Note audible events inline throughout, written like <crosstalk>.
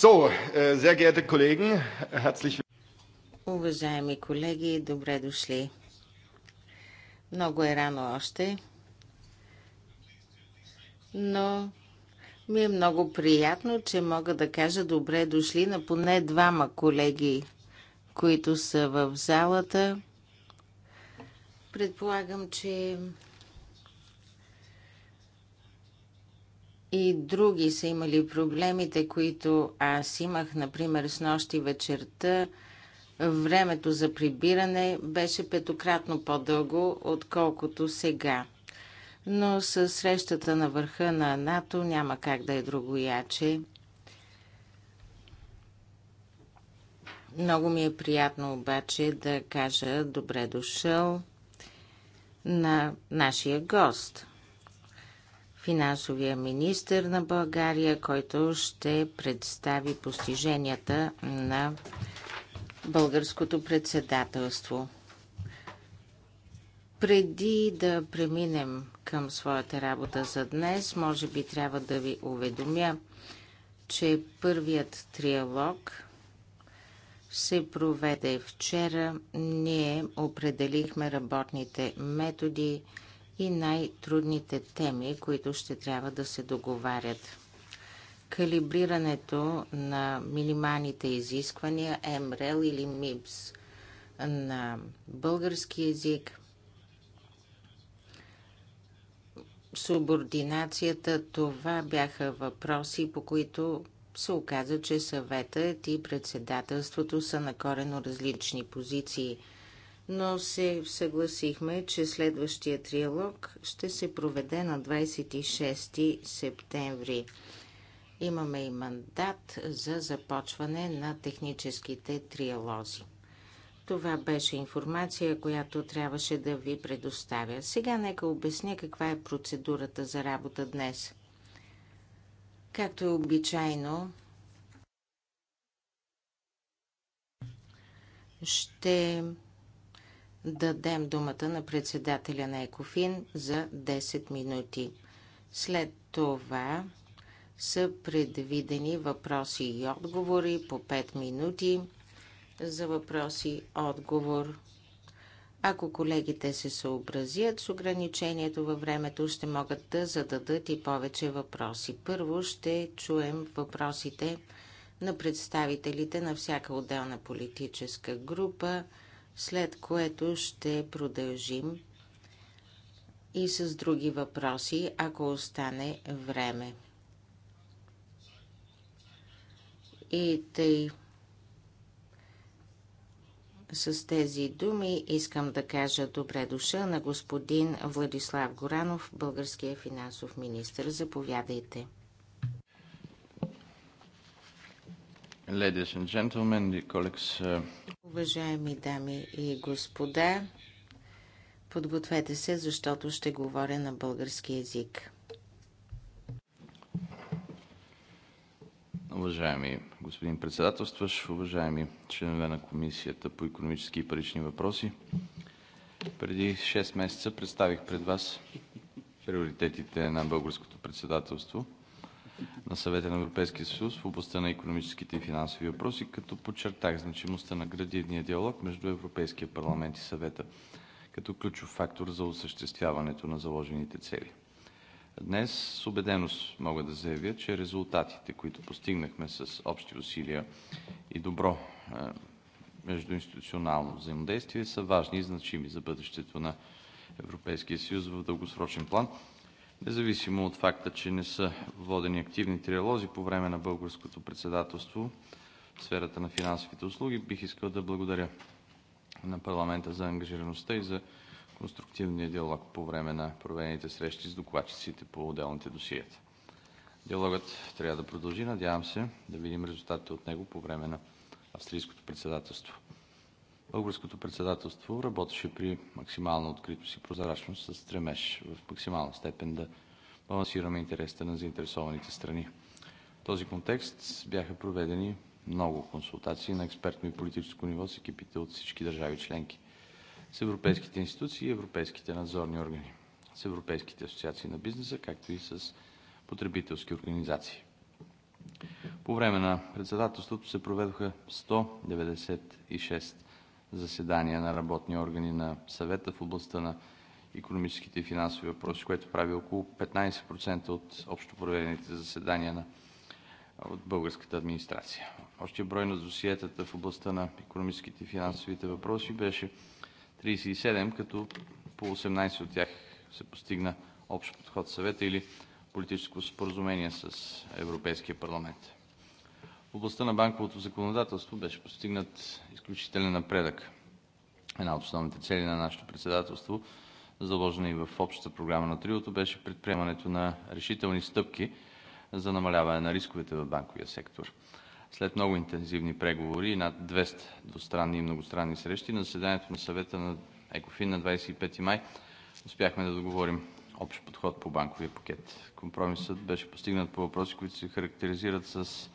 So, äh, sehr geehrte Kollegen, herzlich Уважаеми колеги, добре дошли. Много е рано още, но ми е много приятно, че мога да кажа добре дошли на поне двама колеги, които са в залата. Предполагам, че и други са имали проблемите, които аз имах, например, с нощи вечерта. Времето за прибиране беше петократно по-дълго, отколкото сега. Но с срещата на върха на НАТО няма как да е яче. Много ми е приятно обаче да кажа добре дошъл на нашия гост – финансовия министр на България, който ще представи постиженията на българското председателство. Преди да преминем към своята работа за днес, може би трябва да ви уведомя, че първият триалог се проведе вчера. Ние определихме работните методи, и най-трудните теми, които ще трябва да се договарят. Калибрирането на минималните изисквания МРЕЛ или МИПС на български язик, субординацията, това бяха въпроси, по които се оказа, че съветът и председателството са на корено различни позиции – но се съгласихме, че следващия триалог ще се проведе на 26 септември. Имаме и мандат за започване на техническите триалози. Това беше информация, която трябваше да ви предоставя. Сега нека обясня каква е процедурата за работа днес. Както е обичайно, ще дадем думата на председателя на Екофин за 10 минути. След това са предвидени въпроси и отговори по 5 минути за въпроси и отговор. Ако колегите се съобразят с ограничението във времето, ще могат да зададат и повече въпроси. Първо ще чуем въпросите на представителите на всяка отделна политическа група – след което ще продължим и с други въпроси, ако остане време. И тъй с тези думи искам да кажа добре душа на господин Владислав Горанов, българския финансов министр. Заповядайте. Ladies and gentlemen, dear colleagues. Uh, уважаеми дами и господа, подгответе се, защото ще говоря на български язик. Уважаеми господин председателстваш, уважаеми членове на Комисията по економически и парични въпроси, преди 6 месеца представих пред вас приоритетите на българското председателство – на Съвета на Европейския съюз в областта на економическите и финансови въпроси, като подчертах значимостта на градивния диалог между Европейския парламент и Съвета като ключов фактор за осъществяването на заложените цели. Днес с убеденост мога да заявя, че резултатите, които постигнахме с общи усилия и добро е, междуинституционално взаимодействие, са важни и значими за бъдещето на Европейския съюз в дългосрочен план Независимо от факта, че не са водени активни триалози по време на Българското председателство в сферата на финансовите услуги, бих искал да благодаря на парламента за ангажираността и за конструктивния диалог по време на проведените срещи с докладчиците по отделните досиета. Диалогът трябва да продължи. Надявам се да видим резултатите от него по време на Австрийското председателство. Българското председателство работеше при максимална откритост и прозрачност с стремеж в максимална степен да балансираме интересите на заинтересованите страни. В този контекст бяха проведени много консултации на експертно и политическо ниво с екипите от всички държави членки, с европейските институции и европейските надзорни органи, с европейските асоциации на бизнеса, както и с потребителски организации. По време на председателството се проведоха 196 заседания на работни органи на Съвета в областта на икономическите и финансови въпроси, което прави около 15% от общо проведените заседания от българската администрация. Общият брой на досиетата в областта на икономическите и финансовите въпроси беше 37, като по 18 от тях се постигна общ подход Съвета или политическо споразумение с Европейския парламент в областта на банковото законодателство беше постигнат изключителен напредък. Една от основните цели на нашето председателство, заложена и в общата програма на триото, беше предприемането на решителни стъпки за намаляване на рисковете в банковия сектор. След много интензивни преговори и над 200 двустранни и многостранни срещи, на заседанието на съвета на ЕКОФИН на 25 май успяхме да договорим общ подход по банковия пакет. Компромисът беше постигнат по въпроси, които се характеризират с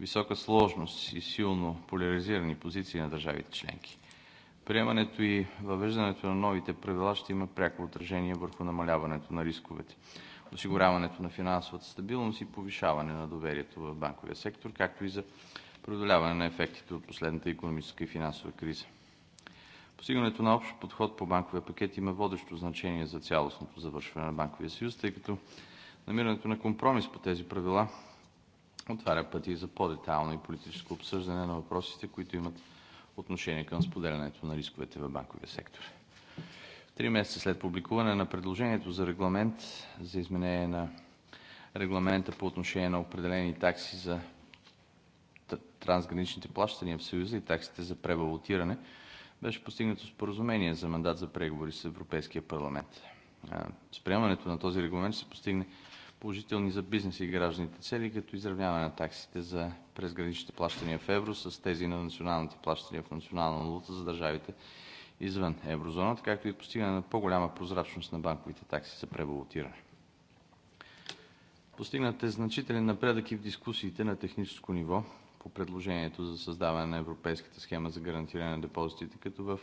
висока сложност и силно поляризирани позиции на държавите членки. Приемането и въвеждането на новите правила ще има пряко отражение върху намаляването на рисковете, осигуряването на финансовата стабилност и повишаване на доверието в банковия сектор, както и за преодоляване на ефектите от последната економическа и финансова криза. Постигането на общ подход по банковия пакет има водещо значение за цялостното завършване на банковия съюз, тъй като намирането на компромис по тези правила отваря пъти за по-детайлно и политическо обсъждане на въпросите, които имат отношение към споделянето на рисковете в банковия сектор. Три месеца след публикуване на предложението за Регламент за изменение на Регламента по отношение на определени такси за трансграничните плащания в Съюза и таксите за превалутиране беше постигнато споразумение за мандат за преговори с Европейския парламент. С приемането на този регламент ще се постигне положителни за бизнеса и гражданите цели, като изравняване на таксите за презграничните плащания в евро с тези на националните плащания в национална валута за държавите извън еврозоната, както и постигане на по-голяма прозрачност на банковите такси за превалутиране. Постигнат е значителен напредък и в дискусиите на техническо ниво по предложението за създаване на Европейската схема за гарантиране на депозитите, като в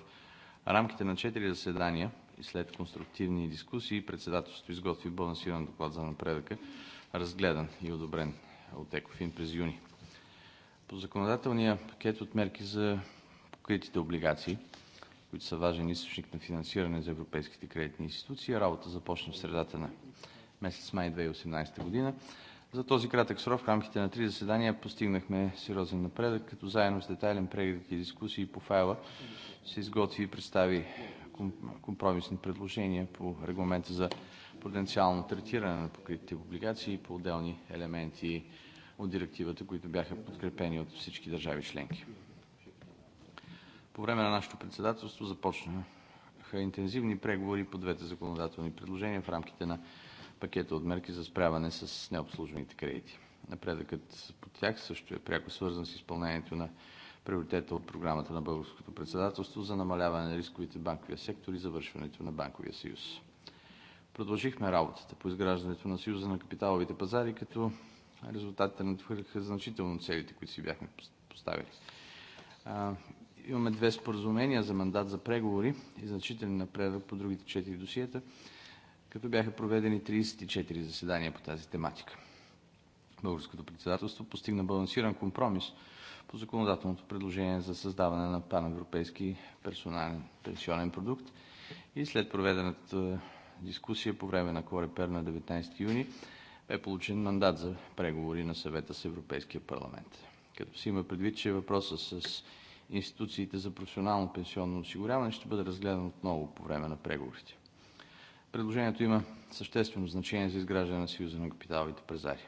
рамките на четири заседания и след конструктивни дискусии председателството изготви балансиран доклад за напредъка, разгледан и одобрен от ЕКОФИН през юни. По законодателния пакет от мерки за покритите облигации, които са важен източник на финансиране за европейските кредитни институции, работа започна в средата на месец май 2018 година. За този кратък срок, в рамките на три заседания, постигнахме сериозен напредък, като заедно с детайлен преглед и дискусии по файла се изготви и представи компромисни предложения по Регламента за потенциално третиране на покритите облигации по отделни елементи от Директивата, които бяха подкрепени от всички държави членки. По време на нашето председателство започнаха интензивни преговори по двете законодателни предложения в рамките на пакета от мерки за справяне с необслужваните кредити. Напредъкът по тях също е пряко свързан с изпълнението на приоритета от Програмата на Българското председателство за намаляване на рисковите банковия сектор и завършването на Банковия съюз. Продължихме работата по изграждането на Съюза на капиталовите пазари, като резултатите надхвърлиха значително целите, които си бяхме поставили. Имаме две споразумения за мандат за преговори и значителен напредък по другите четири досиета, като бяха проведени 34 заседания по тази тематика. Българското председателство постигна балансиран компромис по законодателното предложение за създаване на паневропейски персонален пенсионен продукт и след проведената е, дискусия по време на Корепер на 19 юни бе получен мандат за преговори на Съвета с Европейския парламент. Като се има предвид, че въпросът с институциите за професионално пенсионно осигуряване ще бъде разгледан отново по време на преговорите. Предложението има съществено значение за изграждане на Съюза на капиталовите пазари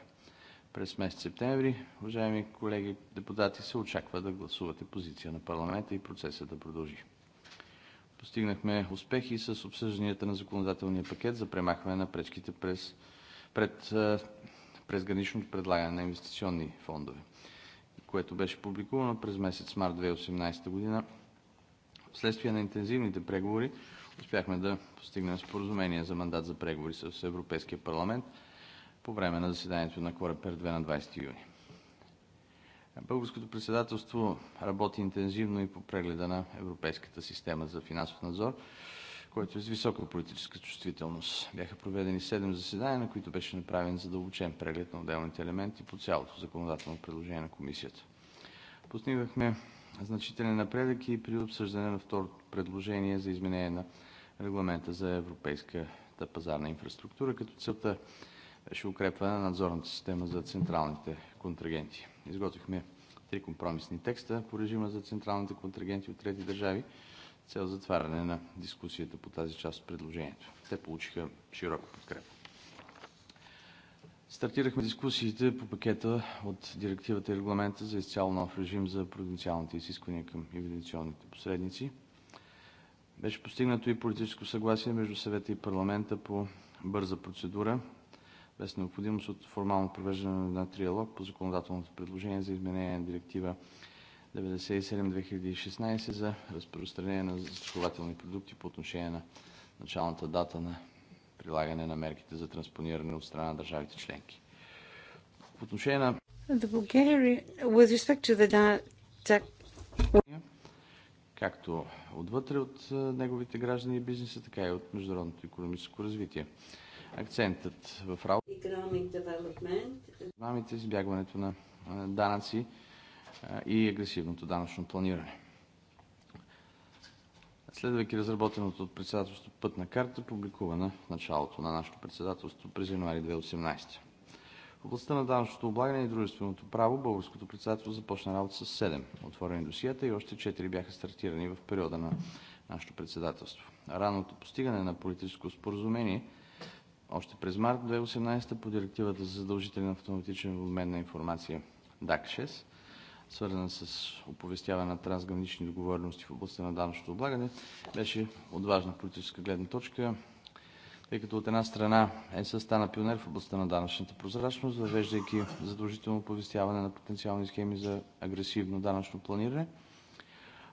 през месец септември. Уважаеми колеги депутати, се очаква да гласувате позиция на парламента и процесът да продължи. Постигнахме успехи с обсъжданията на законодателния пакет за премахване на пречките през, пред, през граничното предлагане на инвестиционни фондове, което беше публикувано през месец март 2018 година. Вследствие на интензивните преговори успяхме да постигнем споразумение за мандат за преговори с Европейския парламент – по време на заседанието на КОРЕПЕР 2 на 20 юни. Българското председателство работи интензивно и по прегледа на Европейската система за финансов надзор, който е с висока политическа чувствителност. Бяха проведени седем заседания, на които беше направен задълбочен преглед на отделните елементи по цялото законодателно предложение на комисията. Постигнахме значителен напредък и при обсъждане на второто предложение за изменение на регламента за европейската пазарна инфраструктура, като целта беше укрепване на надзорната система за централните контрагенти. Изготвихме три компромисни текста по режима за централните контрагенти от трети държави с цел затваряне на дискусията по тази част от предложението. Те получиха широка подкрепа. Стартирахме дискусиите по пакета от директивата и регламента за изцяло нов режим за провинциалните изисквания към евиденционните посредници. Беше постигнато и политическо съгласие между съвета и парламента по бърза процедура без необходимост от формално провеждане на триалог по законодателното предложение за изменение на Директива 97/2016 за разпространение на застрахователни продукти по отношение на началната дата на прилагане на мерките за транспониране от страна на държавите членки. По отношение на The with respect to the както отвътре от неговите граждани и бизнеса, така и от международното економическо развитие акцентът в работа. с избягването на данъци и агресивното данъчно планиране. Следвайки разработеното от председателство пътна карта, публикувана в началото на нашето председателство през януари 2018. В областта на данъчното облагане и дружественото право българското председателство започна работа с 7 отворени досията и още 4 бяха стартирани в периода на нашето председателство. Раното постигане на политическо споразумение – още през март 2018 по Директивата за задължителен автоматичен обмен на информация DAC 6, свързана с оповестяване на трансгранични договорености в областта на данъчното облагане, беше от важна политическа гледна точка, тъй като, от една страна, ЕС стана пионер в областта на данъчната прозрачност, въвеждайки задължително оповестяване на потенциални схеми за агресивно данъчно планиране,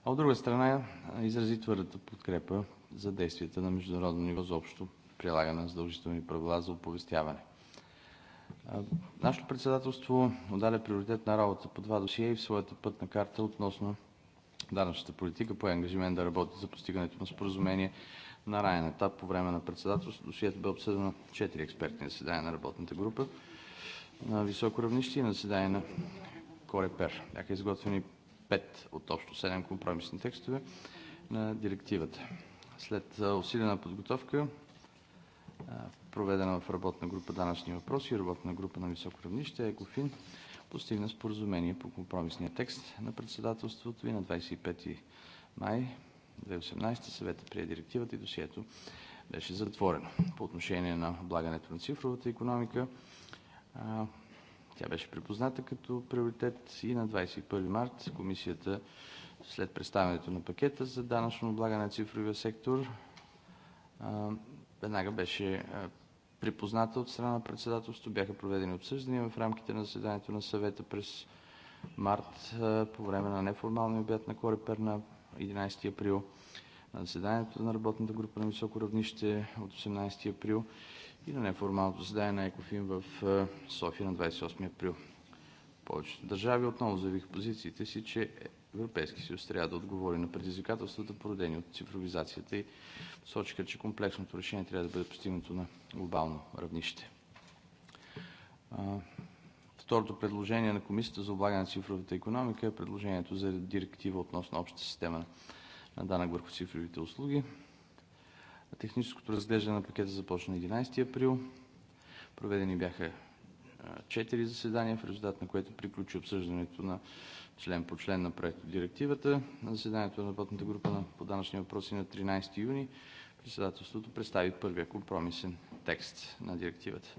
а от друга страна, изрази твърдата подкрепа за действията на международно ниво за общо прилагане на задължителни правила за оповестяване. Нашето председателство отдаде приоритет на работа по два досия и в своята пътна карта относно данъчната политика по ангажимент да работи за постигането на споразумение на ранен етап по време на председателството. Досието бе обсъдено четири експертни заседания на работната група на високо равнище и на заседание на Корепер. Бяха изготвени пет от общо седем компромисни текстове на директивата. След усилена подготовка проведена в работна група „Данъчни въпроси“ и работна група на високо равнище, ЕКОФИН постигна споразумение по компромисния текст на Председателството и на 25 май 2018 съвета Съветът прие Директивата и досието беше затворено. По отношение на облагането на цифровата економика, тя беше припозната като приоритет и на 21 март Комисията след представянето на пакета за данъчно облагане на цифровия сектор веднага беше е, припозната от страна на председателство. Бяха проведени обсъждания в рамките на заседанието на Съвета през март, е, по време на неформалния обяд на КОРЕПЕР на 11 април, на заседанието на работната група на високо равнище от 18 април и на неформалното заседание на ЕКОФИН в е, София на 28 април. Повечето държави отново заявих позициите си, че Европейския съюз трябва да отговори на предизвикателствата, породени от цифровизацията, и посочиха, че комплексното решение трябва да бъде постигнато на глобално равнище. Второто предложение на Комисията за облагане на цифровата економика е предложението за директива относно общата система на данък върху цифровите услуги. Техническото разглеждане на пакета започна 11 април. Проведени бяха четири заседания, в резултат на което приключи обсъждането на член по член на директивата На заседанието на работната група по данъчни въпроси на 13 юни председателството представи първия компромисен текст на Директивата.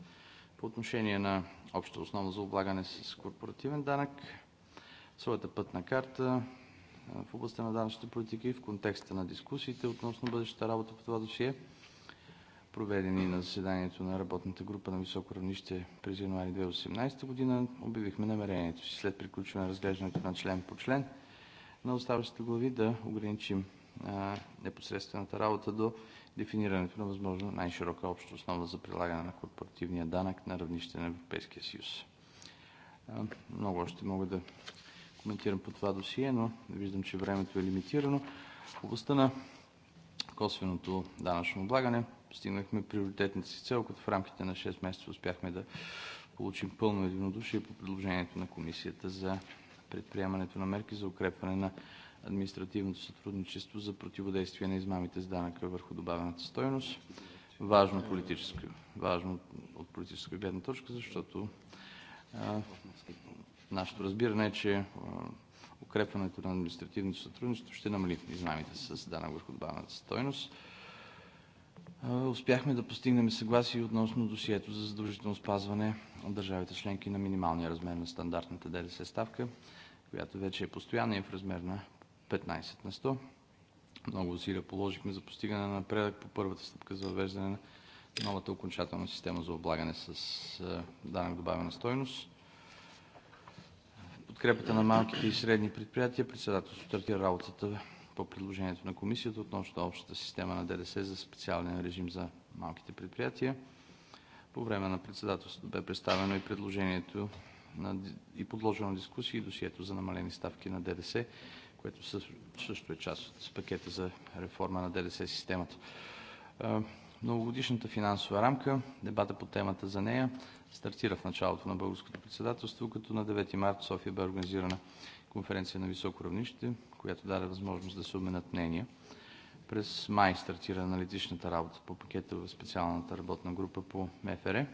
По отношение на общата основа за облагане с корпоративен данък, своята пътна карта в областта на данъчните политики в контекста на дискусиите относно бъдещата работа по това досие проведени на заседанието на работната група на високо равнище през януари 2018 година обявихме намерението си след приключване на разглеждането на член по член на оставащите глави да ограничим а, непосредствената работа до дефинирането на възможно най-широка обща основа за прилагане на корпоративния данък на равнище на Европейския съюз. А, много още мога да коментирам по това досие, но виждам, че времето е лимитирано. В областта на косвеното данъчно облагане постигнахме приоритетната си цел, като в рамките на 6 месеца успяхме да получим пълно единодушие по предложението на Комисията за предприемането на мерки за укрепване на административното сътрудничество за противодействие на измамите с данъка върху добавената стойност. Важно от политическа гледна точка, защото нашето разбиране е, че укрепването на административното сътрудничество ще намали измамите с данък върху добавената стойност успяхме да постигнем съгласие относно досието за задължително спазване от държавите членки на минималния размер на стандартната ДДС ставка, която вече е постоянна и е в размер на 15 на 100. Много усилия положихме за постигане на напредък по първата стъпка за въвеждане на новата окончателна система за облагане с данък добавена стойност. подкрепата на малките и средни предприятия председателството стартира работата по предложението на Комисията относно общата система на ДДС за специален режим за малките предприятия. По време на председателството бе представено и на, и подложено на и досието за намалени ставки на ДДС, което също е част от пакета за реформа на ДДС системата. Многогодишната финансова рамка, дебата по темата за нея стартира в началото на Българското председателство, като на 9 март София бе организирана конференция на високо равнище, която даде възможност да се обменят мнения. През май стартира аналитичната работа по пакета в специалната работна група по МФР.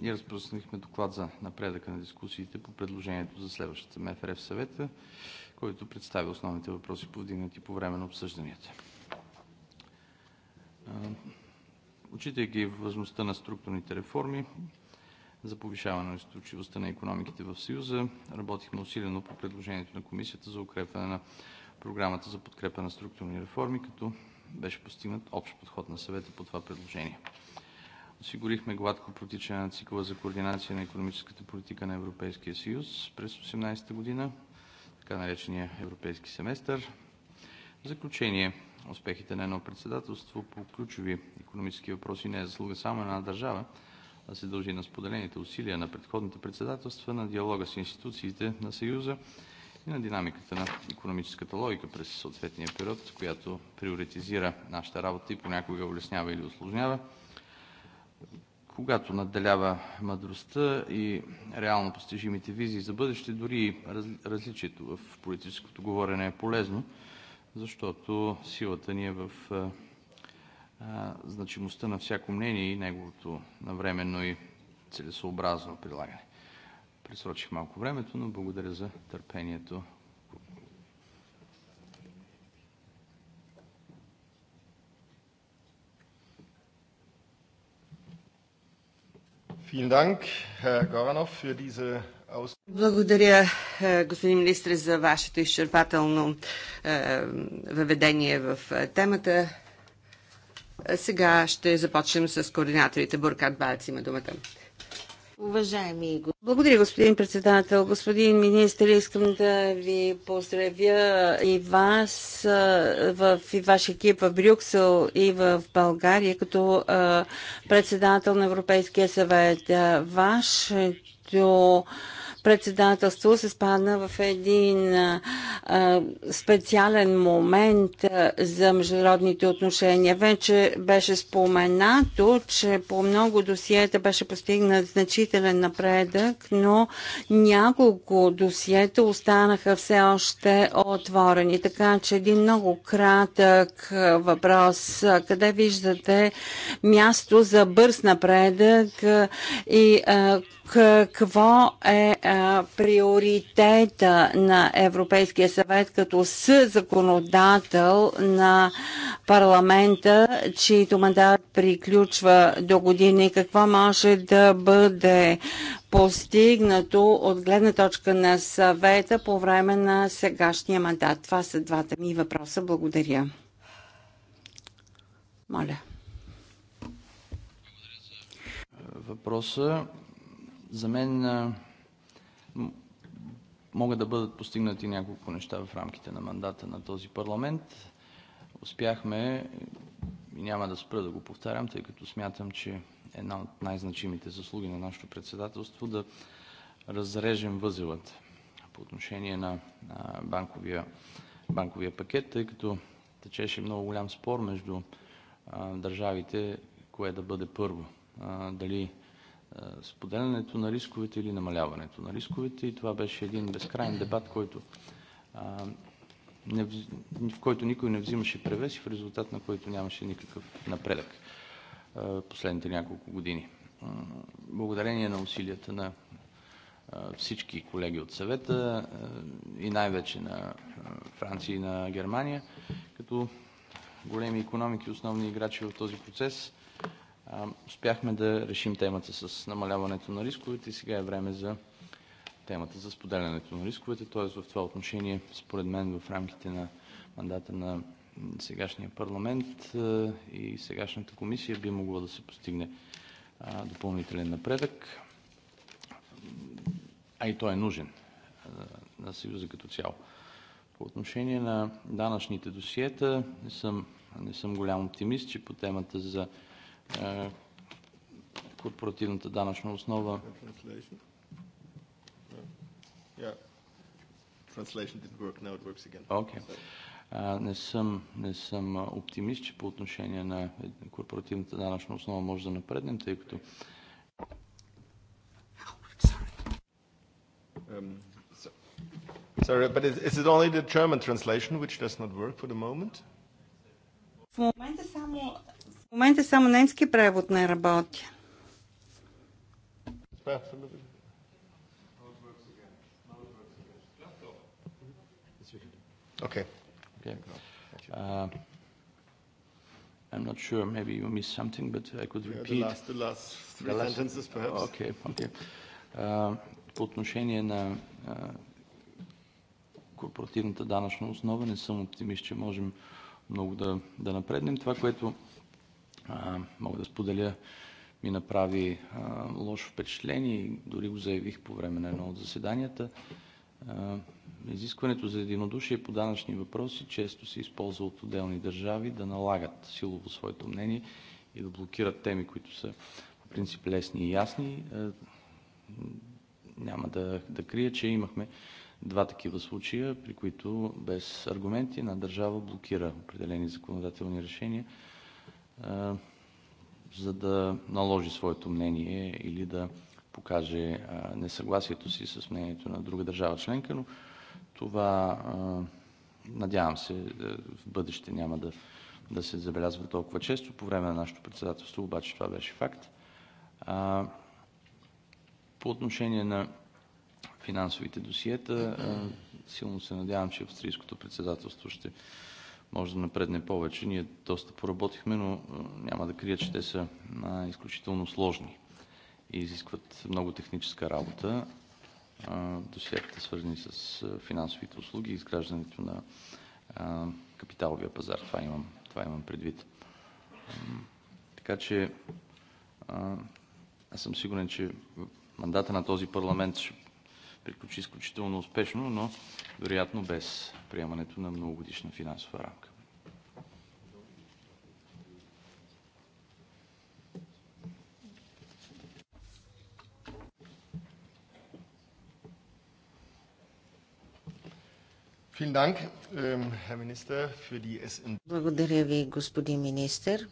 Ние разпространихме доклад за напредъка на дискусиите по предложението за следващата МФР в съвета, който представи основните въпроси, повдигнати по време на обсъжданията. Отчитайки възможността на структурните реформи, за повишаване на устойчивостта на икономиките в Съюза. Работихме усилено по предложението на Комисията за укрепване на Програмата за подкрепа на структурни реформи, като беше постигнат общ подход на Съвета по това предложение. Осигурихме гладко протичане на цикъла за координация на економическата политика на Европейския съюз през 2018 година, така наречения европейски семестър. В заключение, успехите на едно председателство по ключови економически въпроси не е заслуга само на една държава, се дължи на споделените усилия на предходните председателства, на диалога с институциите на Съюза и на динамиката на икономическата логика през съответния период, която приоритизира нашата работа и понякога улеснява или осложнява. Когато надделява мъдростта и реално постижимите визии за бъдеще, дори и различието в политическото говорене е полезно, защото силата ни е в значимостта на всяко мнение и неговото навременно и целесообразно прилагане. Пресрочих малко времето, но благодаря за търпението. Благодаря, е, господин министр, за вашето изчерпателно е, въведение в е, темата. Сега ще започнем с координаторите. Буркат Балц има думата. Уважаеми го... Благодаря, господин председател. Господин министр, искам да ви поздравя и вас в, и ваш екип в Брюксел и в България като председател на Европейския съвет. Вашето председателство се спадна в един а, специален момент а, за международните отношения. Вече беше споменато, че по много досиета беше постигнат значителен напредък, но няколко досиета останаха все още отворени. Така че един много кратък въпрос. Къде виждате място за бърз напредък и а, какво е приоритета на Европейския съвет като съзаконодател на парламента, чието мандат приключва до година и какво може да бъде постигнато от гледна точка на съвета по време на сегашния мандат? Това са двата ми въпроса. Благодаря. Моля. Въпроса за мен могат да бъдат постигнати няколко неща в рамките на мандата на този парламент. Успяхме, и няма да спра да го повтарям, тъй като смятам, че е една от най-значимите заслуги на нашето председателство да разрежем възелът по отношение на банковия, банковия пакет, тъй като течеше много голям спор между държавите кое да бъде първо. Дали споделянето на рисковете или намаляването на рисковете. и Това беше един безкрайен дебат, в който никой не взимаше превес и в резултат на който нямаше никакъв напредък а, последните няколко години. Благодарение на усилията на всички колеги от Съвета и най-вече на Франция и на Германия като големи економики, основни играчи в този процес, Успяхме да решим темата с намаляването на рисковете и сега е време за темата за споделянето на рисковете. Тоест в това отношение, според мен, в рамките на мандата на сегашния парламент и сегашната комисия би могло да се постигне допълнителен напредък. А и той е нужен на Съюза като цяло. По отношение на данъчните досиета, не съм, не съм голям оптимист, че по темата за е, корпоративната данъчна основа. Okay. Е, не съм, не съм е, оптимист, че по отношение на корпоративната данъчна основа може да напреднем, тъй като um, В момента само момента само немски превод не работи. Okay. okay. Uh, I'm not sure. Maybe you missed something, but I could repeat. Yeah, the, last, the last three the last, sentences, perhaps. Okay. Okay. Uh, по отношение на uh, корпоративната данъчна основа не съм оптимист, че можем много да, да напреднем. Това, което мога да споделя, ми направи а, лошо впечатление и дори го заявих по време на едно от заседанията. А, изискването за единодушие по данъчни въпроси често се използва от отделни държави да налагат силово своето мнение и да блокират теми, които са по принцип лесни и ясни. А, няма да, да крия, че имахме два такива случая, при които без аргументи една държава блокира определени законодателни решения за да наложи своето мнение или да покаже несъгласието си с мнението на друга държава членка, но това, надявам се, е, в бъдеще няма да се забелязва толкова често. По време на нашето председателство обаче това беше факт. По отношение на финансовите досиета, силно се надявам, че австрийското председателство ще може да напредне повече. Ние доста поработихме, но няма да крия, че те са изключително сложни и изискват много техническа работа. Досиетата, свързани с финансовите услуги и изграждането на капиталовия пазар. Това имам, това имам предвид. Така че аз съм сигурен, че мандата на този парламент ще приключи изключително успешно, но вероятно без приемането на многогодишна финансова рамка. Ähm, Благодаря ви, господин министър.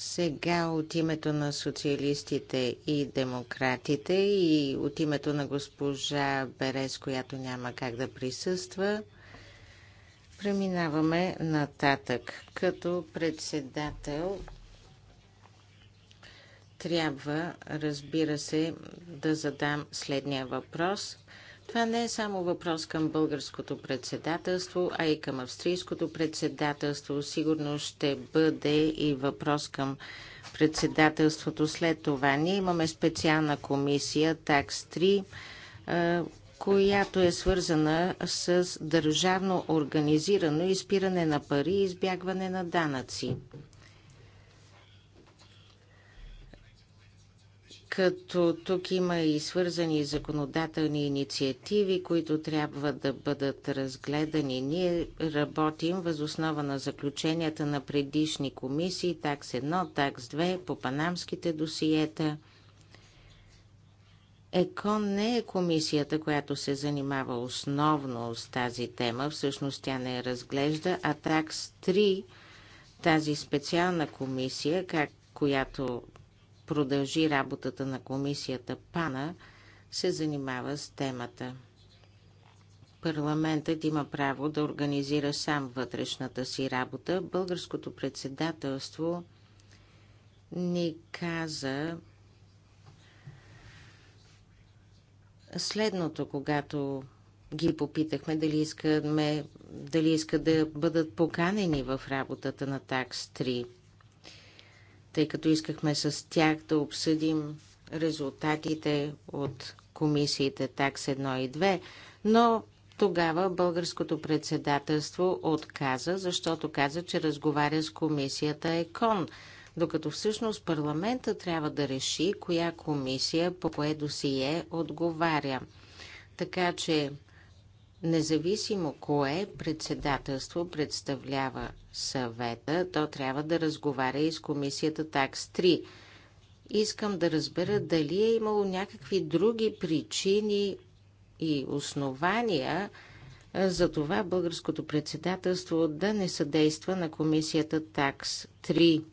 Сега от името на социалистите и демократите и от името на госпожа Берез, която няма как да присъства, преминаваме нататък. Като председател трябва, разбира се, да задам следния въпрос. Това не е само въпрос към българското председателство, а и към австрийското председателство. Сигурно ще бъде и въпрос към председателството след това. Ние имаме специална комисия ТАКС 3, е, която е свързана с държавно организирано изпиране на пари и избягване на данъци. като тук има и свързани законодателни инициативи, които трябва да бъдат разгледани. Ние работим възоснова на заключенията на предишни комисии, такс 1, такс 2, по панамските досиета. ЕКОН не е комисията, която се занимава основно с тази тема, всъщност тя не я разглежда, а такс 3, тази специална комисия, как, която продължи работата на комисията ПАНА, се занимава с темата. Парламентът има право да организира сам вътрешната си работа. Българското председателство ни каза следното, когато ги попитахме дали, искаме, дали искат да бъдат поканени в работата на такс 3 тъй като искахме с тях да обсъдим резултатите от комисиите ТАКС 1 и 2, но тогава българското председателство отказа, защото каза, че разговаря с комисията ЕКОН, докато всъщност парламента трябва да реши коя комисия по кое досие отговаря. Така че Независимо кое председателство представлява съвета, то трябва да разговаря и с комисията ТАКС-3. Искам да разбера дали е имало някакви други причини и основания за това българското председателство да не съдейства на комисията ТАКС-3.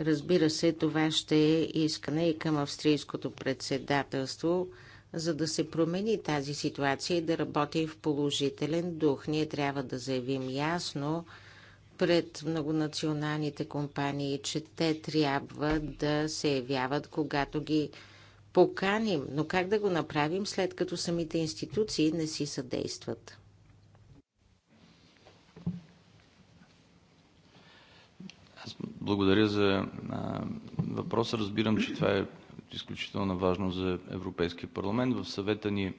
Разбира се, това ще е искане и към австрийското председателство – за да се промени тази ситуация и да работи в положителен дух, ние трябва да заявим ясно пред многонационалните компании, че те трябва да се явяват, когато ги поканим. Но как да го направим, след като самите институции не си съдействат? Аз благодаря за а, въпроса. Разбирам, че това е Изключително важно за Европейския парламент. В Съвета ние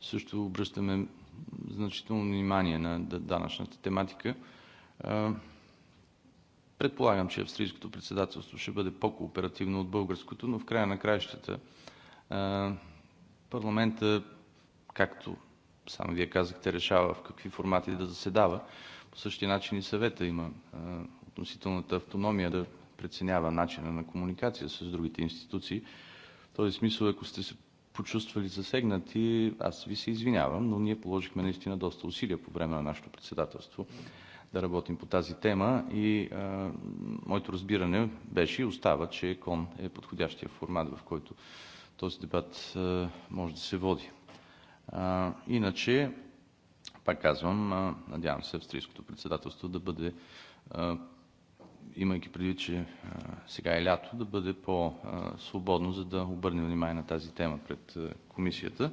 също обръщаме значително внимание на данъчната тематика. Предполагам, че австрийското председателство ще бъде по-кооперативно от българското, но в края на краищата парламентът, както само Вие казахте, решава в какви формати да заседава. По същия начин и съвета има относителната автономия да преценява начина на комуникация с другите институции. В този смисъл, ако сте се почувствали засегнати, аз Ви се извинявам, но ние положихме наистина доста усилия по време на нашето председателство да работим по тази тема. и Моето разбиране беше и остава, че КОН е подходящия формат, в който този дебат може да се води. Иначе, пак казвам, надявам се австрийското председателство да бъде имайки предвид, че сега е лято, да бъде по-свободно, за да обърне внимание на тази тема пред Комисията.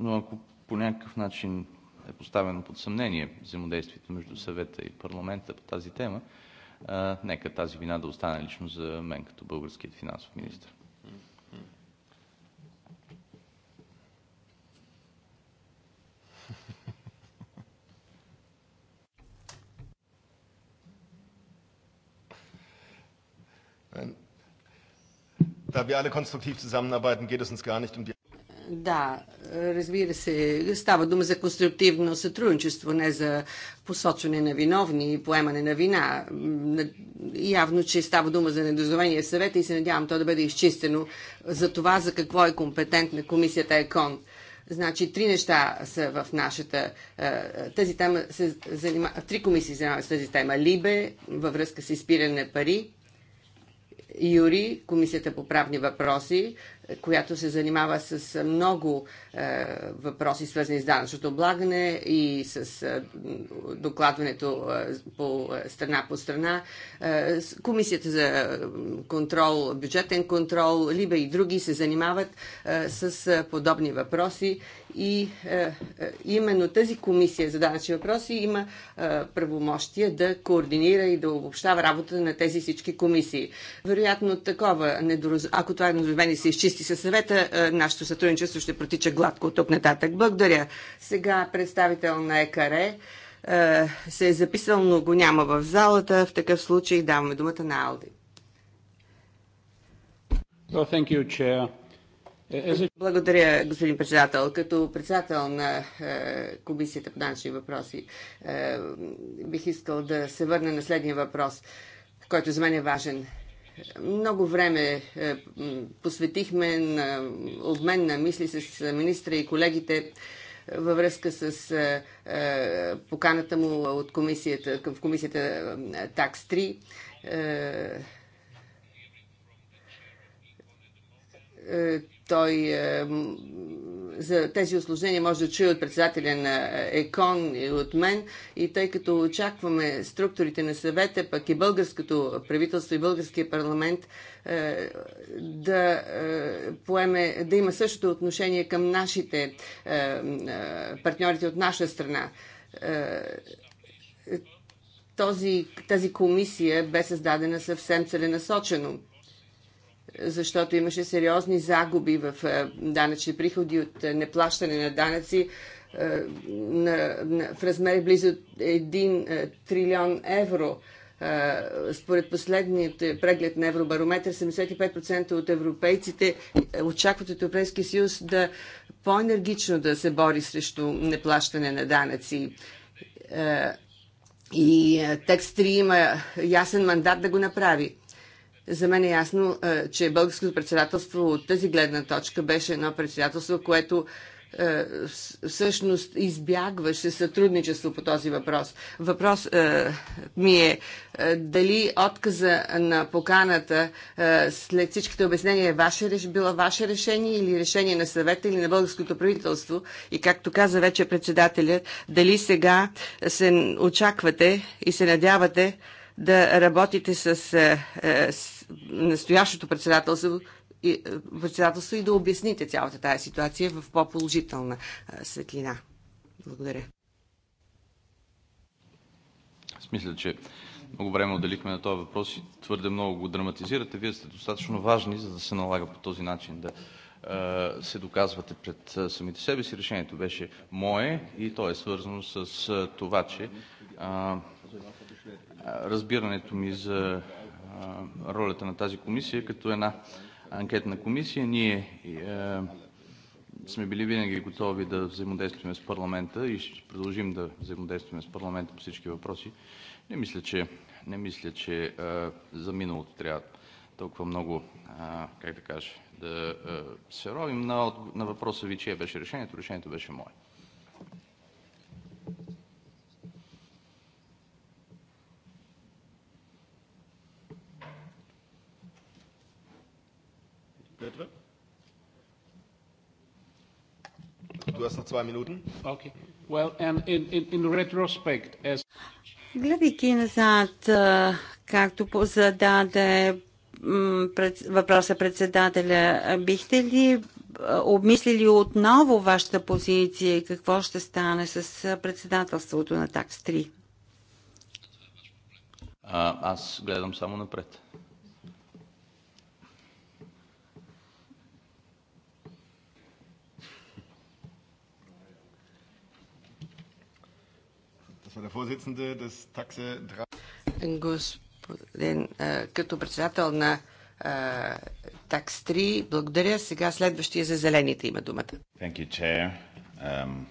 Но ако по някакъв начин е поставено под съмнение взаимодействието между съвета и парламента по тази тема, нека тази вина да остане лично за мен като българският финансов министър. Da wir alle konstruktiv zusammenarbeiten, geht es uns gar nicht um die да, разбира се, става дума за конструктивно сътрудничество, не за посочване на виновни и поемане на вина. Явно, че става дума за недоразумение в съвета и се надявам то да бъде изчистено за това, за какво е компетентна комисията ЕКОН. Значи, три неща са в нашата... Е, тази тема се занимава... Три комисии занимават с тази тема. Либе, във връзка с изпиране на пари, Юри, Комисията по правни въпроси, която се занимава с много е, въпроси, свързани с данъчното облагане и с е, докладването е, по страна по страна. Е, комисията за контрол, бюджетен контрол, либо и други се занимават е, с подобни въпроси и е, именно тази комисия за данъчни въпроси има е, правомощия да координира и да обобщава работата на тези всички комисии. Вероятно такова, недораз... ако това е недоразумение се изчисти, юристи със съвета, нашето сътрудничество ще протича гладко от тук нататък. Благодаря. Сега представител на ЕКАРЕ се е записал, но го няма в залата. В такъв случай даваме думата на Алди. Well, you, Благодаря, господин председател. Като председател на Комисията по данъчни въпроси, бих искал да се върна на следния въпрос, който за мен е важен. Много време е, посветихме на обмен на мисли с министра и колегите е, във връзка с е, поканата му от комисията, в комисията ТАКС 3 той е, за тези осложнения може да чуе от председателя на ЕКОН и от мен. И тъй като очакваме структурите на съвета, пък и българското правителство и българския парламент е, да е, поеме, да има същото отношение към нашите е, е, партньорите от наша страна е, този, тази комисия бе създадена съвсем целенасочено защото имаше сериозни загуби в е, данъчни приходи от е, неплащане на данъци е, на, на, в размер близо 1 трилион евро. Според последният преглед на Евробарометър, 75% от европейците очакват от Европейския съюз да по-енергично да се бори срещу неплащане на данъци. И текст 3 има ясен мандат да го направи. За мен е ясно, е, че българското председателство от тази гледна точка беше едно председателство, което е, всъщност избягваше сътрудничество по този въпрос. Въпрос е, ми е, е дали отказа на поканата е, след всичките обяснения е ваше, било ваше решение или решение на съвета или на българското правителство и както каза вече председателят, дали сега се очаквате и се надявате да работите с, е, с настоящото председателство и, е, председателство и да обясните цялата тази ситуация в по-положителна е, светлина. Благодаря. Аз мисля, че много време отделихме на този въпрос и твърде много го драматизирате. Вие сте достатъчно важни, за да се налага по този начин да е, се доказвате пред самите себе си. Решението беше мое и то е свързано с това, че разбирането ми за ролята на тази комисия като една анкетна комисия. Ние е, сме били винаги готови да взаимодействаме с парламента и ще продължим да взаимодействаме с парламента по всички въпроси. Не мисля, че е, за миналото трябва толкова много е, как да да се ровим. На въпроса Ви чие беше решението – решението беше мое. Petra? Du hast noch zwei Minuten. Okay. Well, and in, in, in retrospect, as... Гледайки назад, както зададе въпроса председателя, бихте ли обмислили отново вашата позиция и какво ще стане с председателството на ТАКС-3? Аз гледам само напред. Господин, като председател на ТАКС-3, благодаря. Сега следващия за зелените има думата. You, um,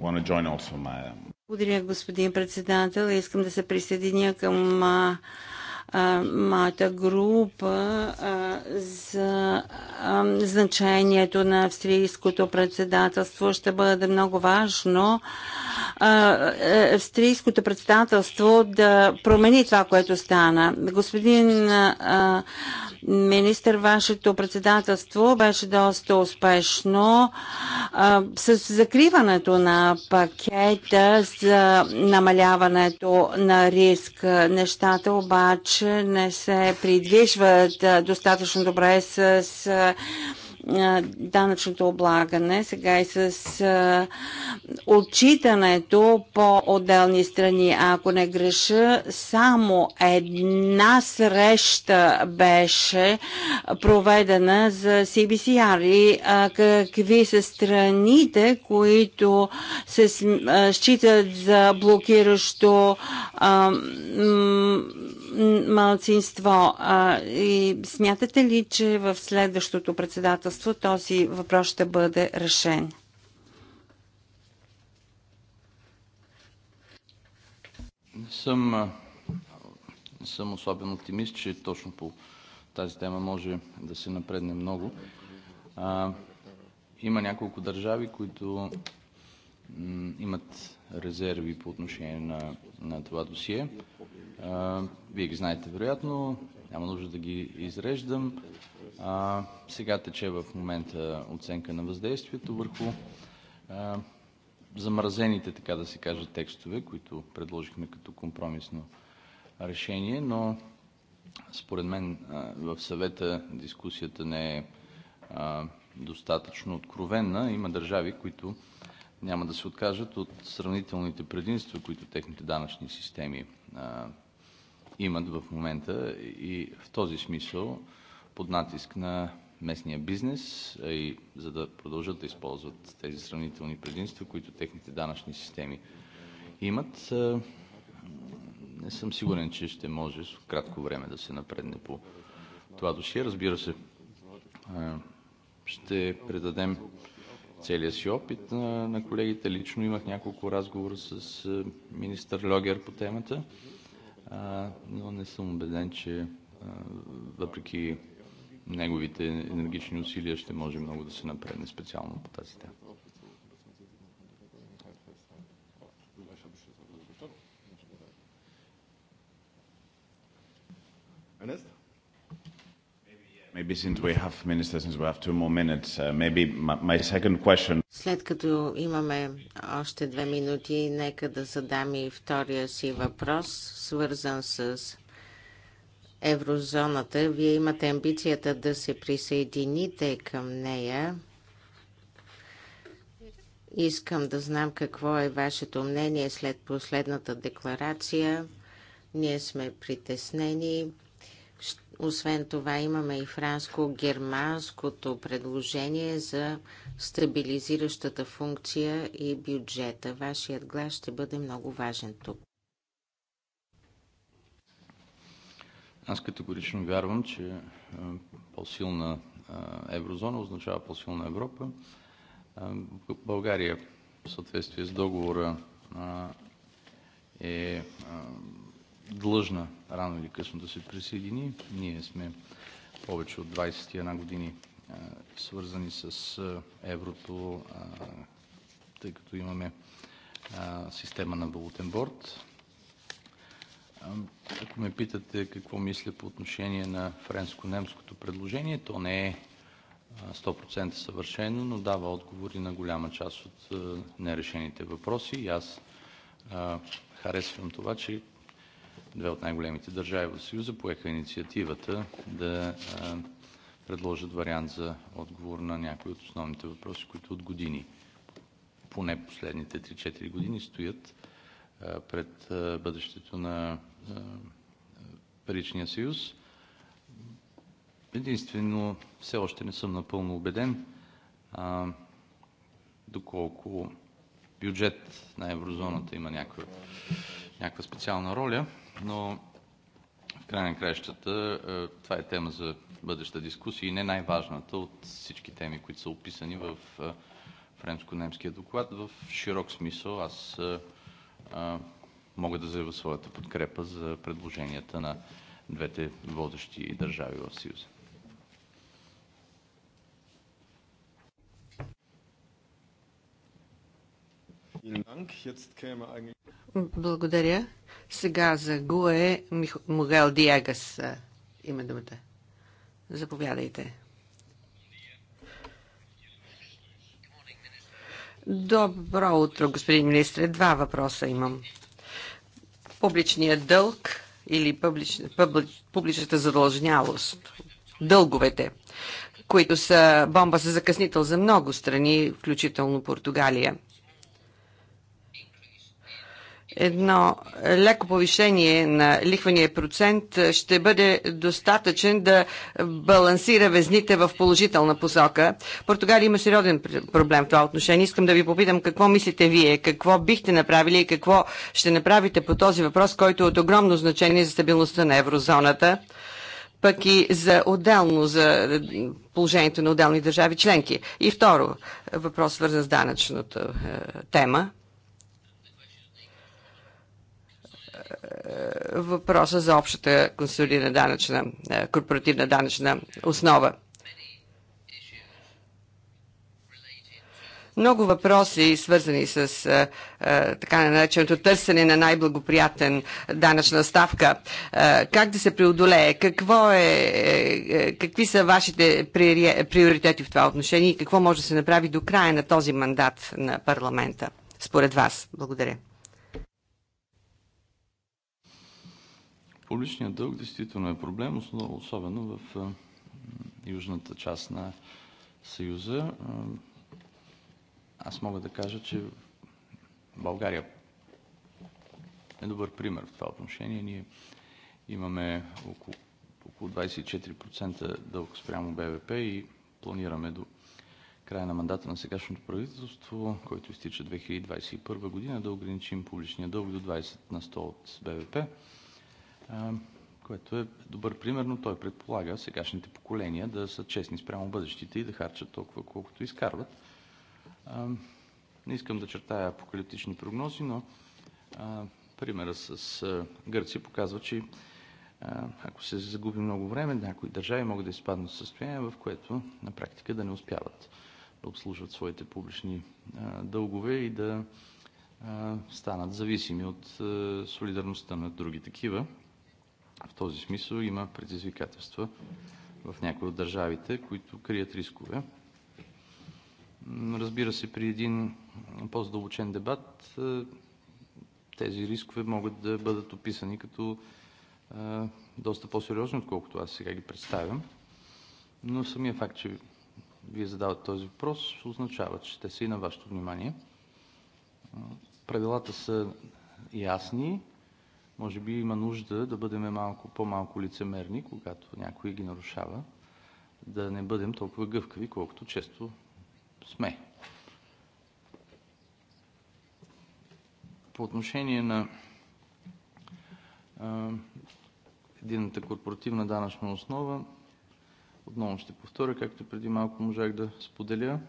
my... Благодаря, господин председател. Искам да се присъединя към моята група а, за а, значението на австрийското председателство ще бъде много важно. Е, австрийското председателство да промени това, което стана. Господин а, министр, вашето председателство беше доста успешно а, с закриването на пакета за намаляването на риск. Нещата обаче че не се придвижват достатъчно добре с данъчното облагане, сега и с отчитането по отделни страни. А ако не греша, само една среща беше проведена за CBCR и какви са страните, които се считат за блокиращо малцинство. А, и смятате ли, че в следващото председателство този въпрос ще бъде решен? Не съм, не съм особен оптимист, че точно по тази тема може да се напредне много. А, има няколко държави, които имат резерви по отношение на, на това досие. А, вие ги знаете вероятно, няма нужда да ги изреждам. А, сега тече в момента оценка на въздействието върху а, замразените, така да се каже, текстове, които предложихме като компромисно решение, но според мен в съвета дискусията не е достатъчно откровенна. Има държави, които няма да се откажат от сравнителните предимства, които техните данъчни системи имат в момента. и В този смисъл под натиск на местния бизнес, а и за да продължат да използват тези сравнителни предимства, които техните данъчни системи имат, не съм сигурен, че ще може в кратко време да се напредне по това досие. Разбира се, ще предадем целия си опит на, на колегите. Лично имах няколко разговора с министър Льогер по темата, а, но не съм убеден, че а, въпреки неговите енергични усилия ще може много да се напредне специално по тази тема. Ernest? Maybe since we have ministers, since we have two more minutes, uh, maybe my, my second question. След като имаме още две минути, нека да задам и втория си въпрос, свързан с еврозоната. Вие имате амбицията да се присъедините към нея. Искам да знам какво е вашето мнение след последната декларация. Ние сме притеснени освен това имаме и франско-германското предложение за стабилизиращата функция и бюджета. Вашият глас ще бъде много важен тук. Аз категорично вярвам, че по-силна еврозона означава по-силна Европа. България в съответствие с договора е длъжна рано или късно да се присъедини. Ние сме повече от 21 години свързани с еврото, тъй като имаме система на валутен борт. Ако ме питате какво мисля по отношение на френско-немското предложение, то не е 100% съвършено, но дава отговори на голяма част от нерешените въпроси и аз харесвам това, че две от най-големите държави в Съюза, поеха инициативата да предложат вариант за отговор на някои от основните въпроси, които от години, поне последните 3-4 години, стоят пред бъдещето на Паричния съюз. Единствено все още не съм напълно убеден доколко бюджет на еврозоната има някаква, някаква специална роля но в край на краищата е, това е тема за бъдеща дискусия и не най-важната от всички теми, които са описани в е, френско-немския доклад. В широк смисъл аз е, мога да заявя своята подкрепа за предложенията на двете водещи държави в Съюза. Благодаря. Сега за Гуе Мих... Могел Диагас има думата. Заповядайте. Добро утро, господин министр. Два въпроса имам. Публичният дълг или публич... Публич... публичната задължнялост, дълговете, които са бомба за закъснител за много страни, включително Португалия – едно леко повишение на лихвения процент ще бъде достатъчен да балансира везните в положителна посока. Португалия има сериозен проблем в това отношение. Искам да ви попитам какво мислите вие, какво бихте направили и какво ще направите по този въпрос, който е от огромно значение за стабилността на еврозоната пък и за отделно за положението на отделни държави членки. И второ, въпрос свързан с данъчната е, тема. въпроса за общата консолидна данъчна, е, корпоративна данъчна основа. Много въпроси, свързани с а, е, а, е, така нареченото търсене на най-благоприятен данъчна ставка. А, как да се преодолее? Какво е, е, какви са вашите приоритети в това отношение и какво може да се направи до края на този мандат на парламента, според вас? Благодаря. Публичният дълг действително е проблем, особено в южната част на Съюза. Аз мога да кажа, че България е добър пример в това отношение. Ние имаме около, около 24% дълг спрямо БВП и планираме до края на мандата на сегашното правителство, който изтича 2021 година, да ограничим публичния дълг до 20 на 100 от БВП което е добър пример, но той предполага сегашните поколения да са честни спрямо бъдещите и да харчат толкова, колкото изкарват. Не искам да чертая апокалиптични прогнози, но примерът с Гърция показва, че ако се загуби много време, някои държави могат да изпаднат в състояние, в което на практика да не успяват да обслужват своите публични дългове и да станат зависими от солидарността на други такива. В този смисъл има предизвикателства в някои от държавите, които крият рискове. Разбира се, при един по-задълбочен дебат е, тези рискове могат да бъдат описани като е, доста по-сериозни, отколкото аз сега ги представям. Но самия факт, че Вие задавате този въпрос, означава, че те са и на Вашето внимание. Правилата са ясни, може би има нужда да бъдем малко по-малко лицемерни, когато някой ги нарушава, да не бъдем толкова гъвкави, колкото често сме. По отношение на едината корпоративна данъчна основа, отново ще повторя, както преди малко можах да споделя,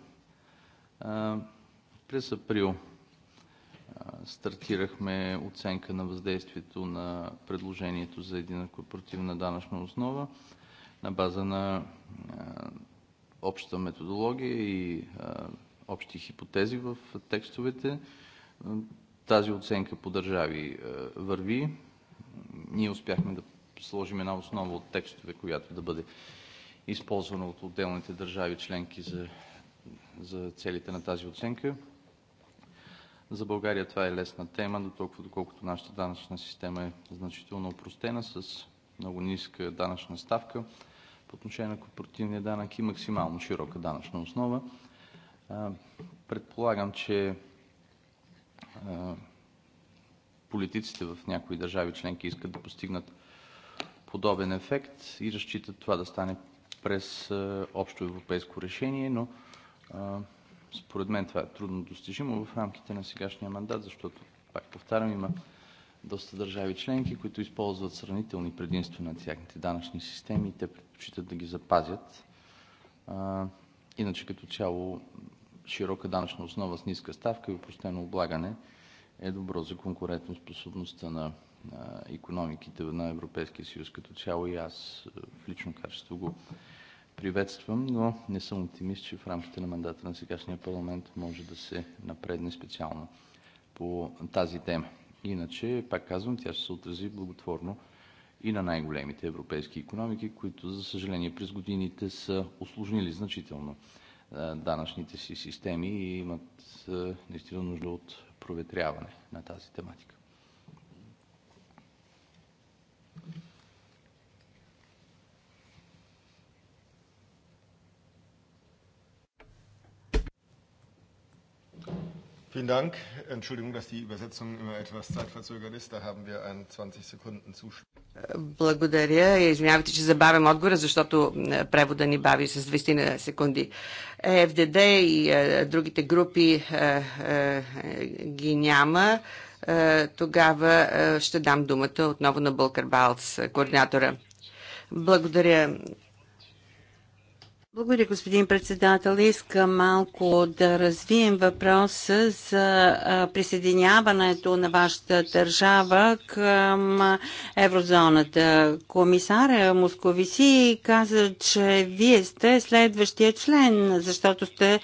през април стартирахме оценка на въздействието на предложението за едина корпоративна данъчна основа на база на обща методология и общи хипотези в текстовете. Тази оценка по държави върви. Ние успяхме да сложим една основа от текстове, която да бъде използвана от отделните държави членки за, за целите на тази оценка. За България това е лесна тема до толкова доколкото нашата данъчна система е значително упростена, с много ниска данъчна ставка по отношение на корпоративния данък и максимално широка данъчна основа. Предполагам, че политиците в някои държави членки искат да постигнат подобен ефект и разчитат това да стане през общо европейско решение, но според мен това е трудно достижимо в рамките на сегашния мандат, защото, пак повтарям, има доста държави членки, които използват сравнителни предимства на тяхните данъчни системи и те предпочитат да ги запазят. Иначе като цяло широка данъчна основа с ниска ставка и упростено облагане е добро за конкурентоспособността на икономиките на Европейския съюз като цяло и аз в лично качество го приветствам, но не съм оптимист, че в рамките на мандата на сегашния парламент може да се напредне специално по тази тема. Иначе, пак казвам, тя ще се отрази благотворно и на най-големите европейски економики, които, за съжаление, през годините са осложнили значително данъчните си системи и имат наистина нужда от проветряване на тази тематика. Vielen Dank. Entschuldigung, dass die Übersetzung immer etwas zeitverzögert ist. Da haben wir einen 20 Sekunden Zuschlag. Благодаря. Извинявайте, че забавям отговора, защото превода ни бави с 20 секунди. Е, ФДД и е, другите групи е, ги няма. Тогава ще дам думата отново на Бълкър Балц, координатора. Благодаря. Благодаря, господин председател. Искам малко да развием въпроса за присъединяването на вашата държава към еврозоната. Комисаря Московиси каза, че вие сте следващия член, защото сте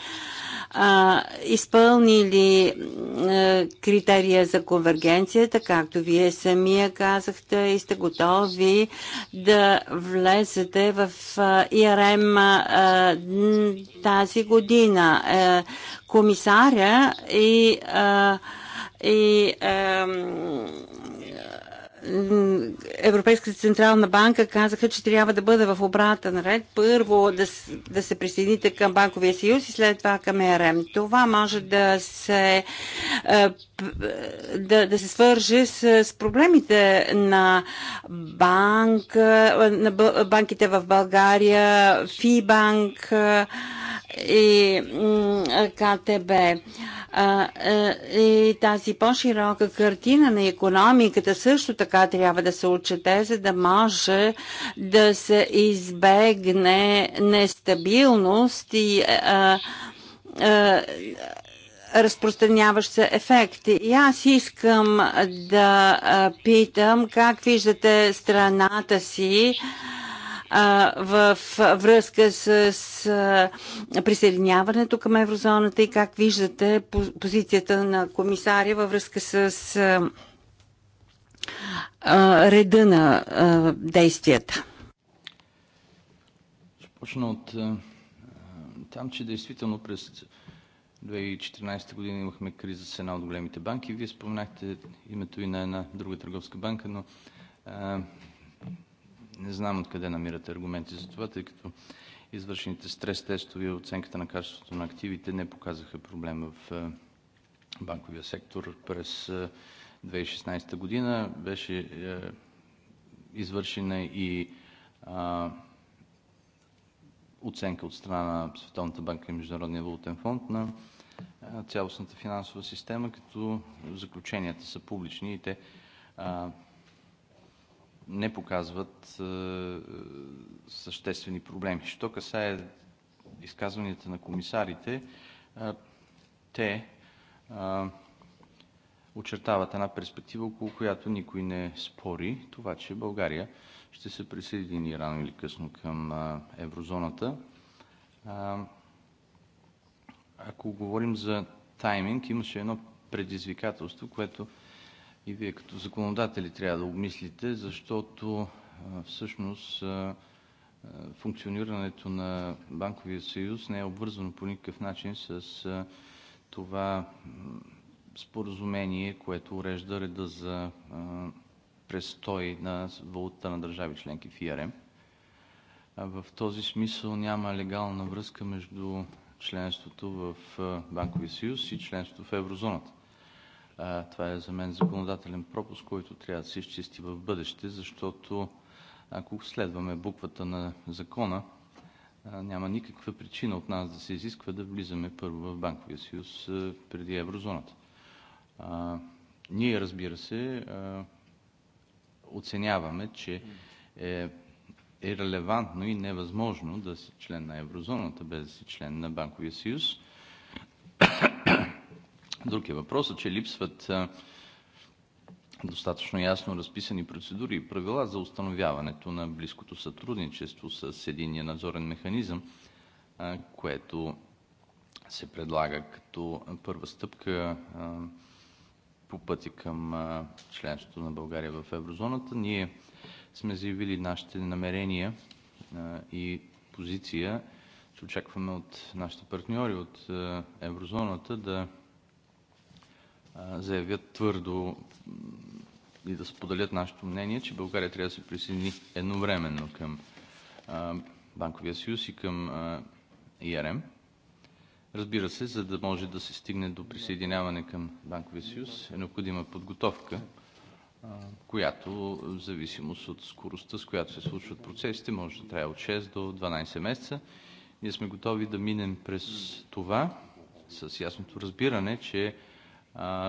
а, изпълнили а, е, критерия за конвергенцията, както вие самия казахте и сте готови да влезете в а, ИРМ а, тази година. А, е, комисаря и а, и Европейската централна банка казаха, че трябва да бъде в на ред. Първо да, да се присъедините към Банковия съюз и след това към ЕРМ. Това може да се, е, да, да се свърже с, с проблемите на, банк, на банките в България, ФИБанк и е, КТБ. И е, е, тази по-широка картина на економиката също така трябва да се отчете, за да може да се избегне нестабилност и е, разпространяващ се ефект. И аз искам да питам как виждате страната си в връзка с присъединяването към еврозоната и как виждате позицията на комисаря във връзка с реда на действията? Почна от там, че действително през 2014 година имахме криза с една от големите банки. Вие споменахте името и на една друга търговска банка, но не знам откъде намирате аргументи за това, тъй като извършените стрес тестове и оценката на качеството на активите не показаха проблем в е, банковия сектор. През 2016 е, година беше е, извършена и оценка от страна на Световната банка и Международния валутен фонд на цялостната финансова система, като заключенията са публични и те не показват е, е, съществени проблеми. Що касае изказванията на комисарите, е, те очертават една перспектива, около която никой не спори. Това, че България ще се присъедини рано или късно към еврозоната. Ако говорим за тайминг, имаше едно предизвикателство, което и Вие като законодатели трябва да обмислите, защото всъщност функционирането на Банковия съюз не е обвързано по никакъв начин с това споразумение, което урежда реда за престой на валутата на държави членки в ИРМ. В този смисъл няма легална връзка между членството в Банковия съюз и членството в еврозоната. Това е за мен законодателен пропуск, който трябва да се изчисти в бъдеще, защото, ако следваме буквата на Закона, няма никаква причина от нас да се изисква да влизаме първо в Банковия съюз преди еврозоната. Ние, разбира се, оценяваме, че е, е релевантно и невъзможно да си член на еврозоната без да си член на Банковия съюз. Друг е въпросът, че липсват достатъчно ясно разписани процедури и правила за установяването на близкото сътрудничество с единния надзорен механизъм, което се предлага като първа стъпка по пъти към членството на България в еврозоната. Ние сме заявили нашите намерения и позиция, че очакваме от нашите партньори от еврозоната да заявят твърдо и да споделят нашето мнение, че България трябва да се присъедини едновременно към Банковия съюз и към ИРМ. Разбира се, за да може да се стигне до присъединяване към Банковия съюз, е необходима подготовка, която в зависимост от скоростта, с която се случват процесите, може да трябва от 6 до 12 месеца. Ние сме готови да минем през това с ясното разбиране, че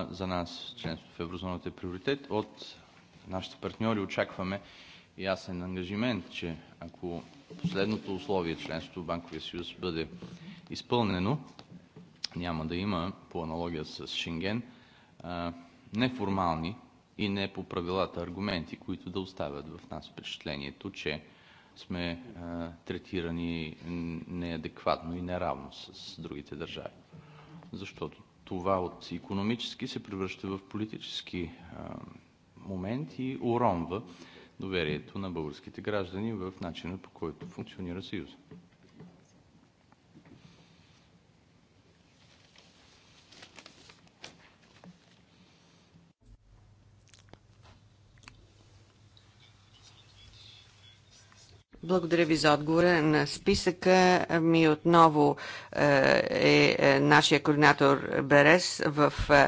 за нас членството в еврозоната е приоритет. От нашите партньори очакваме ясен ангажимент, че ако последното условие членството в Банковия съюз бъде изпълнено, няма да има, по аналогия с Шенген, неформални и не по правилата аргументи, които да оставят в нас впечатлението, че сме а, третирани неадекватно и неравно с другите държави. Защото това от економически се превръща в политически момент и уронва доверието на българските граждани в начина, по който функционира Съюзът. Благодаря ви за отговора на списъка. Ми отново е, е, е нашия координатор Берес в, е, е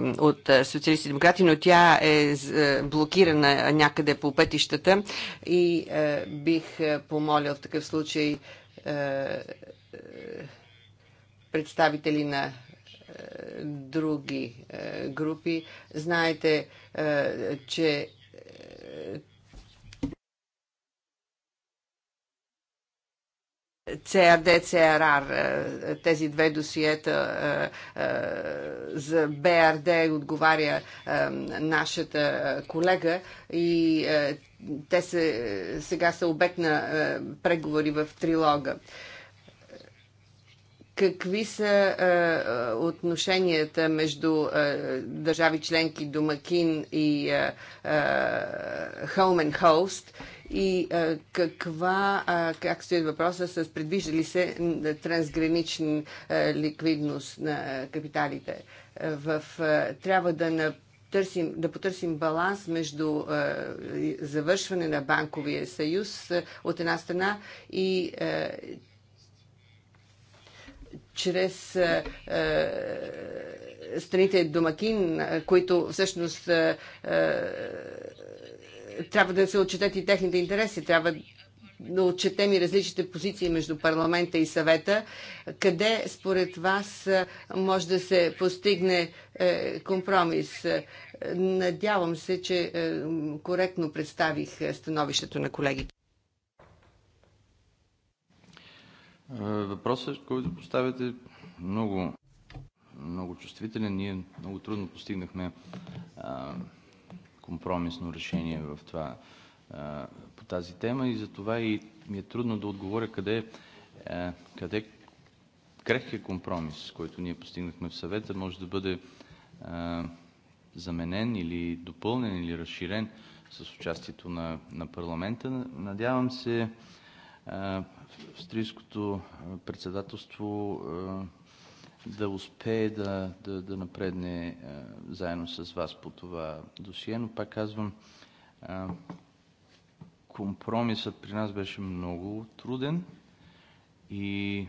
от Социалисти демократи, но тя е, е блокирана някъде по пътищата и е, бих помолил в такъв случай представители на други групи. Знаете, че CRD, CRR, е, тези две досиета е, е, за БРД отговаря нашата колега и те се, сега са обект на преговори в трилога. Какви са отношенията между държави членки Домакин и Home and Host? и каква, как стоят въпроса с предвижда ли се трансгранична ликвидност на капиталите. В, трябва да на търсим, да потърсим баланс между а, завършване на банковия съюз от една страна и а, чрез а, страните домакин, които всъщност а, трябва да се отчетат и техните интереси, трябва да отчетем и различните позиции между парламента и съвета. Къде според вас може да се постигне е, компромис? Надявам се, че е, коректно представих е, становището на колегите. Въпросът, който поставяте, много, много чувствителен. Ние много трудно постигнахме компромисно решение по тази тема. и Затова ми е трудно да отговоря къде крехкият компромис, който ние постигнахме в Съвета, може да бъде заменен или допълнен, или разширен с участието на парламента. Надявам се Австрийското председателство да успее да напредне е, заедно с Вас по това досие. Но пак казвам, е, компромисът при нас беше много труден и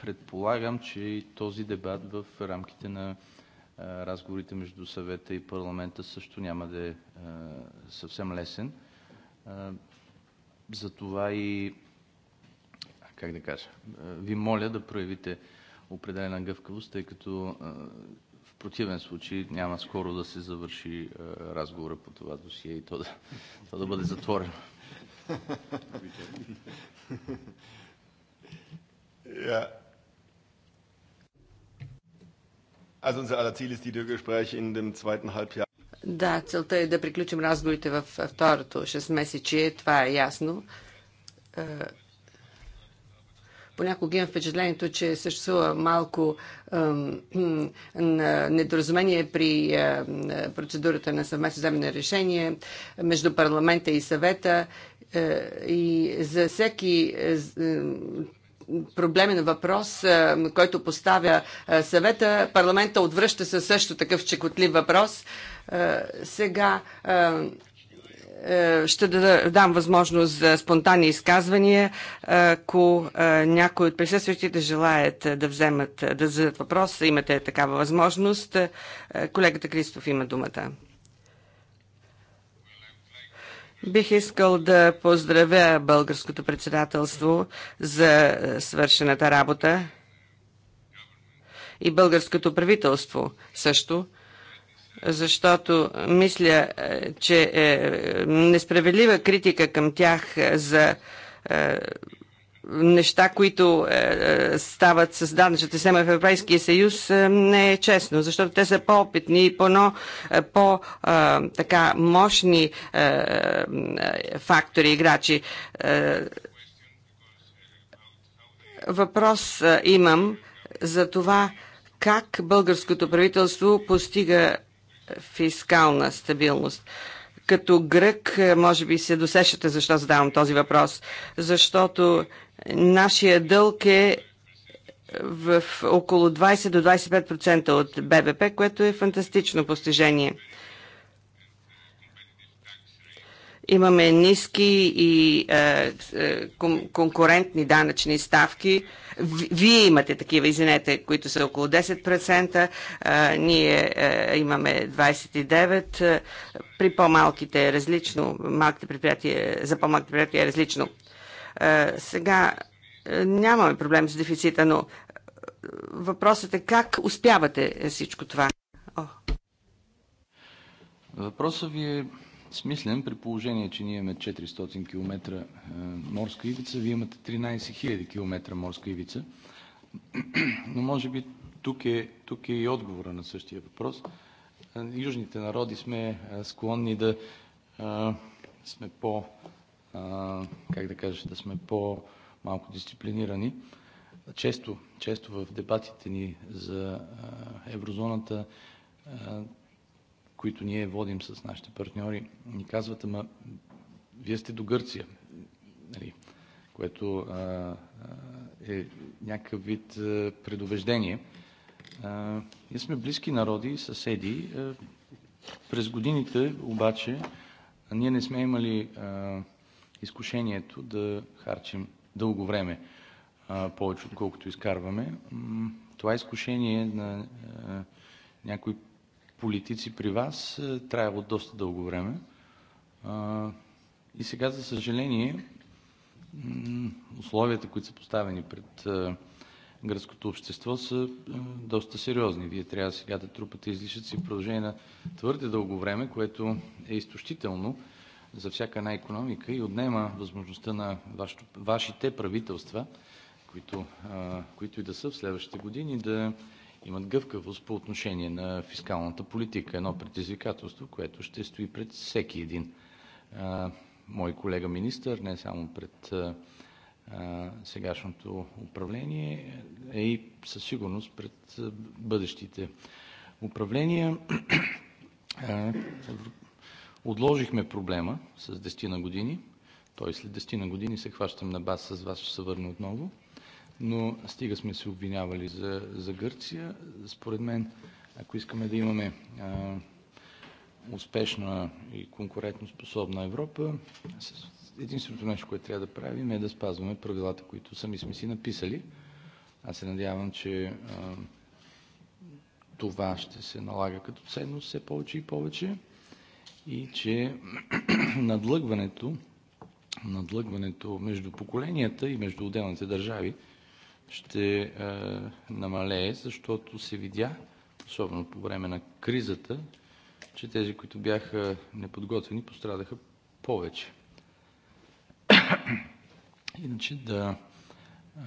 предполагам, че този дебат в рамките на е, разговорите между съвета и парламента също няма да е съвсем лесен. Затова и, как да кажа, ви моля да проявите определена гъвкавост, тъй като в противен случай няма скоро да се завърши разговора по това досие и то да, то да бъде затворено. Ja. Also unser aller Ziel ist die Gespräche in dem zweiten Halbjahr. Да, целта е да приключим разговорите в второто 6 месече, това е ясно. Е, Понякога имам впечатлението, че съществува малко недоразумение при процедурата на съвместно вземане решение между парламента и съвета. Е, и за всеки е, проблемен въпрос, е, който поставя съвета. Парламента отвръща със също такъв чекотлив въпрос. Сега е, ще дам възможност за спонтанни изказвания, е, ако е, някой от присъстващите желаят да вземат, да зададат въпрос, имате такава възможност. Колегата Кристоф има думата. Бих искал да поздравя българското председателство за свършената работа и българското правителство също защото мисля, е, че е несправедлива критика към тях е, за е, неща, които е, стават с данъчната система в Европейския съюз, е, не е честно, защото те са по-опитни и по-мощни е, е, фактори, играчи. Е, въпрос имам за това как българското правителство постига фискална стабилност. Като грък, е, може би се досещате защо задавам този въпрос. Защото нашия дълг е в около 20 до 25% от БВП, което е фантастично постижение. Имаме ниски и е, е, конкурентни данъчни ставки. Вие имате такива, извинете, които са около 10%. Е, ние е, имаме 29%. Е, при по-малките е различно. Малките предприятия, за по-малките предприятия е различно. Е, сега е, нямаме проблем с дефицита, но е, въпросът е как успявате всичко това? О. Въпросът ви е смислен, при положение, че ние имаме 400 км е, морска ивица, вие имате 13 000 км морска ивица. <clears throat> Но може би тук е, тук е и отговора на същия въпрос. Е, южните народи сме е, склонни да сме по, как да кажа, да сме по малко дисциплинирани. Често, често в дебатите ни за еврозоната които ние водим с нашите партньори, ни казват: „Ама Вие сте до Гърция“, нали, което е някакъв вид предубеждение. Ние сме близки народи съседи. съседи. През годините обаче ние не сме имали изкушението да харчим дълго време повече, отколкото изкарваме. Това изкушение на някои политици при вас е, трябва от доста дълго време. и сега, за съжаление, условията, които са поставени пред е, гръцкото общество, са е, доста сериозни. Вие трябва сега да трупате излишъци в продължение на твърде дълго време, което е изтощително за всяка една економика и отнема възможността на вашите правителства, които, които и да са в следващите години, да имат гъвкавост по отношение на фискалната политика. Едно предизвикателство, което ще стои пред всеки един а, мой колега министър, не само пред а, сегашното управление, а е и със сигурност пред бъдещите управления. Отложихме проблема с 10 на години. Той след 10 на години се хващам на бас с вас, ще се върна отново но стига сме се обвинявали за, за Гърция. Според мен, ако искаме да имаме а, успешна и конкурентоспособна Европа, единственото нещо, което трябва да правим е да спазваме правилата, които сами сме си написали. Аз се надявам, че а, това ще се налага като ценност все повече и повече и че <clears throat> надлъгването, надлъгването между поколенията и между отделните държави ще а, е, намалее, защото се видя, особено по време на кризата, че тези, които бяха неподготвени, пострадаха повече. <coughs> Иначе да,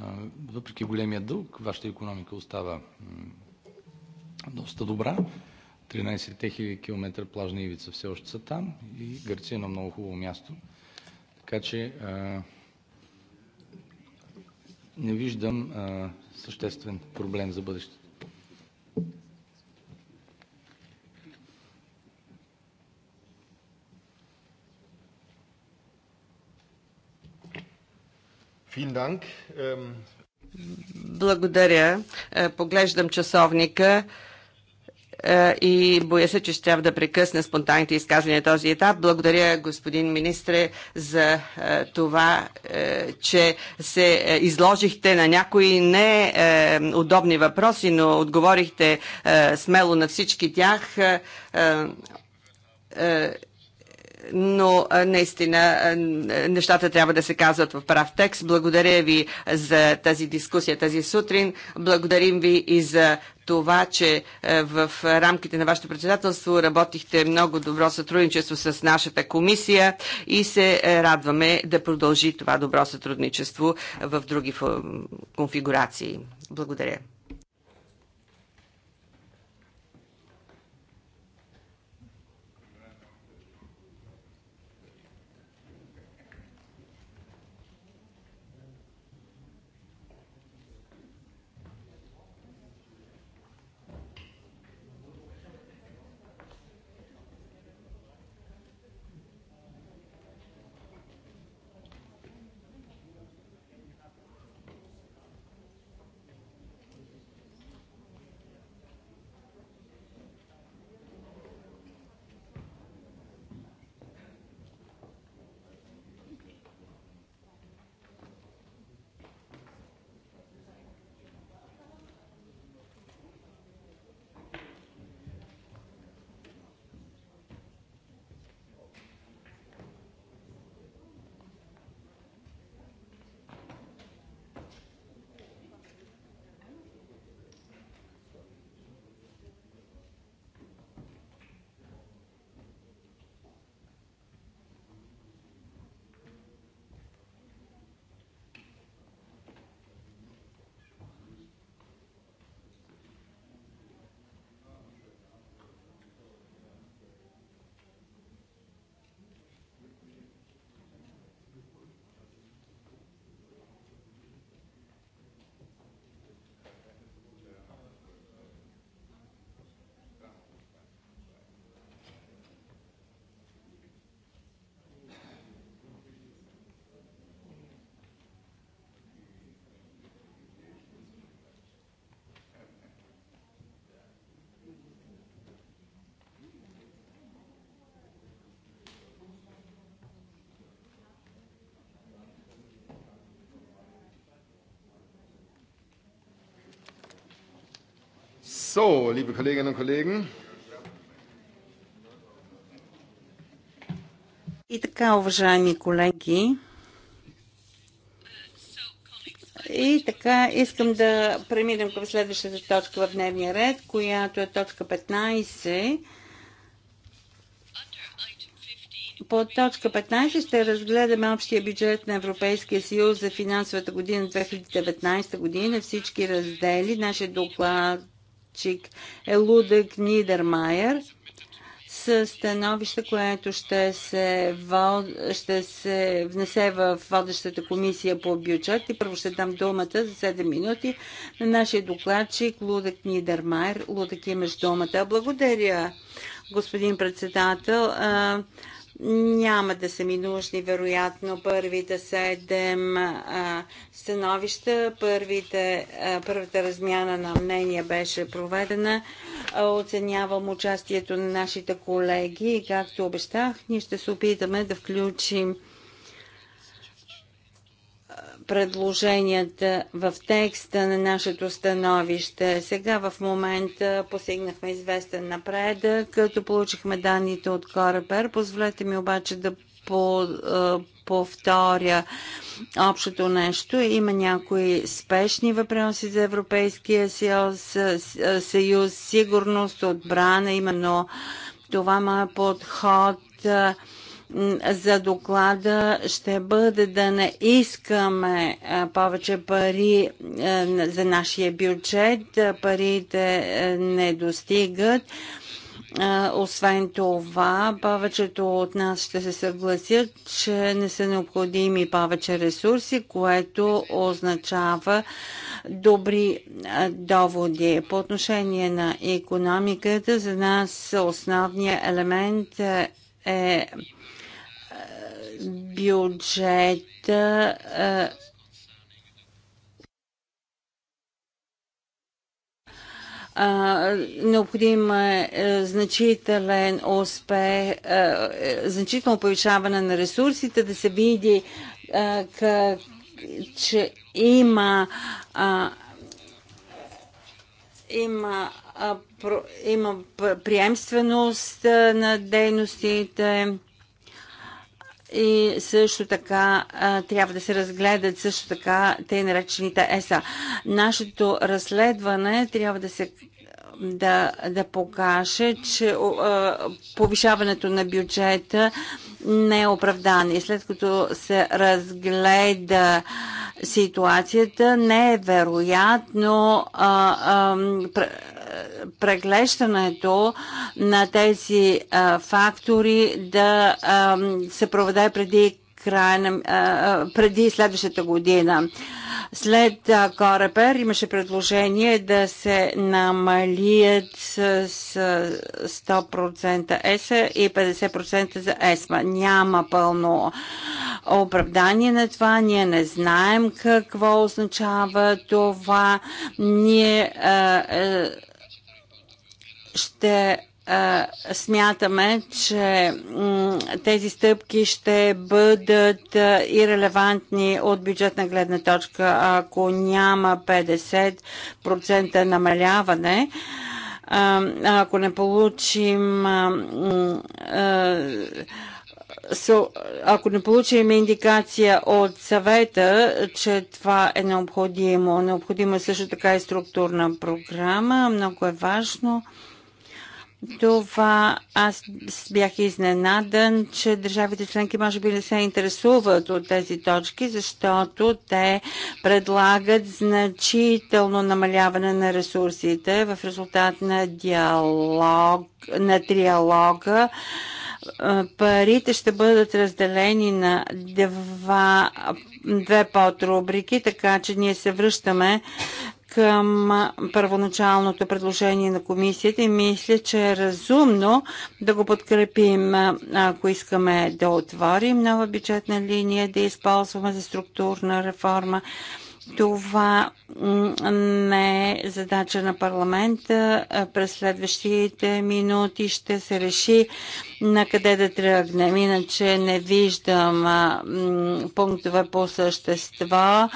а, е, въпреки големия дълг, вашата економика остава доста добра. 13 000 км плажна ивица все още са там и Гърция е на много хубаво място. Така че а, е, не виждам а, съществен проблем за бъдещето. Ähm, Благодаря. Е, поглеждам часовника. Е, и боя се, че ще трябва да прекъсна спонтанните изказвания на този етап. Благодаря, господин министре, за е, това, е, че се изложихте на някои неудобни въпроси, но отговорихте смело на всички тях но наистина нещата трябва да се казват в прав текст. Благодаря ви за тази дискусия тази сутрин. Благодарим ви и за това, че в рамките на вашето председателство работихте много добро сътрудничество с нашата комисия и се радваме да продължи това добро сътрудничество в други конфигурации. Благодаря. So, liebe Kolleginnen und Kollegen. И така, уважаеми колеги, и така, искам да преминем към следващата точка в дневния ред, която е точка 15. По точка 15 ще разгледаме общия бюджет на Европейския съюз за финансовата година 2019 година, всички раздели. Нашия доклад Чик е Лудък Нидермайер с становище, което ще се, вод... ще се внесе в водещата комисия по бюджет. И първо ще дам думата за 7 минути на нашия докладчик Лудък Нидермайер. Лудък имаш думата. Благодаря, господин председател няма да са ми нужни, вероятно, първите седем а, становища. Първите, а, първата размяна на мнения беше проведена. А, оценявам участието на нашите колеги и, както обещах, ние ще се опитаме да включим предложенията в текста на нашето становище. Сега в момента посигнахме известен напредък, като получихме данните от Корабер. Позволете ми обаче да по, повторя общото нещо. Има някои спешни въпроси за Европейския съюз, съюз сигурност, отбрана, именно това ма е подход за доклада ще бъде да не искаме повече пари за нашия бюджет. Парите не достигат. Освен това, повечето от нас ще се съгласят, че не са необходими повече ресурси, което означава добри доводи. По отношение на економиката, за нас основният елемент е бюджета необходим е, е значителен успех, е, е, значително повишаване на ресурсите, да се види, как, че има има, има приемственост на дейностите и също така трябва да се разгледат също така те наречените ЕСА. Нашето разследване трябва да се да, да покаже, че а, повишаването на бюджета не е оправдано. И след като се разгледа ситуацията, не е вероятно а, а, преглеждането на тези фактори да се проведе преди края на, преди следващата година. След Корепер имаше предложение да се намалият с, 100% ЕСА и 50% за ЕСМА. Няма пълно оправдание на това. Ние не знаем какво означава това. Ние е, ще смятаме, че тези стъпки ще бъдат ирелевантни от бюджетна гледна точка, ако няма 50% намаляване. Ако не получим ако не получим индикация от съвета, че това е необходимо, необходимо е също така и структурна програма, много е важно това аз бях изненадан, че държавите членки може би не се интересуват от тези точки, защото те предлагат значително намаляване на ресурсите в резултат на диалог, на триалога е, парите ще бъдат разделени на два, две подрубрики, така че ние се връщаме към първоначалното предложение на комисията и мисля, че е разумно да го подкрепим, ако искаме да отворим нова бюджетна линия, да използваме за структурна реформа това не е задача на парламента. През следващите минути ще се реши на къде да тръгнем. Иначе не виждам пунктове по същество.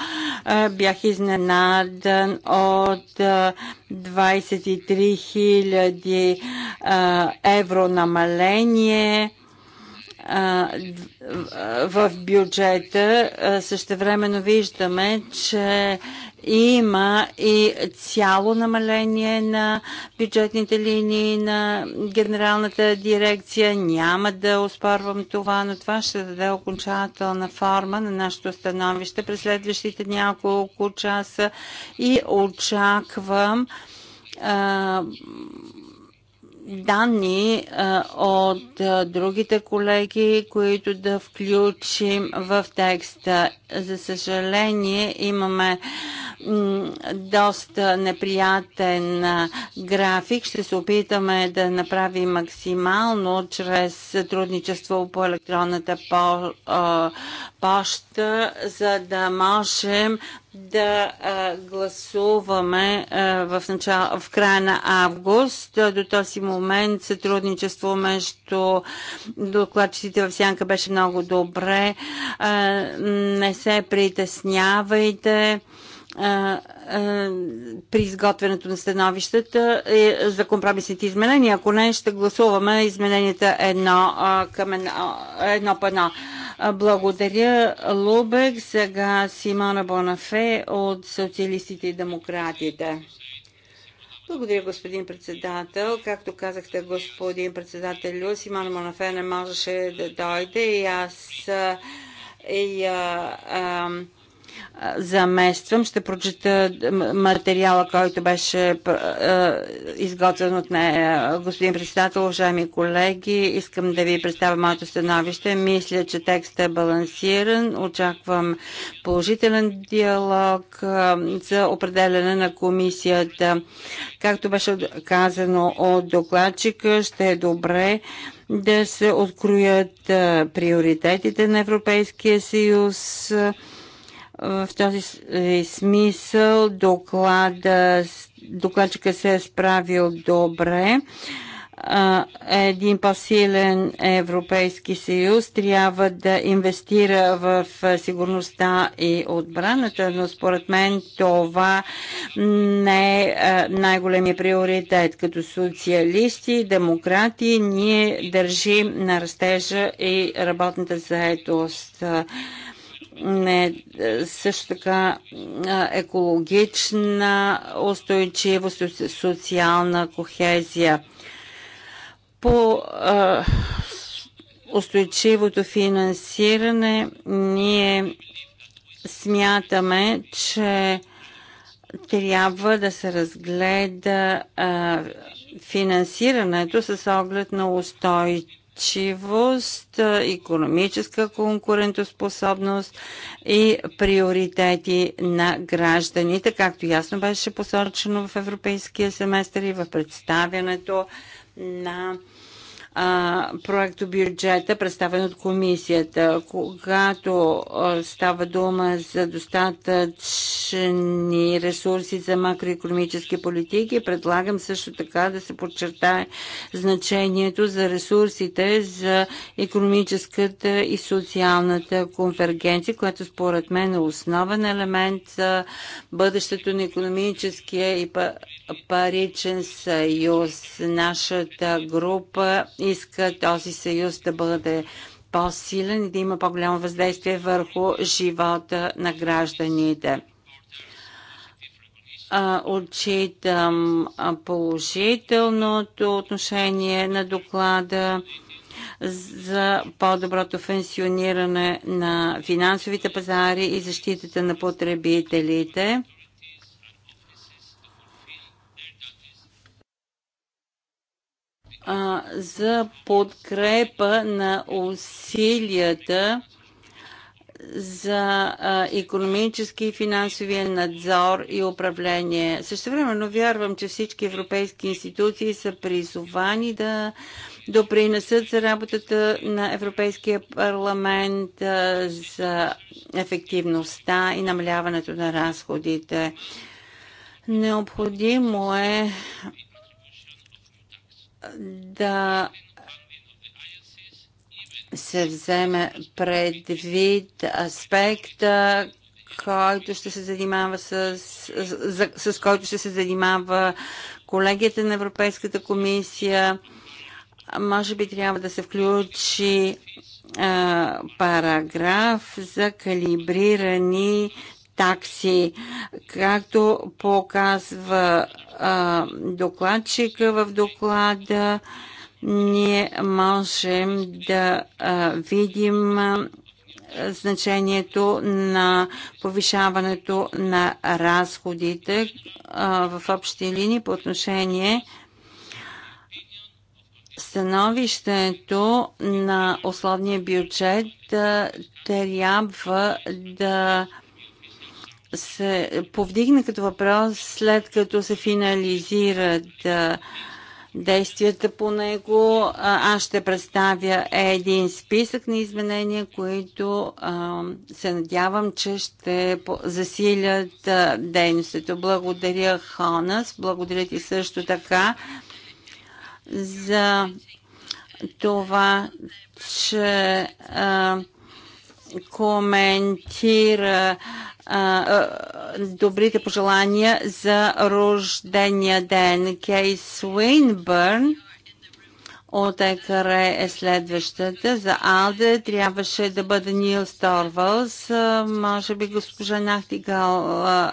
Бях изненадан от 23 000 евро намаление в бюджета. Същевременно виждаме, че има и цяло намаление на бюджетните линии на генералната дирекция. Няма да оспорвам това, но това ще даде окончателна форма на нашето становище през следващите няколко часа и очаквам данни от другите колеги, които да включим в текста. За съжаление, имаме доста неприятен график. Ще се опитаме да направим максимално чрез сътрудничество по електронната по, а, поща, за да можем да а, гласуваме а, в, начало, в края на август. До този момент сътрудничество между докладчиците в Сянка беше много добре. А, не се притеснявайте. А, при изготвянето на становищата е за компромисните изменения. Ако не, ще гласуваме измененията едно, към едно, едно по едно. Благодаря, Лубек. Сега Симона Бонафе от Социалистите и Демократите. Благодаря, господин председател. Както казахте, господин председател, Симона Бонафе не можеше да дойде и аз и, а, а, замествам. Ще прочета материала, който беше изготвен от нея. Господин председател, уважаеми колеги, искам да ви представя моето становище. Мисля, че текстът е балансиран. Очаквам положителен диалог за определене на комисията. Както беше казано от докладчика, ще е добре да се откроят приоритетите на Европейския съюз в този е, смисъл доклада, докладчика се е справил добре един по-силен Европейски съюз трябва да инвестира в сигурността и отбраната, но според мен това не е най-големия приоритет. Като социалисти и демократи ние държим на растежа и работната заедост не, е, също така е, екологична устойчивост, социална кохезия. По е, устойчивото финансиране ние смятаме, че трябва да се разгледа а, финансирането с оглед на устойчивост устойчивост, економическа конкурентоспособност и приоритети на гражданите, както ясно беше посочено в Европейския семестър и в представянето на а, проекто бюджета, представен от комисията. Когато а, става дума за достатъчни ресурси за макроекономически политики, предлагам също така да се подчертае значението за ресурсите за економическата и социалната конвергенция, която според мен е основен елемент за бъдещето на економическия и паричен съюз. Нашата група иска този съюз да бъде по-силен и да има по-голямо въздействие върху живота на гражданите. Отчитам положителното отношение на доклада за по-доброто функциониране на финансовите пазари и защитата на потребителите. а, за подкрепа на усилията за а, економически и финансовия надзор и управление. Също времено вярвам, че всички европейски институции са призовани да допринесат за работата на Европейския парламент, а, за ефективността и намаляването на разходите. Необходимо е да се вземе предвид аспекта, който ще се занимава с, с, с, с който ще се занимава колегията на Европейската комисия. Може би трябва да се включи а, параграф за калибрирани такси. Както показва а, докладчика в доклада, ние можем да а, видим а, значението на повишаването на разходите а, в общи линии по отношение становището на условния бюджет а, трябва да се повдигна като въпрос, след като се финализират действията по него. Аз ще представя един списък на изменения, които се надявам, че ще засилят дейностите. Благодаря, Хонас. Благодаря ти също така за това, че коментира добрите пожелания за рождения ден. Кейс Уинбърн – от ЕКР е следващата. За АЛДЕ трябваше да бъде Нил Сторвалс. Може би госпожа Нахтигал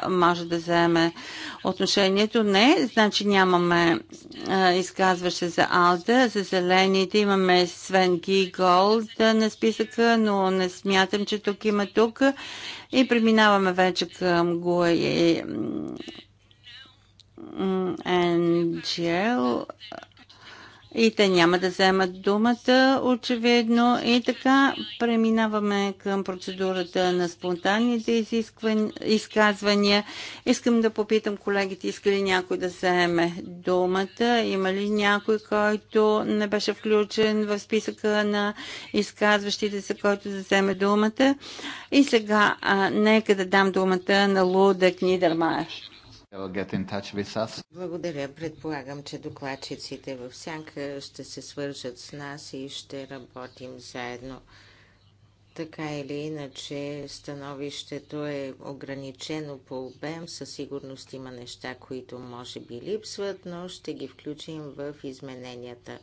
може да вземе отношението. Не, значи нямаме изказваше за АЛДЕ. За зелените имаме Свен Голд на списъка, но не смятам, че тук има тук. И преминаваме вече към и... NGL и те няма да вземат думата, очевидно. И така преминаваме към процедурата на спонтанните изказвания. Искам да попитам колегите, иска ли някой да вземе думата? Има ли някой, който не беше включен в списъка на изказващите се, който да вземе думата? И сега а, нека да дам думата на Луда Книдермайер. Благодаря. Предполагам, че докладчиците в сянка ще се свържат с нас и ще работим заедно. Така или иначе, становището е ограничено по обем. Със сигурност има неща, които може би липсват, но ще ги включим в измененията.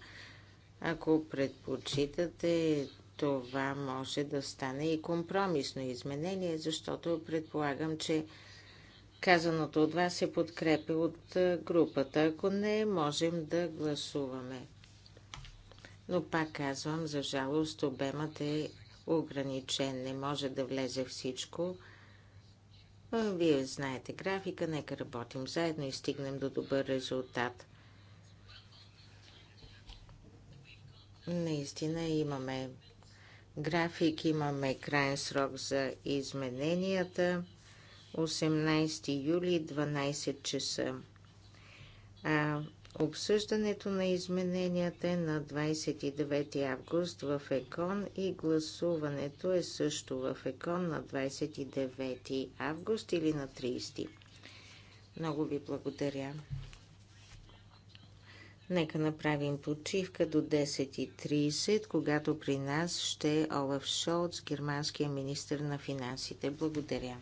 Ако предпочитате, това може да стане и компромисно изменение, защото предполагам, че Казаното от вас се подкрепи от групата. Ако не, можем да гласуваме. Но пак казвам, за жалост обемът е ограничен. Не може да влезе всичко. Вие знаете графика, нека работим заедно и стигнем до добър резултат. Наистина имаме график, имаме крайен срок за измененията. 18 юли 12 часа. А обсъждането на измененията е на 29 август в ЕКОН и гласуването е също в ЕКОН на 29 август или на 30. Много ви благодаря. Нека направим почивка до 10.30, когато при нас ще е Олаф Шолц, германския министр на финансите. Благодаря.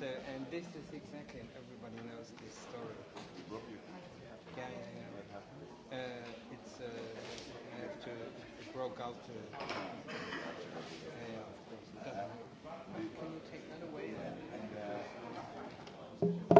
So, and this is exactly, and everybody knows this story. Yeah, yeah, yeah. Uh, it's, uh, I have to, it broke out. Uh, uh, Can you take that away? And, uh,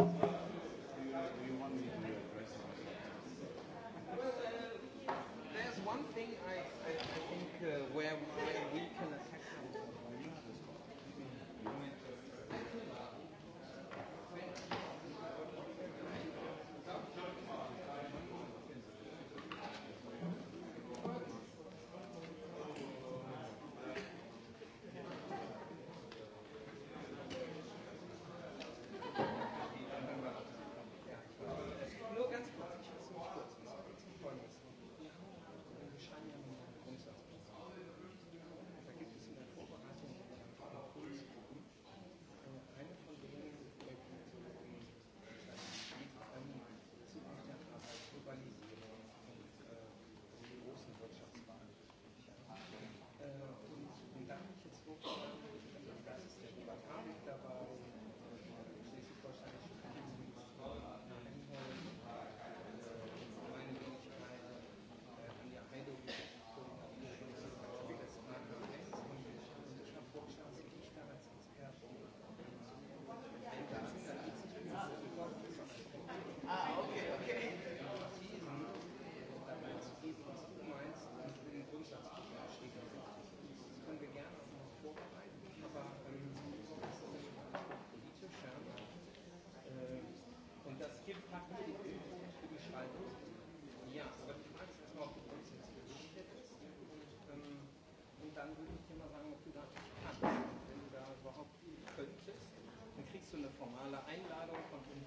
zu formale Einladung von uns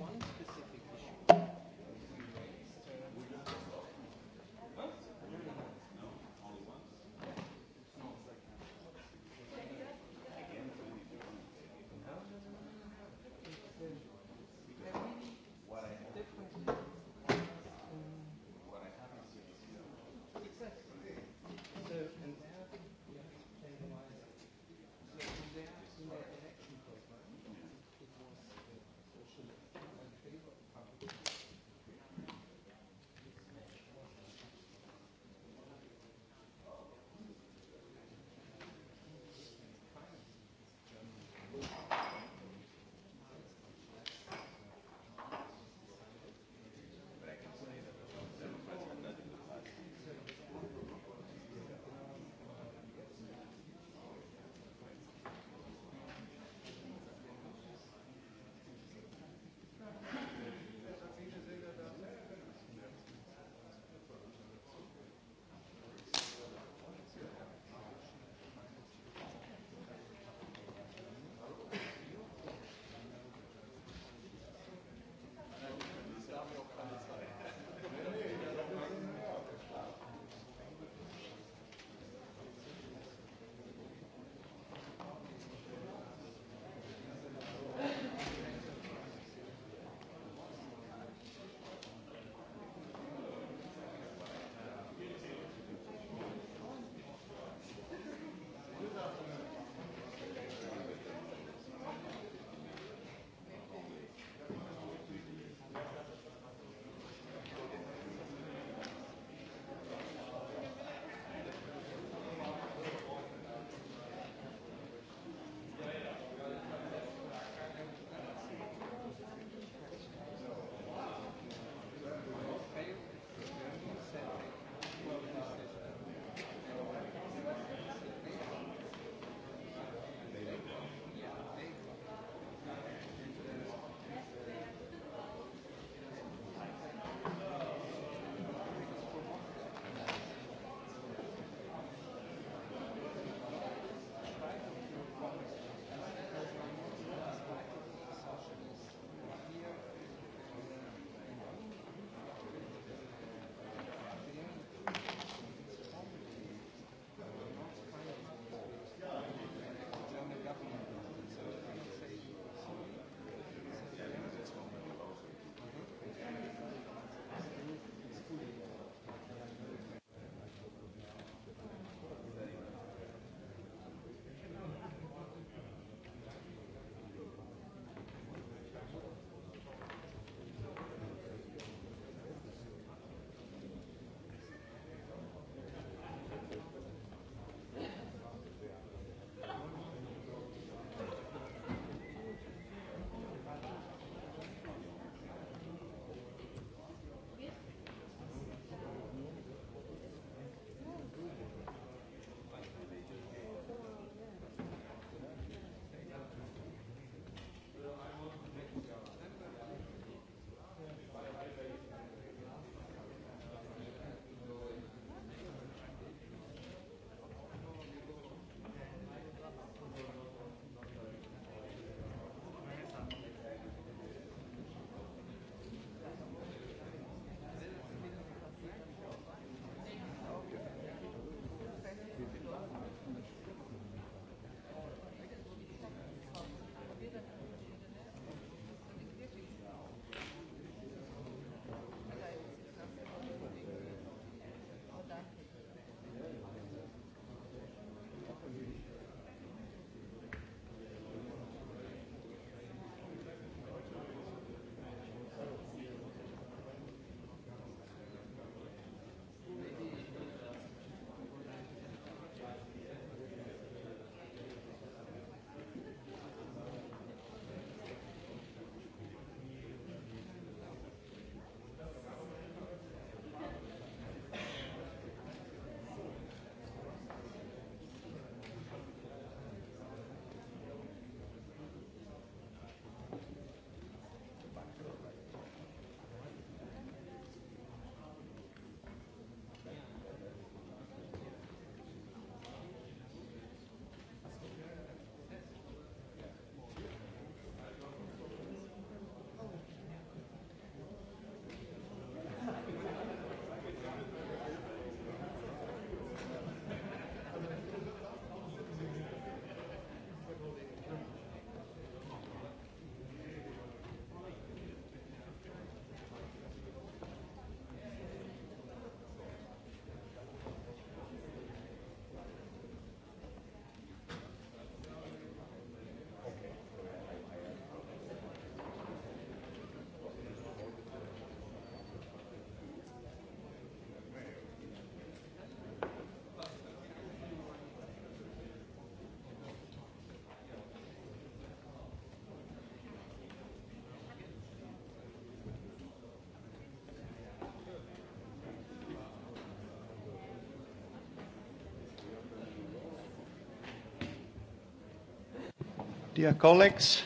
Dear colleagues,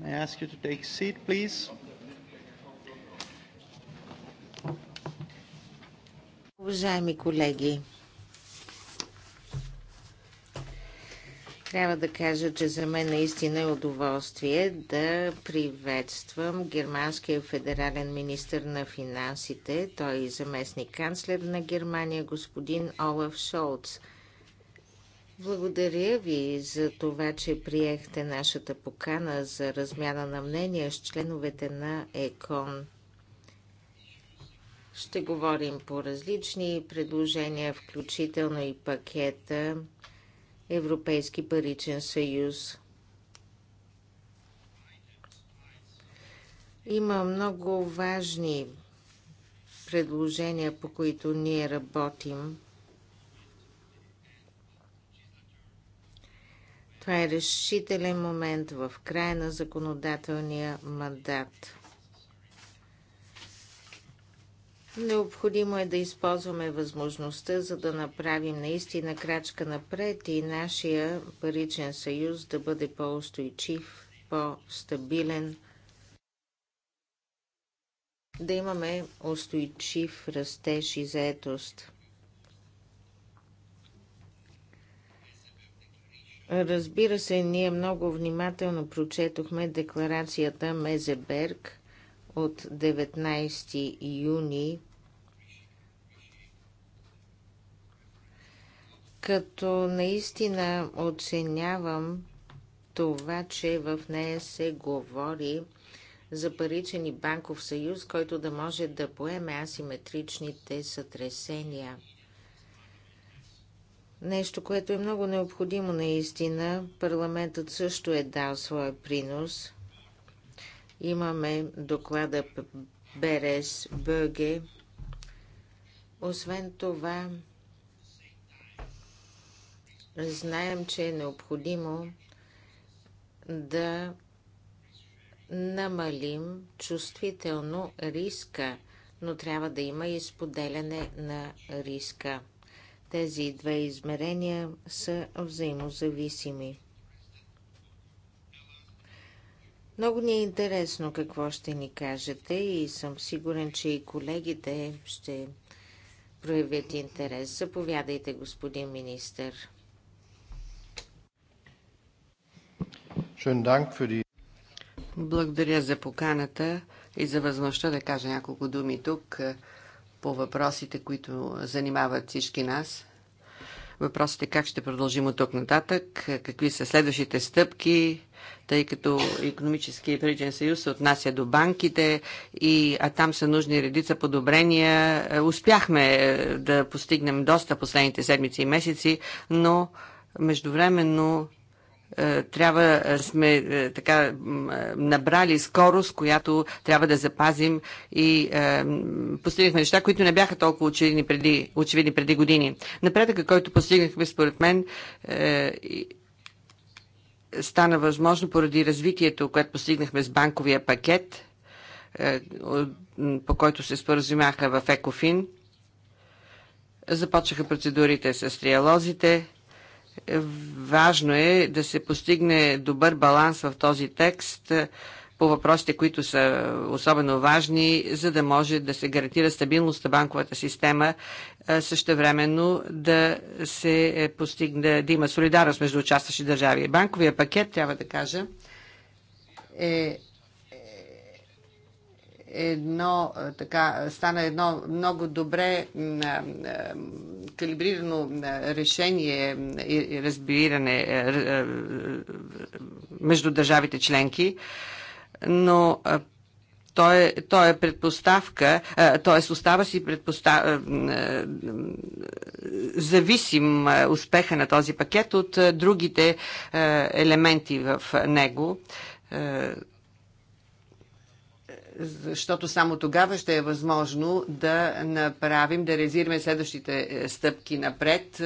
may I ask you to take a seat, please? Уважаеми колеги, трябва да кажа, че за мен наистина е удоволствие да приветствам германския федерален министр на финансите. Той е заместник канцлер на Германия, господин Олаф Шолц – благодаря ви за това, че приехте нашата покана за размяна на мнения с членовете на ЕКОН. Ще говорим по различни предложения, включително и пакета Европейски паричен съюз. Има много важни предложения, по които ние работим. Това е решителен момент в края на законодателния мандат. Необходимо е да използваме възможността, за да направим наистина крачка напред и нашия паричен съюз да бъде по-устойчив, по-стабилен, да имаме устойчив растеж и заетост. Разбира се, ние много внимателно прочетохме декларацията Мезеберг от 19 юни, като наистина оценявам това, че в нея се говори за паричен и банков съюз, който да може да поеме асиметричните сътресения – Нещо, което е много необходимо наистина. Парламентът също е дал своя принос. Имаме доклада Берес Бъге. Освен това, знаем, че е необходимо да намалим чувствително риска, но трябва да има и споделяне на риска. Тези две измерения са взаимозависими. Много ни е интересно какво ще ни кажете и съм сигурен, че и колегите ще проявят интерес. Заповядайте, господин министър. Благодаря за поканата и за възможността да кажа няколко думи тук по въпросите, които занимават всички нас. Въпросите, как ще продължим от тук нататък, какви са следващите стъпки, тъй като економически и паричен съюз се отнася до банките, и, а там са нужни редица подобрения. Успяхме е, да постигнем доста последните седмици и месеци, но междувременно е, трябва е, сме е, така набрали скорост, която трябва да запазим и постигнахме неща, които не бяха толкова очевидни преди, очевидни преди години. Напредъка, който постигнахме според мен стана възможно поради развитието, което постигнахме с банковия пакет, по който се споразумяха в Екофин. Започнаха процедурите с триалозите Важно е да се постигне добър баланс в този текст е, по въпросите, които са особено важни, за да може да се гарантира стабилност на банковата система, е, същевременно да се е, постигне, да има солидарност между участващи държави. Банковия пакет, трябва да кажа, е едно, така, стана едно много добре калибрирано решение и разбиране между държавите членки, но то е, то е предпоставка, т.е. остава си предпоставка, зависим успеха на този пакет от другите елементи в него защото само тогава ще е възможно да направим, да резираме следващите е, стъпки напред.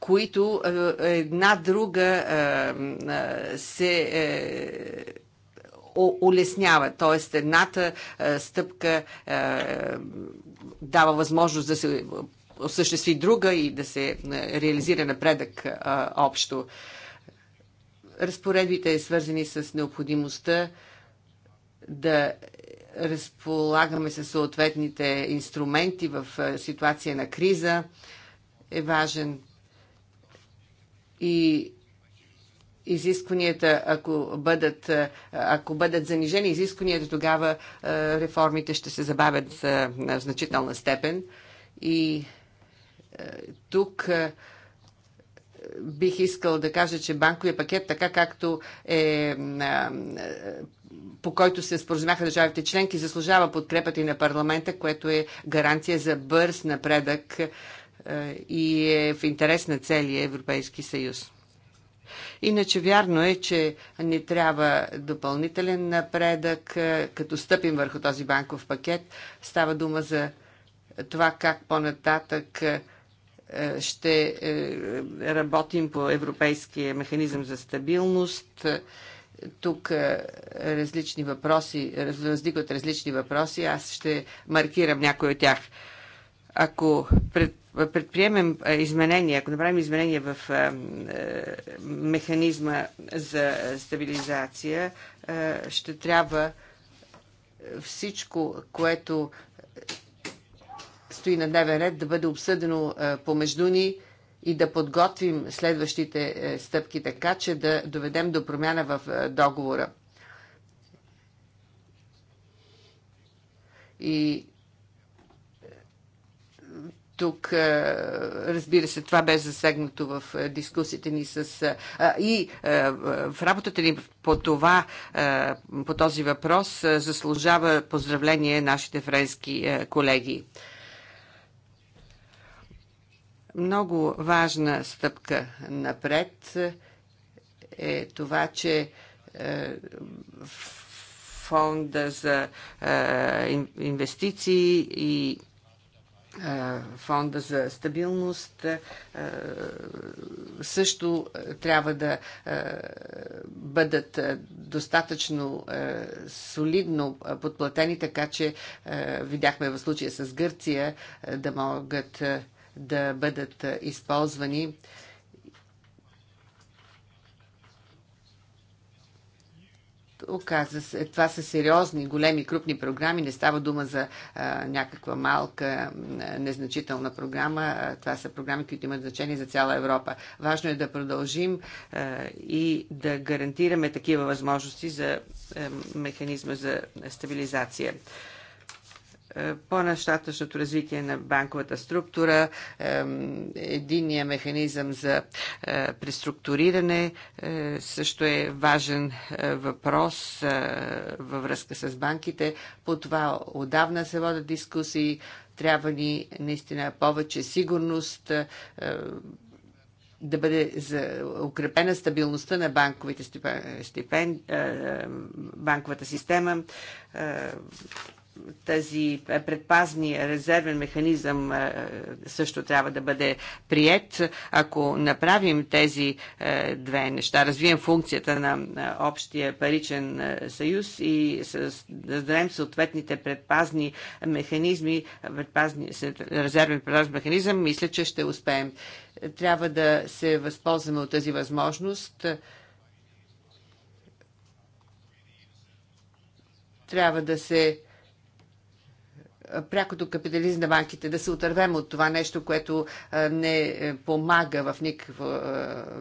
които е, една друга е, се улеснява. Т.е. едната стъпка дава възможност да се осъществи друга и да се е, реализира напредък а, е, общо. Разпоредбите, свързани с необходимостта да разполагаме с съответните инструменти в е, ситуация на криза, е важен. И изискванията, ако бъдат, ако бъдат занижени изискванията, тогава реформите ще се забавят в значителна степен. И тук е, бих искал да кажа, че банковия пакет, така както е, е по който се споразумяха държавите членки, заслужава подкрепата и на парламента, което е гаранция за бърз напредък е, и е в интерес на целия Европейски съюз. Иначе вярно е, че не трябва допълнителен напредък, като стъпим върху този банков пакет. Става дума за това как по-нататък ще е, работим по Европейския механизъм за стабилност. Тук е, различни въпроси, раздигват различни въпроси. Аз ще маркирам някой от тях. Ако пред предприемем е, изменения, ако направим изменения в механизма за стабилизация, ще трябва всичко, което стои на дневен ред, да бъде обсъдено е, помежду ни и да подготвим следващите е, стъпки така, че да доведем до промяна в е, договора. И тук, разбира се, това бе засегнато в дискусите ни с... И в работата ни по това, по този въпрос заслужава поздравление нашите френски колеги. Много важна стъпка напред е това, че е, фонда за е, инвестиции и е, фонда за стабилност също трябва да бъдат достатъчно солидно подплатени, така че видяхме в случая с Гърция да могат да бъдат използвани. Оказа се, това са сериозни, големи, крупни програми. Не става дума за а, някаква малка, незначителна програма. Това са програми, които имат значение за цяла Европа. Важно е да продължим а, и да гарантираме такива възможности за а, механизма за стабилизация по-нащатъчното развитие на банковата структура, единия механизъм за е, преструктуриране е, също е важен е, въпрос във връзка с банките. По това отдавна се водят дискусии. Трябва ни наистина повече сигурност, да бъде за укрепена стабилността на банковите стипен, банковата система тази предпазни резервен механизъм е, също трябва да бъде прият. Ако направим тези е, две неща, развием функцията на общия паричен е, съюз и създадем съответните предпазни механизми, предпазни, резервен предпазен механизъм, мисля, че ще успеем. Трябва да се възползваме от тази възможност. Трябва да се прякото капитализм на банките, да се отървем от това нещо, което не е, помага в никакво,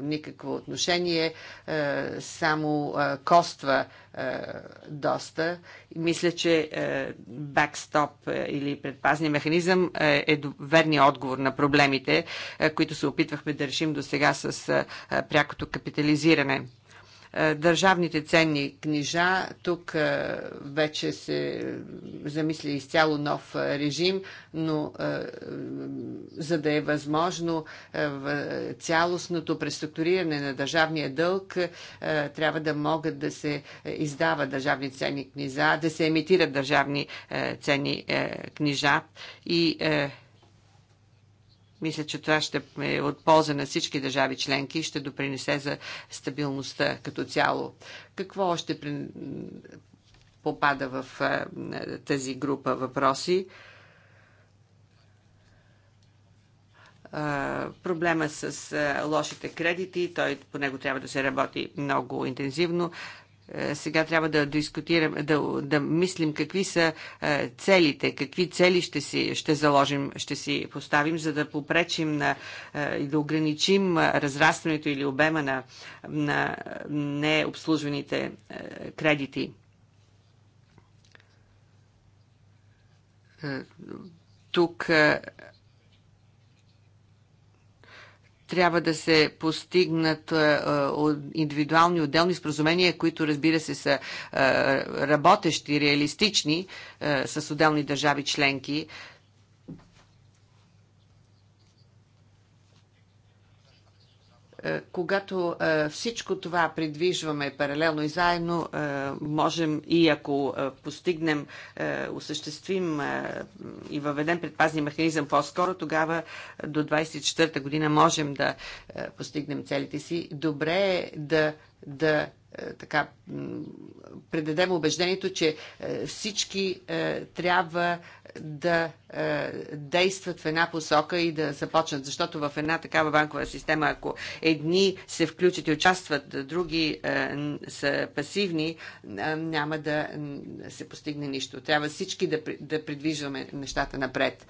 никакво отношение, само коства доста. Мисля, че бекстоп или предпазния механизъм е верният отговор на проблемите, които се опитвахме да решим до сега с прякото капитализиране. Е, държавните ценни книжа, тук е, вече се замисля изцяло нов е, режим, но за да е възможно цялостното преструктуриране на държавния дълг, трябва да могат да се издават държавни ценни книжа, да се емитират държавни ценни книжа и мисля, че това ще е от полза на всички държави членки и ще допринесе за стабилността като цяло. Какво още при... попада в тази група въпроси? проблема с лошите кредити, той по него трябва да се работи много интензивно. Е, сега трябва да дискутираме, да, да мислим какви са е, целите, какви цели ще си ще заложим, ще си поставим, за да попречим на, е, и да ограничим разрастването или обема на, на необслужваните кредити. Тук трябва да се постигнат е, е, индивидуални отделни споразумения, които разбира се са е, работещи, реалистични с отделни държави членки Е, когато е, всичко това придвижваме паралелно и заедно, е, можем и ако постигнем, осъществим и въведем предпазни механизъм по-скоро, тогава до 24-та година можем да постигнем целите си. Добре е да, да така, предадем убеждението, че всички трябва да е, действат в една посока и да започнат. Защото в една такава банкова система, ако едни се включат и участват, други е, са пасивни, е, няма да се постигне нищо. Трябва всички да, да придвижваме нещата напред.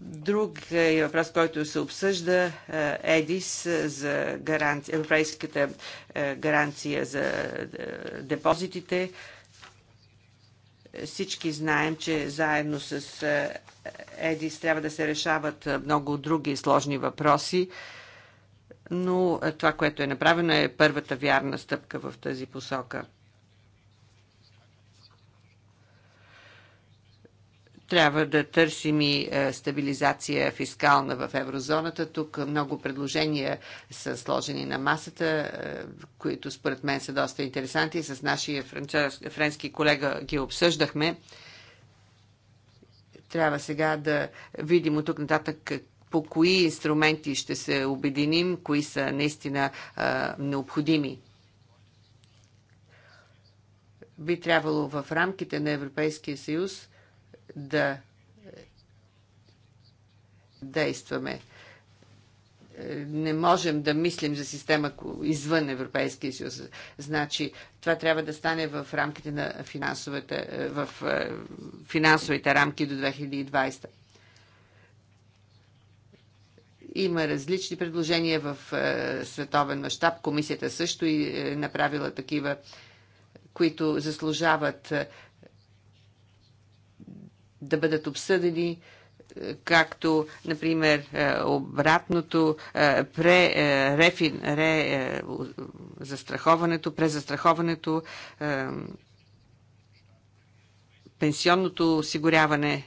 Друг е въпрос, който се обсъжда, ЕДИС за гаранция, европейската гаранция за депозитите. Всички знаем, че заедно с е, ЕДИС трябва да се решават е, много други сложни въпроси, но е, това, което е направено, е първата вярна стъпка в тази посока. Трябва да търсим и е, стабилизация фискална в еврозоната. Тук много предложения са сложени на масата, е, които според мен са доста интересанти. С нашия френски колега ги обсъждахме. Трябва сега да видим от тук нататък по кои инструменти ще се обединим, кои са наистина е, необходими. Би трябвало в рамките на Европейския съюз да е, действаме. Е, не можем да мислим за система извън Европейския съюз. Значи, това трябва да стане в рамките на финансовите, в е, финансовите рамки до 2020 има различни предложения в световен мащаб. Комисията също и е направила такива, които заслужават да бъдат обсъдени е, както, например, е, обратното, е, пре, рефин, ре, застраховането, презастраховането, пенсионното осигуряване.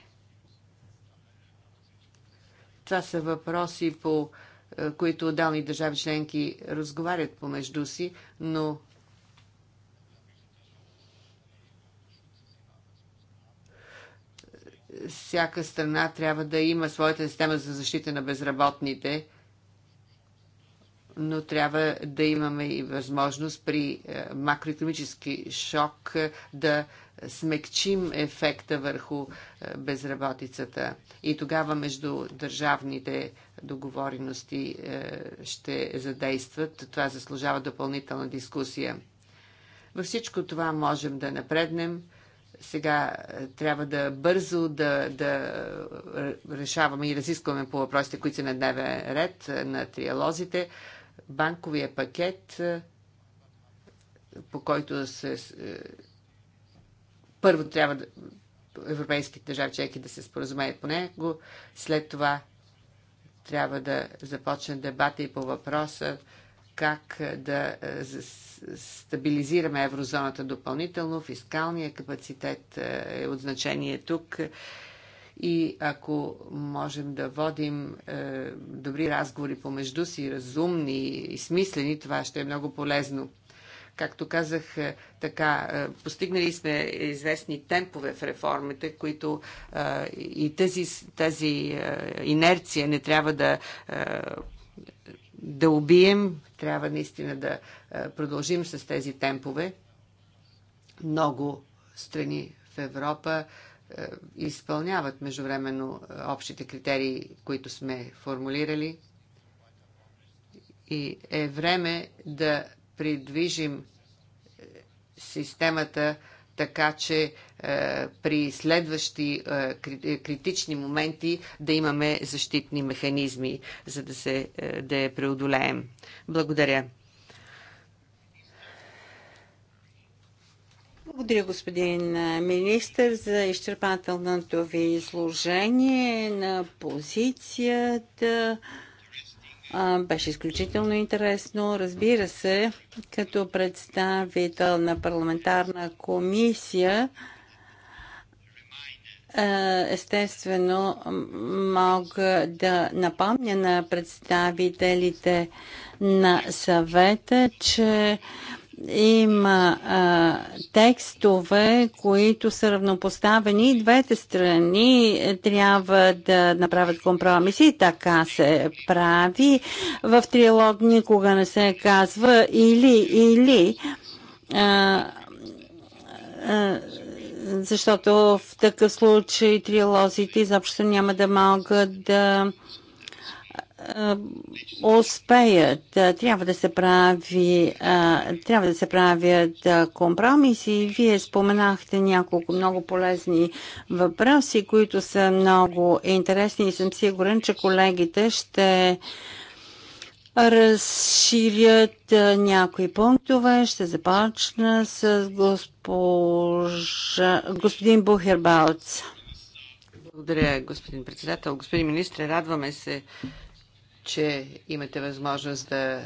Това са въпроси, по които отдални държави членки разговарят помежду си, но всяка страна трябва да има своята система за защита на безработните, но трябва да имаме и възможност при е, макроекономически шок е, да смекчим ефекта върху е, безработицата. И тогава между държавните договорености ще задействат. Това заслужава допълнителна дискусия. Във всичко това можем да напреднем сега е, трябва да бързо да, да е, решаваме и разискваме по въпросите, които са на дневен ред е, на триалозите. Банковия пакет, по който се. Първо трябва да, европейските държави чеки да се споразумеят по него, след това трябва да започне дебата и по въпроса как е, да е, стабилизираме еврозоната допълнително. Фискалния капацитет е, е от значение тук. И ако можем да водим е, добри разговори помежду си, разумни и смислени, това ще е много полезно. Както казах, така, постигнали сме известни темпове в реформите, които е, и тази, тази е, инерция не трябва да е, да убием, трябва наистина да продължим с тези темпове. Много страни в Европа изпълняват междувременно общите критерии, които сме формулирали. И е време да придвижим системата така че е, при следващи е, е, критични моменти да имаме защитни механизми, за да, се, е, да я преодолеем. Благодаря. Благодаря, господин е, министр, за изчерпателното ви изложение на позицията. Беше изключително интересно. Разбира се, като представител на парламентарна комисия, естествено мога да напомня на представителите на съвета, че има а, текстове, които са равнопоставени и двете страни трябва да направят компромиси. Така се прави. В триалог никога не се казва или, или. А, а, защото в такъв случай триалозите изобщо няма да могат да а, е, успеят. Трябва да се прави, е, трябва да се правят е, компромиси. Вие споменахте няколко много полезни въпроси, които са много интересни и съм сигурен, че колегите ще разширят някои пунктове. Ще започна с госпожа, господин Бухербалц. Благодаря, господин председател. Господин министр, радваме се че имате възможност да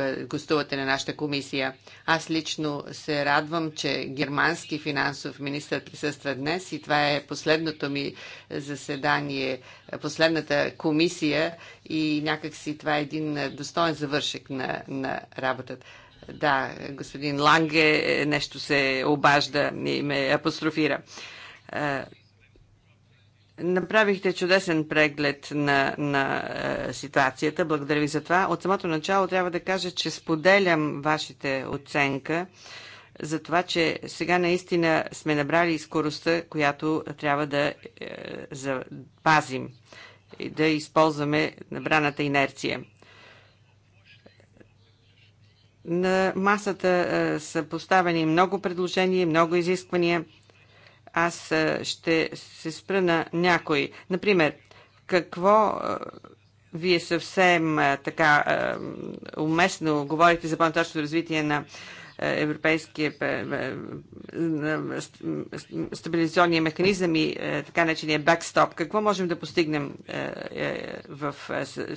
е, гостувате на нашата комисия. Аз лично се радвам, че германски финансов министр присъства днес и това е последното ми заседание, последната комисия и някакси това е един достоен завършек на, на работата. Да, господин Ланге е, нещо се обажда и ме апострофира. Е, Направихте чудесен преглед на, на е, ситуацията. Благодаря ви за това. От самото начало трябва да кажа, че споделям вашите оценка за това, че сега наистина сме набрали скоростта, която трябва да е, запазим и да използваме набраната инерция. На масата е, са поставени много предложения, много изисквания – аз ще се спра на някой. Например, какво вие съвсем така уместно говорите за по-нататъчното развитие на европейския стабилизационния механизъм и така начиния бекстоп. Какво можем да постигнем в,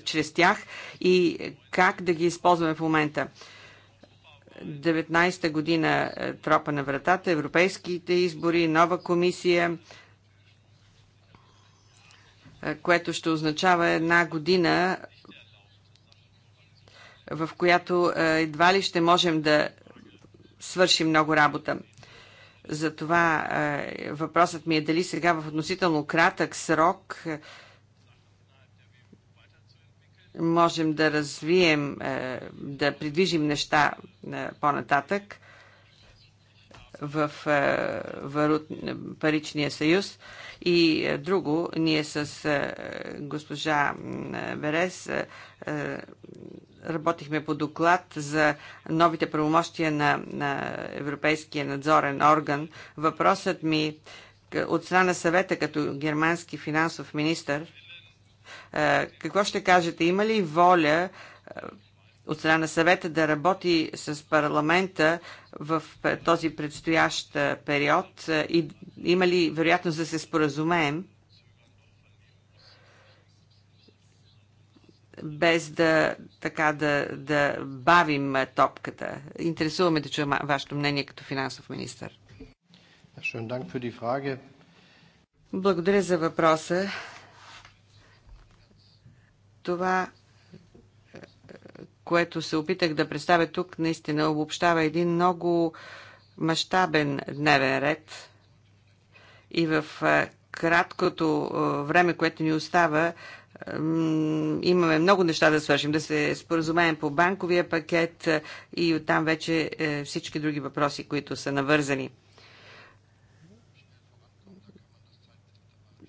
чрез тях и как да ги използваме в момента? 2019 година е, тропа на вратата, европейските избори, нова комисия, е, което ще означава една година, в която е, едва ли ще можем да свършим много работа. Затова въпросът ми е дали сега в относително кратък срок можем да развием, е, да придвижим неща е, по-нататък в е, паричния съюз. И друго, ние с госпожа Берес работихме по доклад за новите правомощия на, на Европейския надзорен орган. Въпросът ми от страна съвета като германски финансов министр е, какво ще кажете? Има ли воля е, от страна на съвета да работи с парламента в този предстоящ е, период и има ли вероятност да се споразумеем? без да, така, да, да бавим топката. Интересуваме да чуем вашето мнение като финансов министр. Благодаря за въпроса. Това, е, което се опитах да представя тук, наистина обобщава един много мащабен дневен ред и в е, краткото е, време, което ни остава, имаме много неща да свършим, да се споразумеем по банковия пакет и оттам вече всички други въпроси, които са навързани.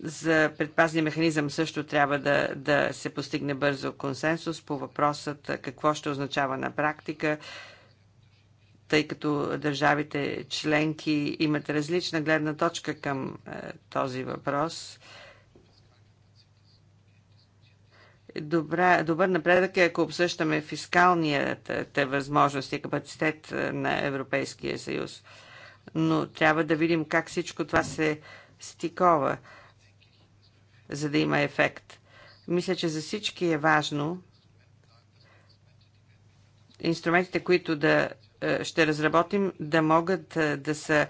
За предпазния механизъм също трябва да, да се постигне бързо консенсус по въпросът какво ще означава на практика, тъй като държавите членки имат различна гледна точка към е, този въпрос. Добра, добър напредък е, ако обсъщаме фискалният възможност и капацитет на Европейския съюз. Но трябва да видим как всичко това се стикова за да има ефект. Мисля, че за всички е важно инструментите, които да е, ще разработим, да могат е, да се,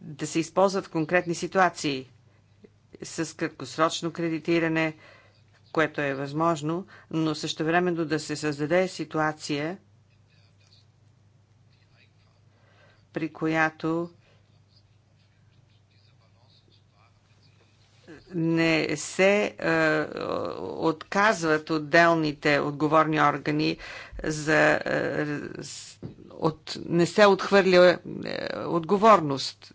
да се използват в конкретни ситуации с краткосрочно кредитиране, което е възможно, но същевременно да се създаде ситуация, при която не се е, отказват отделните отговорни органи за. Е, от, не се отхвърля е, отговорност.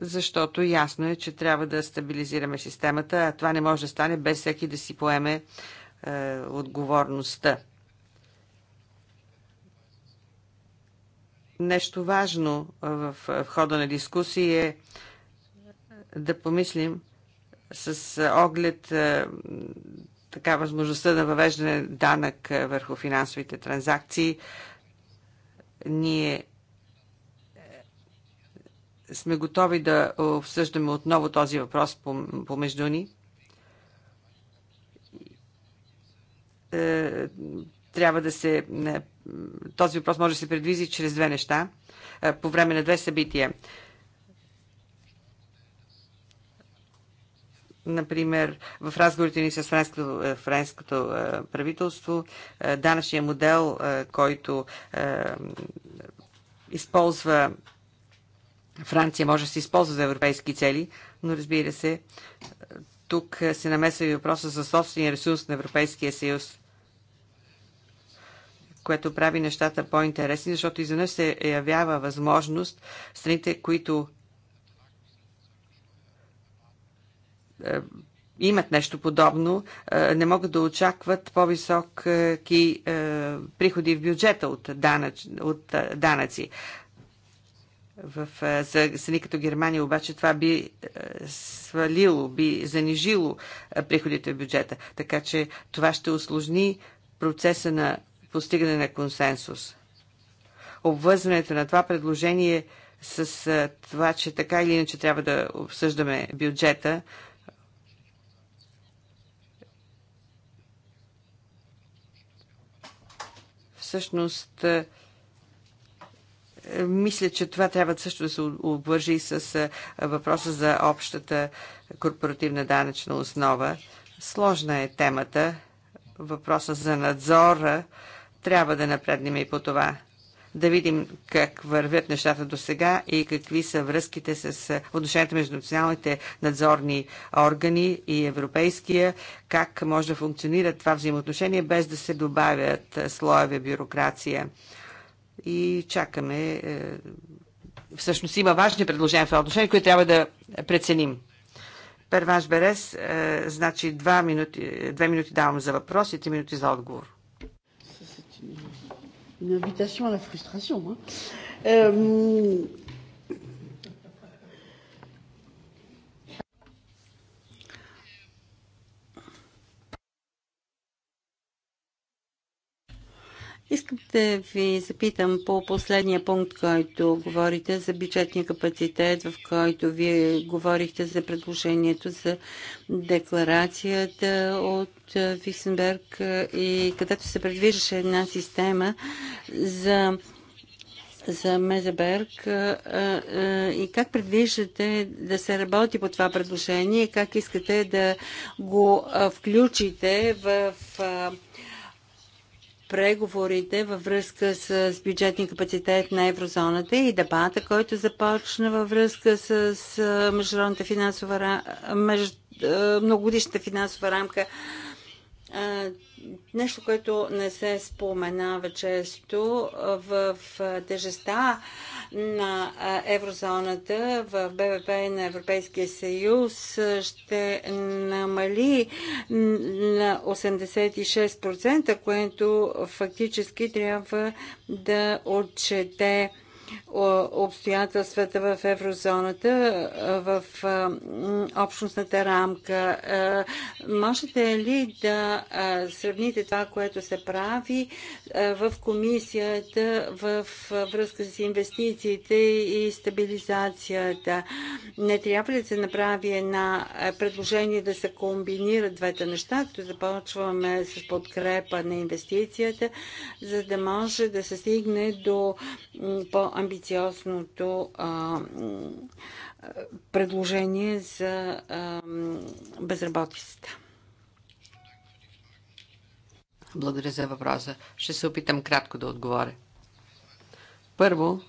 Защото ясно е, че трябва да стабилизираме системата, а това не може да стане без всеки да си поеме е, отговорността. Нещо важно в хода на дискусии е да помислим с оглед така възможността на въвеждане данък върху финансовите транзакции. Ние сме готови да обсъждаме отново този въпрос помежду ни е, трябва да се. Е, този въпрос може да се предвизи чрез две неща, е, по време на две събития. Например, в разговорите ни с е, френското, френското правителство, данъчният модел, който използва Франция, може да се използва за европейски цели, но разбира се, тук се намесва и въпроса за собствения ресурс на Европейския съюз което прави нещата по-интересни, защото изведнъж се явява възможност страните, които е, имат нещо подобно, е, не могат да очакват по-високи е, приходи в бюджета от, данъч, от данъци. В страни като Германия обаче това би свалило, би занижило приходите в бюджета. Така че това ще осложни процеса на постигане на консенсус. Обвързването на това предложение с това, че така или иначе трябва да обсъждаме бюджета, всъщност мисля, че това трябва също да се обвържи с въпроса за общата корпоративна данъчна основа. Сложна е темата. Въпроса за надзора трябва да напреднем и по това. Да видим как вървят нещата до сега и какви са връзките с отношенията между националните надзорни органи и европейския, как може да функционира това взаимоотношение без да се добавят слоеве бюрокрация. И чакаме. Всъщност има важни предложения в това отношение, които трябва да преценим. Перваш Берес, значи 2 минути, 2 минути давам за въпрос и 3 минути за отговор une invitation à la frustration. Hein. Euh, Искам да ви запитам по последния пункт, който говорите за бюджетния капацитет, в който вие говорихте за предложението за декларацията от Висенберг и където се предвиждаше една система за за Мезеберг и как предвиждате да се работи по това предложение, и как искате да го включите в преговорите във връзка с бюджетния капацитет на еврозоната и дебата, който започна във връзка с международната финансова, между, многогодишната финансова рамка нещо, което не се споменава често в тежеста на еврозоната в БВП на Европейския съюз ще намали на 86%, което фактически трябва да отчете обстоятелствата в еврозоната, в общностната рамка. Можете ли да сравните това, което се прави в комисията в връзка с инвестициите и стабилизацията? Не трябва ли да се направи една предложение да се комбинират двете неща, като започваме с подкрепа на инвестицията, за да може да се стигне до по амбициозното предложение за безработицата. Благодаря за въпроса. Ще се опитам кратко да отговоря. Първо,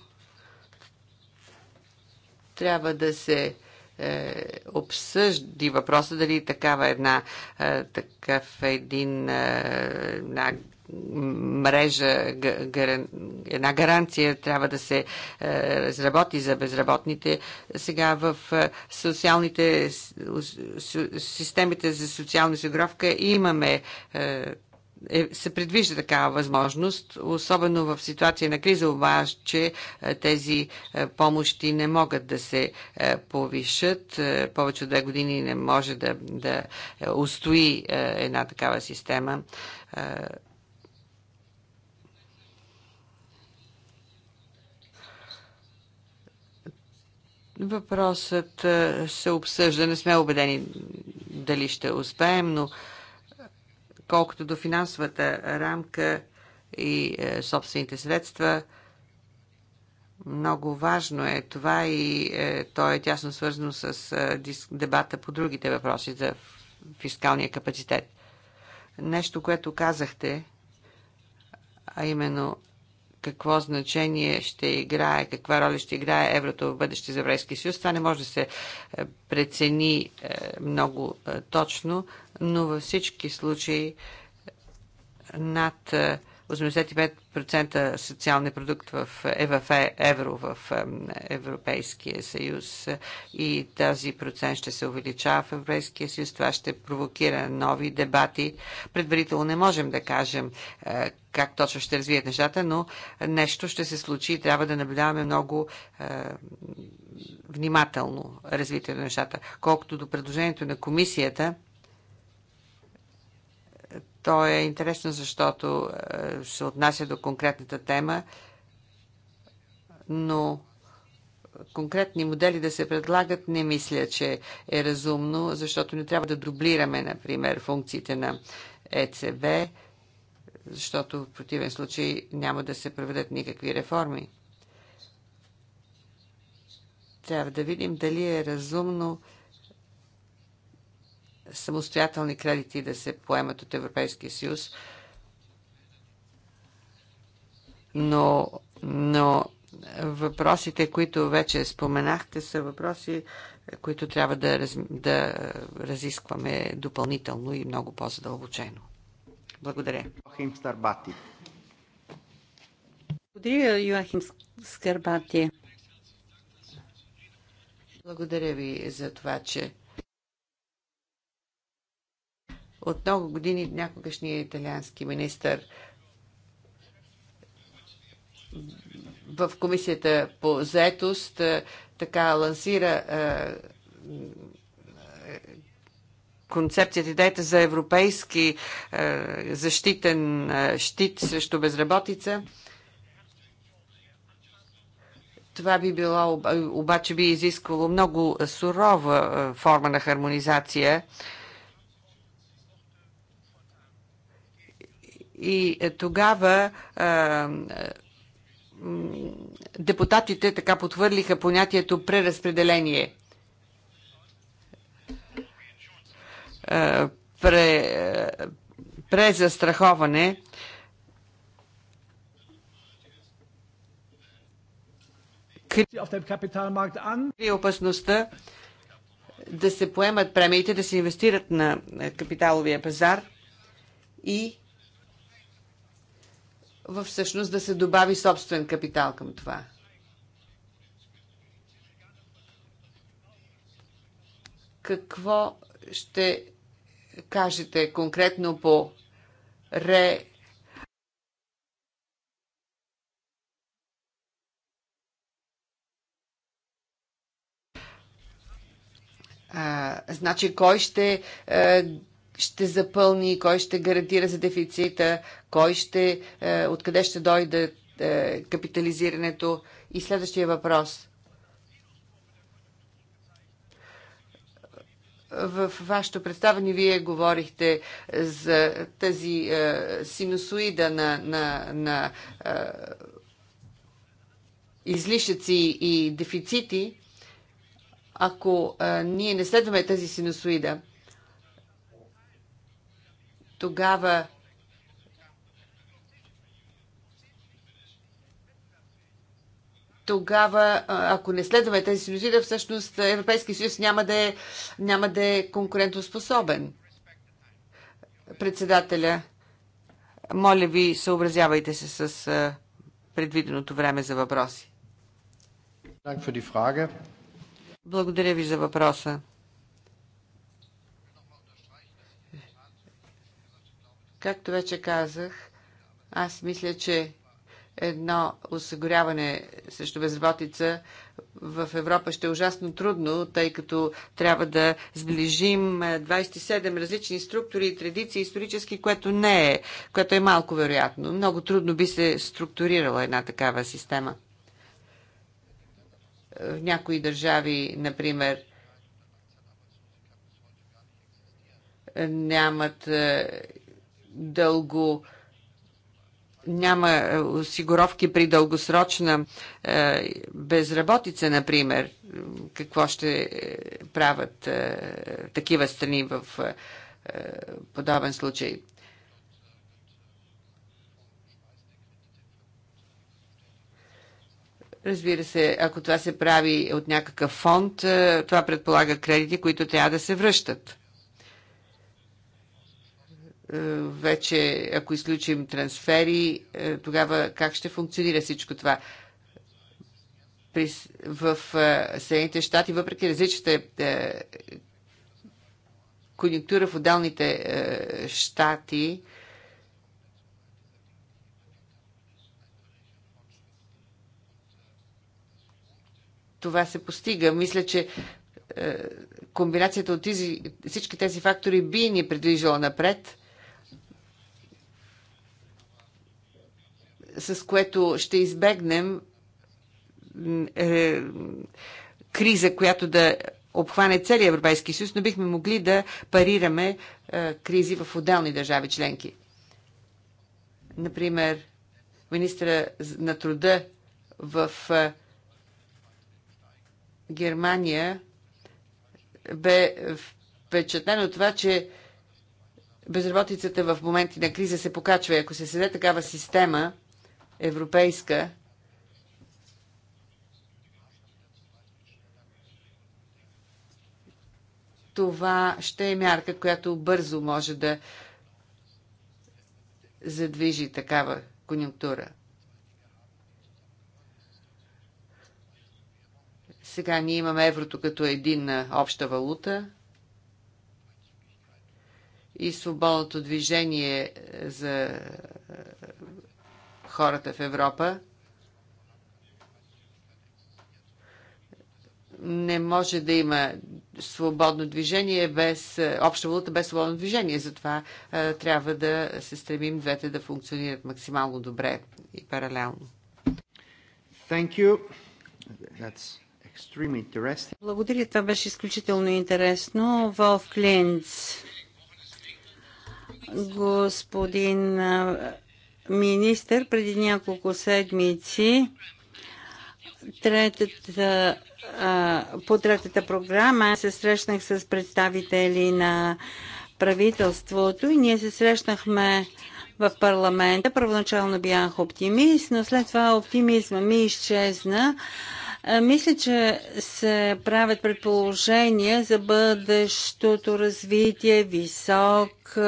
трябва да се е, обсъжди въпроса дали такава една, е, такъв един, е, една мрежа, една гаранция трябва да се е, разработи за безработните. Сега в е, социалните системите за социална осигуровка имаме е, се предвижда такава възможност, особено в ситуация на криза, обаче тези помощи не могат да се повишат. Повече от две години не може да, да устои една такава система. Въпросът е, се обсъжда. Не сме убедени дали ще успеем, но колкото до финансовата рамка и е, собствените средства, много важно е това и е, то е тясно свързано с дебата по другите въпроси за фискалния капацитет. Нещо, което казахте, а именно какво значение ще играе, каква роля ще играе еврото в бъдеще за Еврейския съюз. Това не може да се е, прецени е, много е, точно, но във всички случаи над 85% социални продукт в, е в е, евро в Европейския съюз и тази процент ще се увеличава в Европейския съюз. Това ще провокира нови дебати. Предварително не можем да кажем е, как точно ще развият нещата, но нещо ще се случи и трябва да наблюдаваме много е, внимателно развитие на нещата. Колкото до предложението на комисията, то е интересно, защото е, се отнася до конкретната тема, но конкретни модели да се предлагат, не мисля, че е разумно, защото не трябва да дублираме, например, функциите на ЕЦБ, защото в противен случай няма да се проведат никакви реформи. Трябва да видим дали е разумно самостоятелни кредити да се поемат от Европейския съюз. Но, но въпросите, които вече споменахте, са въпроси, които трябва да, раз, да разискваме допълнително и много по-задълбочено. Благодаря. Благодаря, Йоахим Скарбати. Благодаря ви за това, че от много години някогашният италиански министр в комисията по заетост така лансира концепцията, идеята за европейски защитен щит срещу безработица. Това би било, обаче би изисквало много сурова форма на хармонизация и е, тогава депутатите така потвърлиха понятието преразпределение. Пре, презастраховане. При опасността да се поемат премиите, да се инвестират на е, капиталовия пазар и всъщност да се добави собствен капитал към това. Какво ще кажете конкретно по ре... А, значи, кой ще а, е, ще запълни, кой ще гарантира за дефицита, кой ще, е, откъде ще дойде е, капитализирането. И следващия въпрос. В вашето представане вие говорихте за тази е, синусоида на, на, на излишъци и дефицити. Ако ние не следваме тази синусоида, тогава тогава, ако не следваме тези синусида, всъщност Европейския съюз няма да е, няма да е конкурентоспособен. Председателя, моля ви, съобразявайте се с предвиденото време за въпроси. Благодаря ви за въпроса. Както вече казах, аз мисля, че едно осигуряване срещу безработица в Европа ще е ужасно трудно, тъй като трябва да сближим 27 е, различни структури и традиции исторически, което не е, което е малко вероятно. Много трудно би се структурирала една такава система. В някои държави, например, нямат е, дълго няма е, осигуровки при дългосрочна е, безработица, например. Какво ще е, правят такива страни в подобен случай? Разбира се, ако това се прави от някакъв фонд, това предполага кредити, които трябва да се връщат. Е, вече, ако изключим трансфери, е, тогава как ще функционира всичко това? в е, Съединените щати, въпреки различните конъюнктура в отделните щати, това се постига. Мисля, че комбинацията от тези, всички тези фактори би ни предвижила напред. с което ще избегнем е, криза, която да обхване целия Европейски съюз, но бихме могли да парираме е, кризи в отделни държави членки. Например, министра на труда в е, Германия бе впечатлен от това, че безработицата в моменти на криза се покачва. И ако се създаде такава система, европейска това ще е мярка, която бързо може да задвижи такава конюнктура. Сега ние имаме еврото като единна обща валута и свободното движение за хората в Европа. Не може да има свободно движение без е, обща валута без свободно движение. Затова е, трябва да се стремим двете да функционират максимално добре и паралелно. Thank you. That's extremely interesting. Благодаря, това беше изключително интересно. Волф Клинц господин е, министър преди няколко седмици третата, по третата програма се срещнах с представители на правителството и ние се срещнахме в парламента. Първоначално бях оптимист, но след това оптимизма ми изчезна. Мисля, че се правят предположения за бъдещото развитие, висок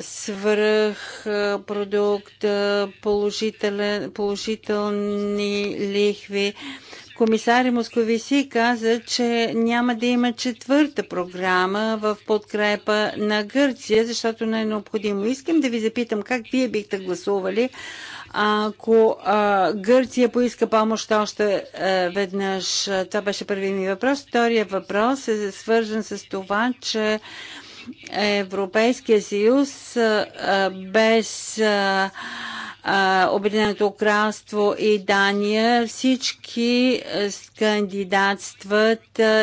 свръхпродукт, положителни лихви. Комисаря Московиси каза, че няма да има четвърта програма в подкрепа на Гърция, защото не е необходимо. Искам да ви запитам как вие бихте гласували, ако а, Гърция поиска помощ още а, веднъж. Това беше първият ми въпрос. Втория въпрос е свързан с това, че Европейския съюз без Обединеното кралство и Дания, всички кандидатстват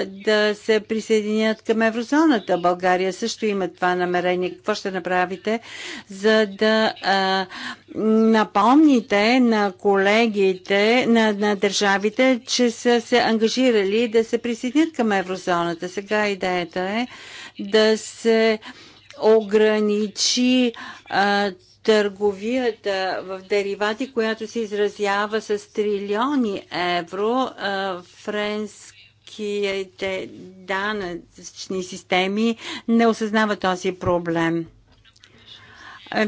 да се присъединят към еврозоната. България също има това намерение. Какво ще направите, за да напомните на колегите, на, на държавите, че са се ангажирали да се присъединят към еврозоната? Сега идеята е да се ограничи а, търговията в деривати, която се изразява с трилиони евро. А, френските данъчни системи не осъзнава този проблем.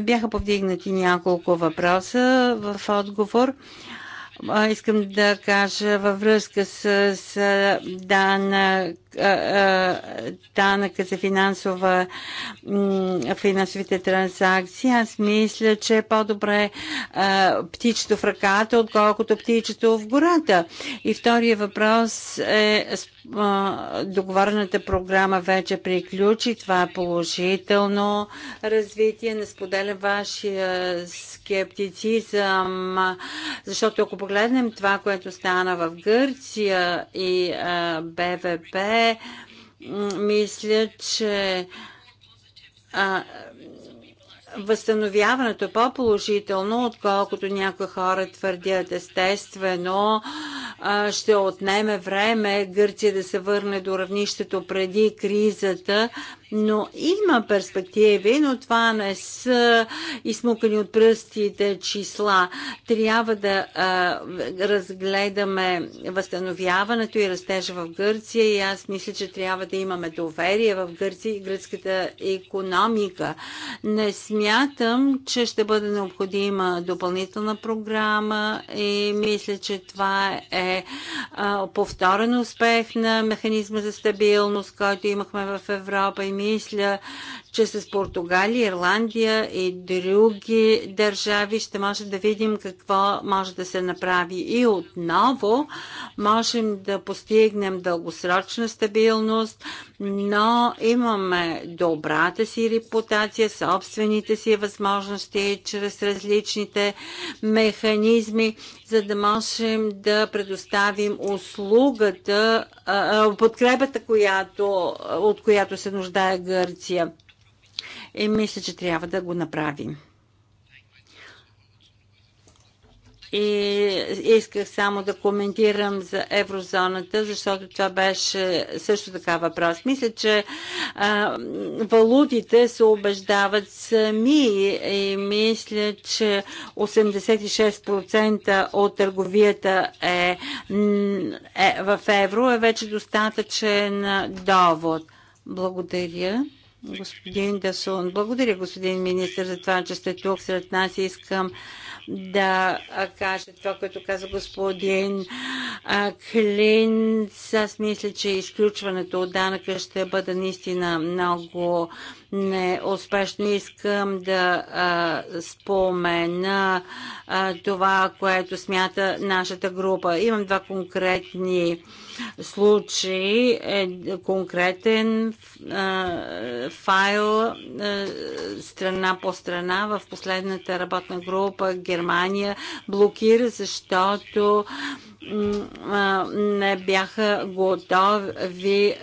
Бяха повдигнати няколко въпроса в отговор. Искам да кажа във връзка с, с данък данък за финансова, финансовите транзакции. Аз мисля, че е по-добре птичето в ръката, отколкото птичето в гората. И втория въпрос е договорената програма вече приключи. Това е положително развитие. Не споделя вашия скептицизъм, защото ако погледнем това, което стана в Гърция и БВП, мисля, че а, възстановяването е по-положително, отколкото някои хора твърдят. Естествено, ще отнеме време Гърция да се върне до равнището преди кризата, но има перспективи, но това не са измукани от пръстите числа. Трябва да а, разгледаме възстановяването и растежа в Гърция и аз мисля, че трябва да имаме доверие в Гърция и гръцката економика. Не смятам, че ще бъде необходима допълнителна програма и мисля, че това е а, повторен успех на механизма за стабилност, който имахме в Европа и мисля, че с Португалия, Ирландия и други държави ще може да видим какво може да се направи. И отново можем да постигнем дългосрочна стабилност, но имаме добрата си репутация, собствените си възможности чрез различните механизми, за да можем да предоставим услугата, подкрепата, която, от която се нуждае Гърция и мисля, че трябва да го направим. И исках само да коментирам за еврозоната, защото това беше също така въпрос. Мисля, че а, валутите се убеждават сами и мисля, че 86% от търговията е, е в евро е вече достатъчен довод. Благодаря господин Дасун, Благодаря, господин министр, за това, че сте тук сред нас. Искам да кажа това, което каза господин Клин. Аз мисля, че изключването от данъка ще бъде наистина много неуспешно. Искам да а, спомена а, това, което смята нашата група. Имам два конкретни случай е конкретен файл страна по страна в последната работна група Германия блокира, защото не бяха готови,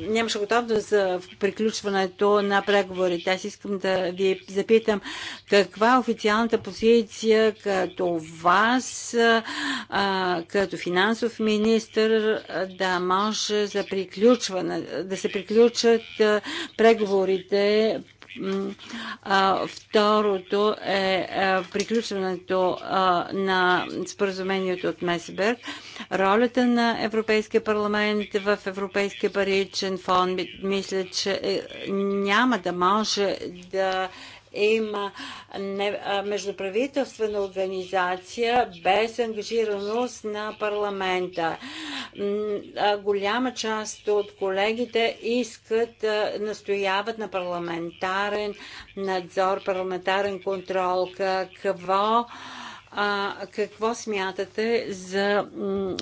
нямаше готовност за приключването на преговорите. Аз искам да ви запитам каква е официалната позиция като вас, като финансов министр, да може за приключване, да се приключат преговорите второто е, е приключването на споразумението от Месеберг. Ролята на Европейския парламент в Европейския паричен фонд, мисля, че е, няма да може да има междуправителствена организация без ангажираност на парламента. Голяма част от колегите искат, настояват на парламентарен надзор, парламентарен контрол. Какво а, какво смятате за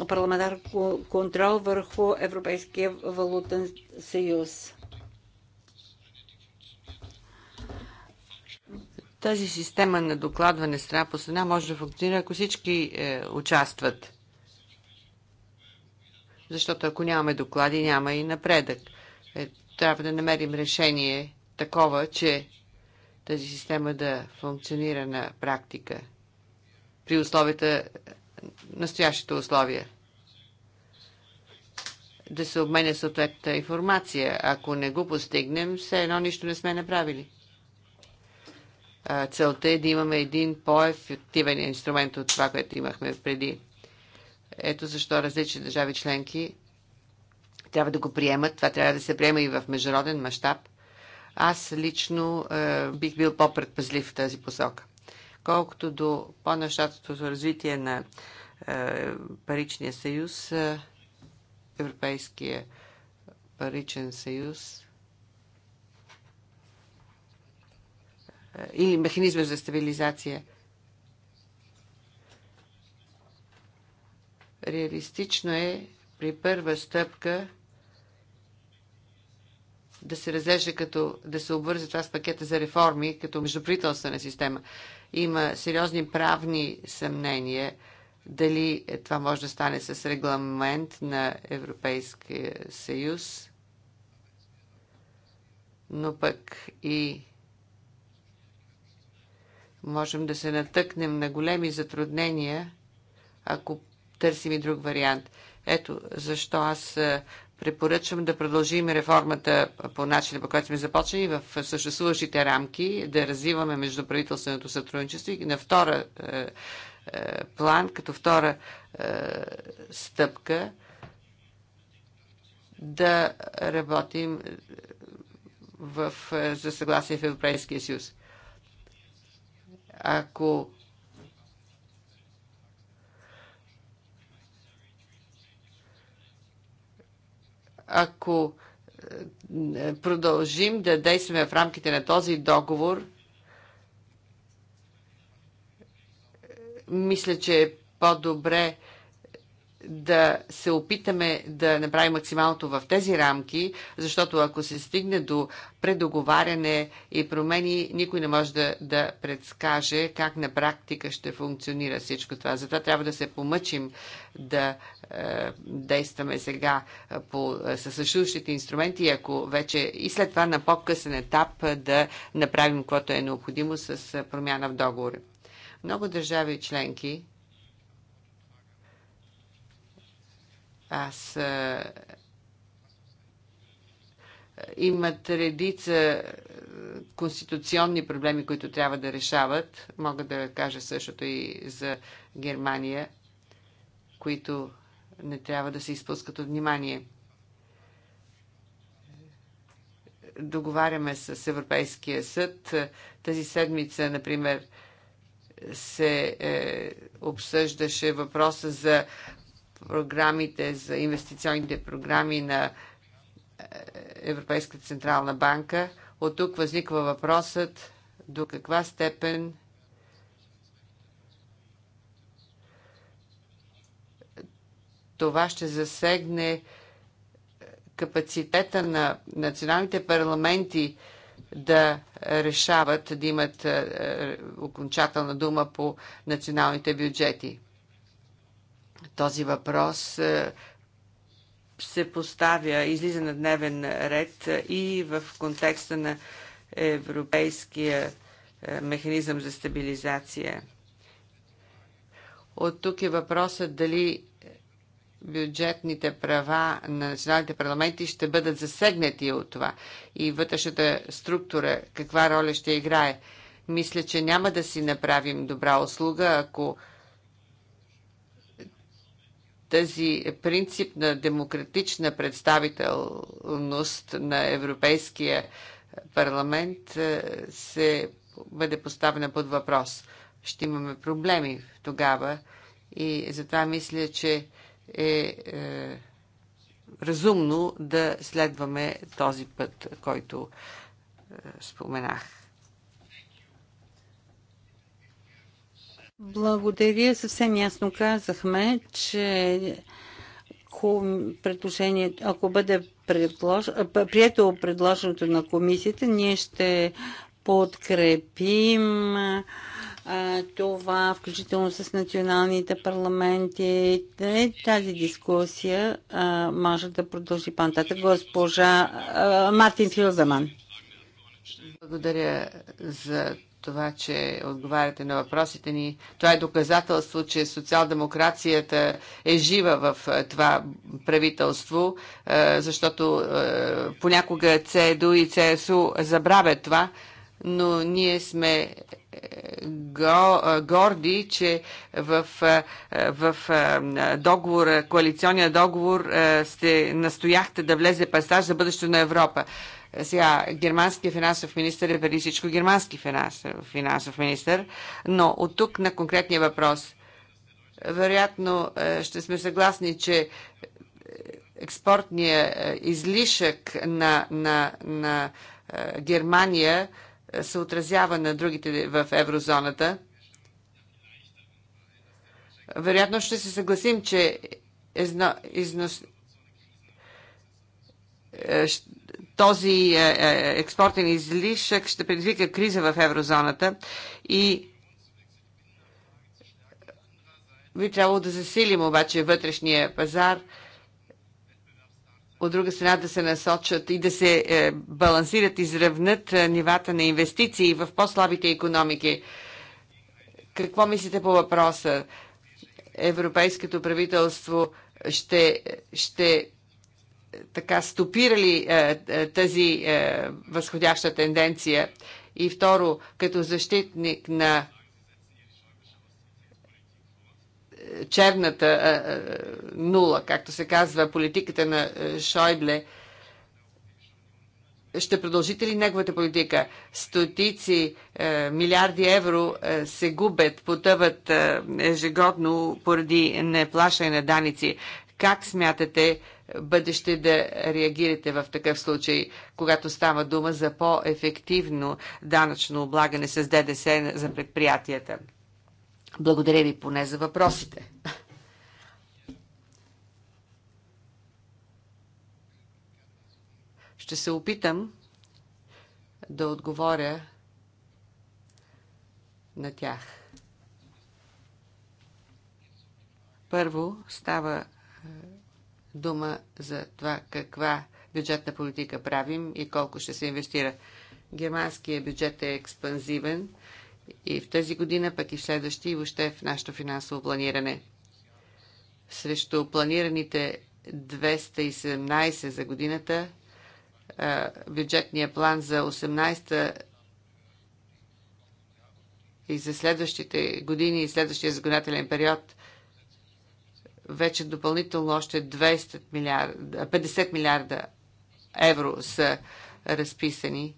парламентар контрол върху Европейския валутен съюз? Тази система на докладване страна по страна може да функционира, ако всички е, участват. Защото ако нямаме доклади, няма и напредък. Е, трябва да намерим решение такова, че тази система да функционира на практика при условията, е, настоящите условия. Да се обменя съответната информация. Ако не го постигнем, все едно нищо не сме направили целта е да имаме един по-ефективен инструмент от това, което имахме преди. Ето защо различни държави членки трябва да го приемат. Това трябва да се приема и в международен мащаб. Аз лично е, бих бил по-предпазлив в тази посока. Колкото до по-нащатото развитие на е, Паричния съюз, е, Европейския паричен съюз, и механизма за стабилизация. Реалистично е при първа стъпка да се разлежда като да се обвърза това с пакета за реформи, като междуправителствена система. Има сериозни правни съмнения дали това може да стане с регламент на Европейския съюз, но пък и можем да се натъкнем на големи затруднения, ако търсим и друг вариант. Ето защо аз препоръчвам да продължим реформата по начина, по който сме започнали в съществуващите рамки, да развиваме междуправителственото сътрудничество и на втора план, като втора стъпка, да работим в, за съгласие в Европейския съюз. Ако ако е, продължим да действаме в рамките на този договор, мисля, че е по-добре да се опитаме да направим максималното в тези рамки, защото ако се стигне до предоговаряне и промени, никой не може да, да предскаже как на практика ще функционира всичко това. Затова трябва да се помъчим да е, действаме сега е, по, е, със съществуващите инструменти, ако вече и след това на по-късен етап е, да направим каквото е необходимо с промяна в договори. Много държави членки Аз имат редица конституционни проблеми, които трябва да решават. Мога да кажа същото и за Германия, които не трябва да се изпускат от внимание. Договаряме с Европейския съд. Тази седмица, например, се е, обсъждаше въпроса за програмите за инвестиционните програми на е, Европейската централна банка. От тук възниква въпросът до каква степен това ще засегне е, капацитета на националните парламенти да решават да имат е, окончателна дума по националните бюджети този въпрос е, се поставя, излиза на дневен ред е, и в контекста на европейския е, механизъм за стабилизация. От тук е въпросът дали бюджетните права на националните парламенти ще бъдат засегнати от това и вътрешната структура каква роля ще играе. Мисля, че няма да си направим добра услуга, ако тази принцип на демократична представителност на Европейския парламент е, се бъде поставена под въпрос. Ще имаме проблеми тогава и затова мисля, че е, е разумно да следваме този път, който е, споменах. Благодаря. Съвсем ясно казахме, че предложението, ако бъде предлож... прието предложеното на комисията, ние ще подкрепим това, включително с националните парламенти. Е, тази дискусия може да продължи пантата. Госпожа Мартин Филзаман. Благодаря за това, че отговаряте на въпросите ни. Това е доказателство, че социал-демокрацията е жива в е, това правителство, е, защото е, понякога ЦЕДО и ЦСУ забравят това, но ние сме горди, че в, в договора, коалиционния договор сте настояхте да влезе пасаж за бъдещето на Европа. Сега, германският финансов министр е преди всичко германски финансов министр, но от тук на конкретния въпрос. Вероятно е, ще сме съгласни, че експортния е, излишък на, на, на е, Германия се отразява на другите в еврозоната. Вероятно ще се съгласим, че износ, този е, е, експортен излишък ще предизвика криза в еврозоната и би трябвало да засилим обаче вътрешния пазар, от друга страна да се насочат и да се е, балансират, изравнат нивата на инвестиции в по-слабите економики. Какво мислите по въпроса? Европейското правителство ще, ще така стопирали е, е, тази е, възходяща тенденция? И второ, като защитник на черната е, нула, както се казва, политиката на Шойбле, ще продължите ли неговата политика? Стотици е, милиарди евро е, се губят, потъват е, ежегодно поради неплащане на даници. Как смятате бъдеще да реагирате в такъв случай, когато става дума за по-ефективно данъчно облагане с ДДС за предприятията? Благодаря ви поне за въпросите. Ще се опитам да отговоря на тях. Първо става дума за това каква бюджетна политика правим и колко ще се инвестира. Германският бюджет е експанзивен и в тази година, пък и в следващи, и въобще в нашето финансово планиране. Срещу планираните 217 за годината, бюджетният план за 18-та и за следващите години и следващия законодателен период вече допълнително още 200 милиарда, 50 милиарда евро са разписани,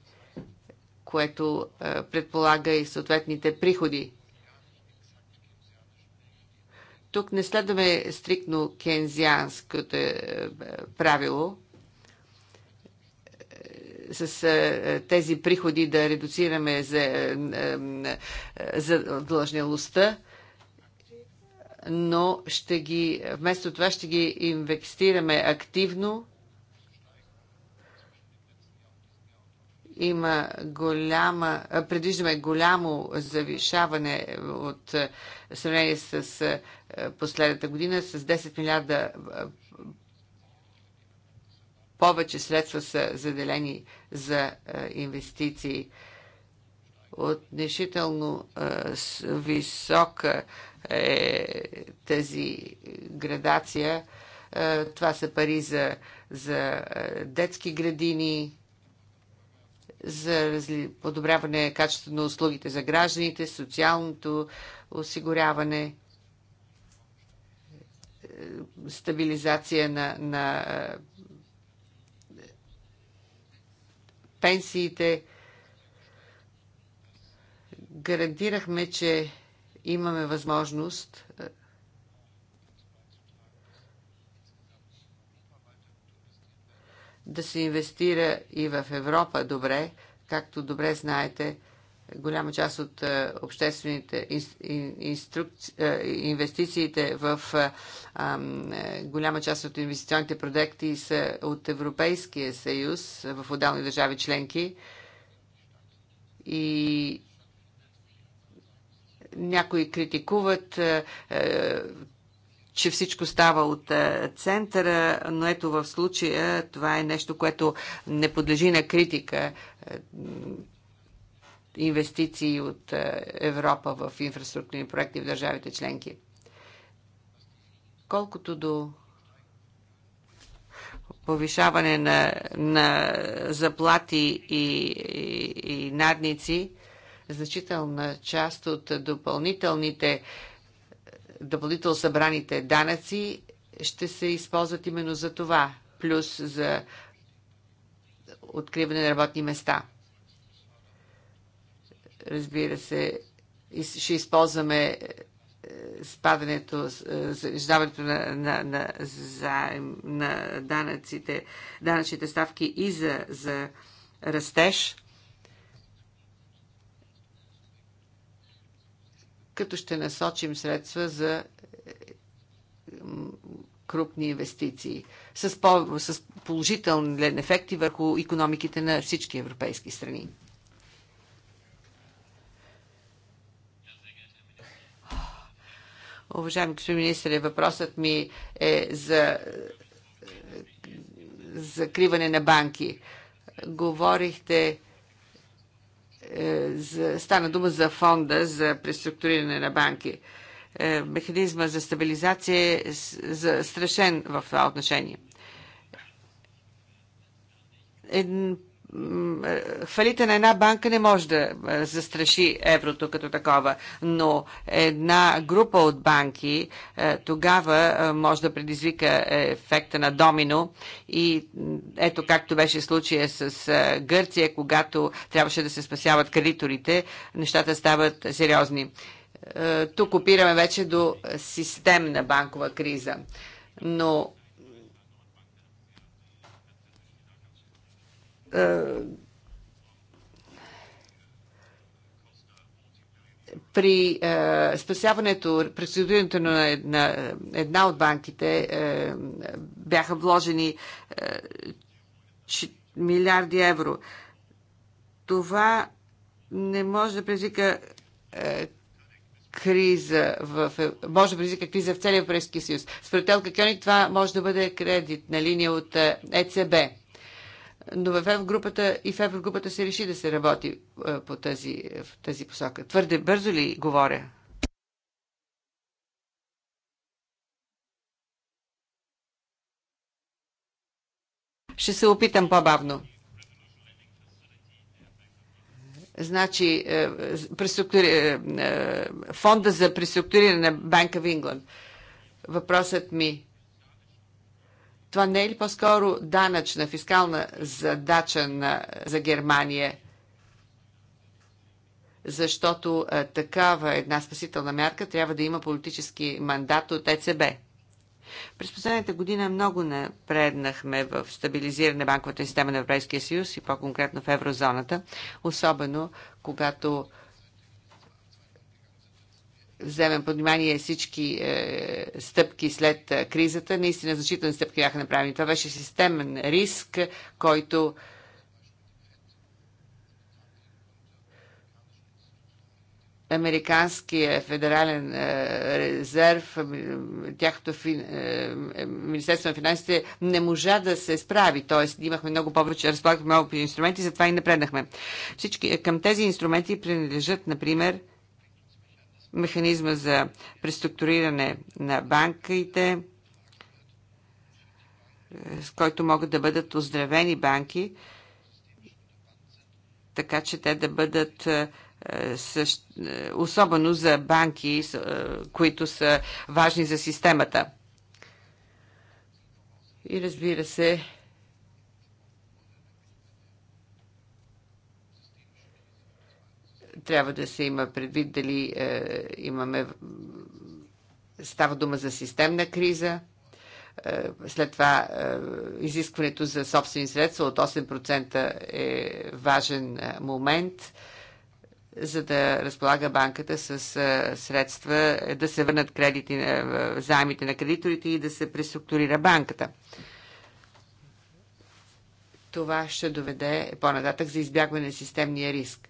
което е, предполага и съответните приходи. Тук не следваме стрикно кензианското е, правило е, с тези приходи да редуцираме за, за длъжнялостта но ще ги, вместо това ще ги инвестираме активно. Има голяма, предвиждаме голямо завишаване от сравнение с последната година с 10 милиарда повече средства са заделени за инвестиции от решително висока е, тази градация. Е, това са пари за, за е, детски градини, за подобряване на качеството на услугите за гражданите, социалното осигуряване, е, стабилизация на, на пенсиите. Гарантирахме, че имаме възможност е, да се инвестира и в Европа добре. Както добре знаете, голяма част от е, обществените е, инвестициите в голяма част от инвестиционните проекти са от Европейския съюз в отделни държави членки. И някои критикуват, е, е, че всичко става от е, центъра, но ето в случая това е нещо, което не подлежи на критика инвестиции от Европа в инфраструктурни проекти в държавите членки. Колкото до повишаване на, на заплати и, и, и надници, значителна част от допълнителните допълнително събраните данъци ще се използват именно за това, плюс за откриване на работни места. Разбира се, ще използваме е, спадането, е, издаването на, на, на, заем, на данъците, данъчните ставки и за, за растеж. като ще насочим средства за е, крупни инвестиции с, по, с положителен ефекти върху економиките на всички европейски страни. Уважаеми господин министр, въпросът ми е за е, закриване на банки. Говорихте е, за, стана дума за фонда за преструктуриране на банки. Е, механизма за стабилизация е застрашен в това отношение. Един е, фалита на една банка не може да е, застраши еврото като такова, но една група от банки е, тогава може да предизвика ефекта на домино и ето както беше случая с Гърция, когато трябваше да се спасяват кредиторите, нещата стават сериозни. Тук опираме вече до системна банкова криза. Но Е, при е, спасяването, пресъединяването на една, една от банките е, бяха вложени е, милиарди евро. Това не може да предизвика е, криза в... Е, може да предизвика криза в целия Европейски съюз. Според Елка Кьоник това може да бъде кредит на линия от ЕЦБ. Е но в Еврогрупата и в Еврогрупата се реши да се работи е, по тази, в тази посока. Твърде бързо ли говоря? Ще се опитам по-бавно. Значи, е, е, фонда за преструктуриране на Банка в Ингланд. Въпросът ми това не е ли по-скоро данъчна, фискална задача на, за Германия? Защото а, такава една спасителна мярка трябва да има политически мандат от ЕЦБ. През последната година много напреднахме в стабилизиране банковата система на Европейския съюз и по-конкретно в еврозоната, особено когато вземем под внимание всички е, стъпки след е, кризата, наистина значителни стъпки бяха направени. Това беше системен риск, който Американския федерален е, резерв, е, тяхното фин... Е, Министерство на финансите не можа да се справи. Тоест, имахме много повече, разполагахме много повече инструменти, затова и напреднахме. Всички към тези инструменти принадлежат, например, механизма за преструктуриране на банките, е, с който могат да бъдат оздравени банки, така че те да бъдат е, е, особено за банки, които са важни за системата. И разбира се, Трябва да се има предвид дали е, имаме. Става дума за системна криза. Е, след това е, изискването за собствени средства от 8% е важен е, момент за да разполага банката с е, средства, е, да се върнат кредити, заемите на кредиторите и да се преструктурира банката. Това ще доведе по-нататък за избягване на системния риск.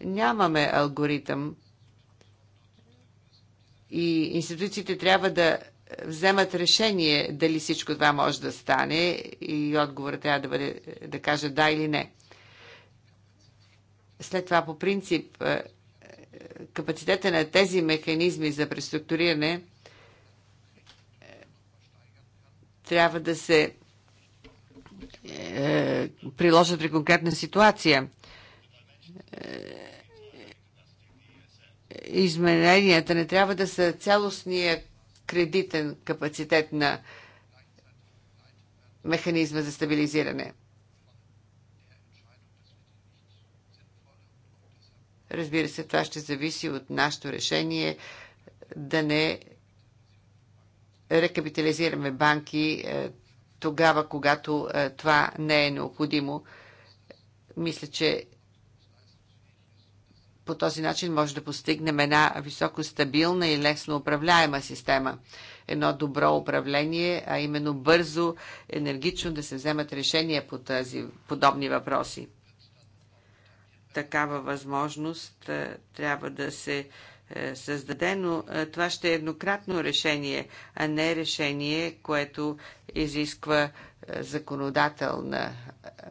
Нямаме алгоритъм и институциите трябва да вземат решение дали всичко това може да стане и отговорът трябва да бъде да кажа да или не. След това по принцип е, е, капацитета на тези механизми за преструктуриране е, трябва да се е, приложат при конкретна ситуация измененията не трябва да са цялостния кредитен капацитет на механизма за стабилизиране. Разбира се, това ще зависи от нашето решение да не рекапитализираме банки е, тогава, когато е, това не е необходимо. Мисля, че по този начин може да постигнем една високо стабилна и лесно управляема система. Едно добро управление, а именно бързо, енергично да се вземат решения по тази, подобни въпроси. Такава възможност е, трябва да се е, създаде, но е, това ще е еднократно решение, а не решение, което изисква законодателна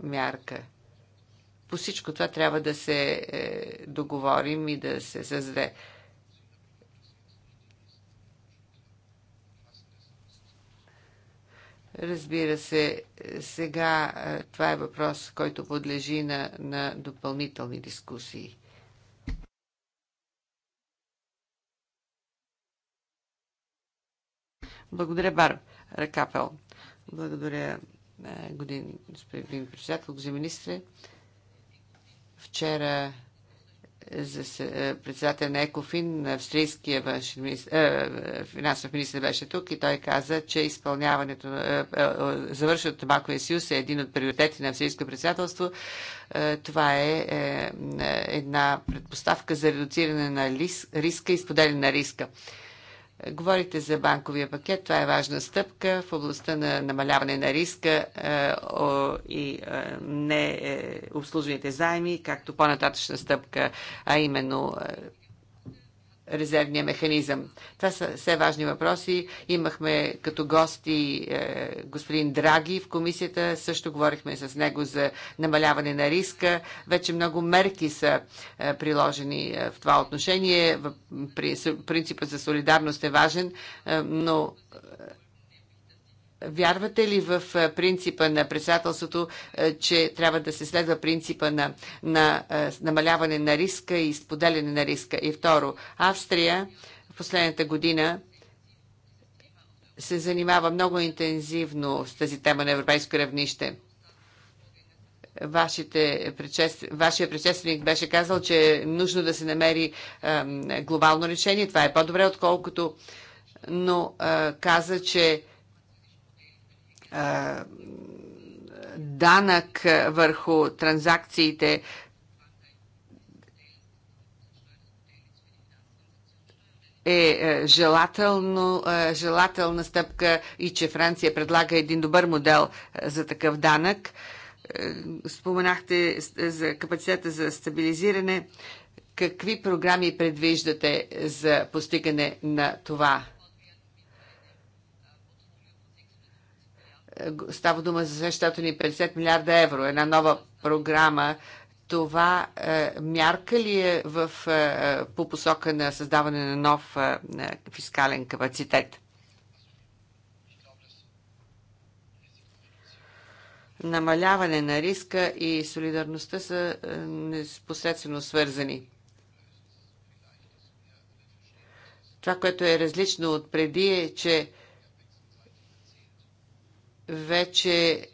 мярка. По всичко това трябва да се е, договорим и да се създаде. Разбира се, сега е, това е въпрос, който подлежи на, на допълнителни дискусии. Благодаря, Бар Ръкапел. Благодаря, е, господин председател, господин министре. Вчера е, е, председател на Екофин, австрийския външен министр, е, финансов министр беше тук и той каза, че изпълняването, завършването на Маковия съюз е един от приоритети на австрийското председателство. Това е една предпоставка за редуциране на риска и споделяне на риска. Говорите за банковия пакет. Това е важна стъпка в областта на намаляване на риска е, и е, не е, обслужените заеми, както по-нататъчна стъпка, а именно резервния механизъм. Това са все важни въпроси. Имахме като гости е, господин Драги в комисията. Също говорихме с него за намаляване на риска. Вече много мерки са е, приложени е, в това отношение. Принципът за солидарност е важен, е, но Вярвате ли в принципа на председателството, че трябва да се следва принципа на, на намаляване на риска и споделяне на риска? И второ, Австрия в последната година се занимава много интензивно с тази тема на европейско равнище. Вашите, Вашия предшественик беше казал, че е нужно да се намери е, глобално решение. Това е по-добре, отколкото. Но е, каза, че данък върху транзакциите, е, е желателно, е, желателна стъпка и че Франция предлага един добър модел е, за такъв данък. Споменахте за капацитета за стабилизиране. Какви програми предвиждате за постигане на това? Става дума за 650 милиарда евро, една нова програма. Това е, мярка ли е в, е, по посока на създаване на нов е, фискален капацитет? намаляване на риска и солидарността са е, непосредствено свързани. Това, което е различно от преди е, че вече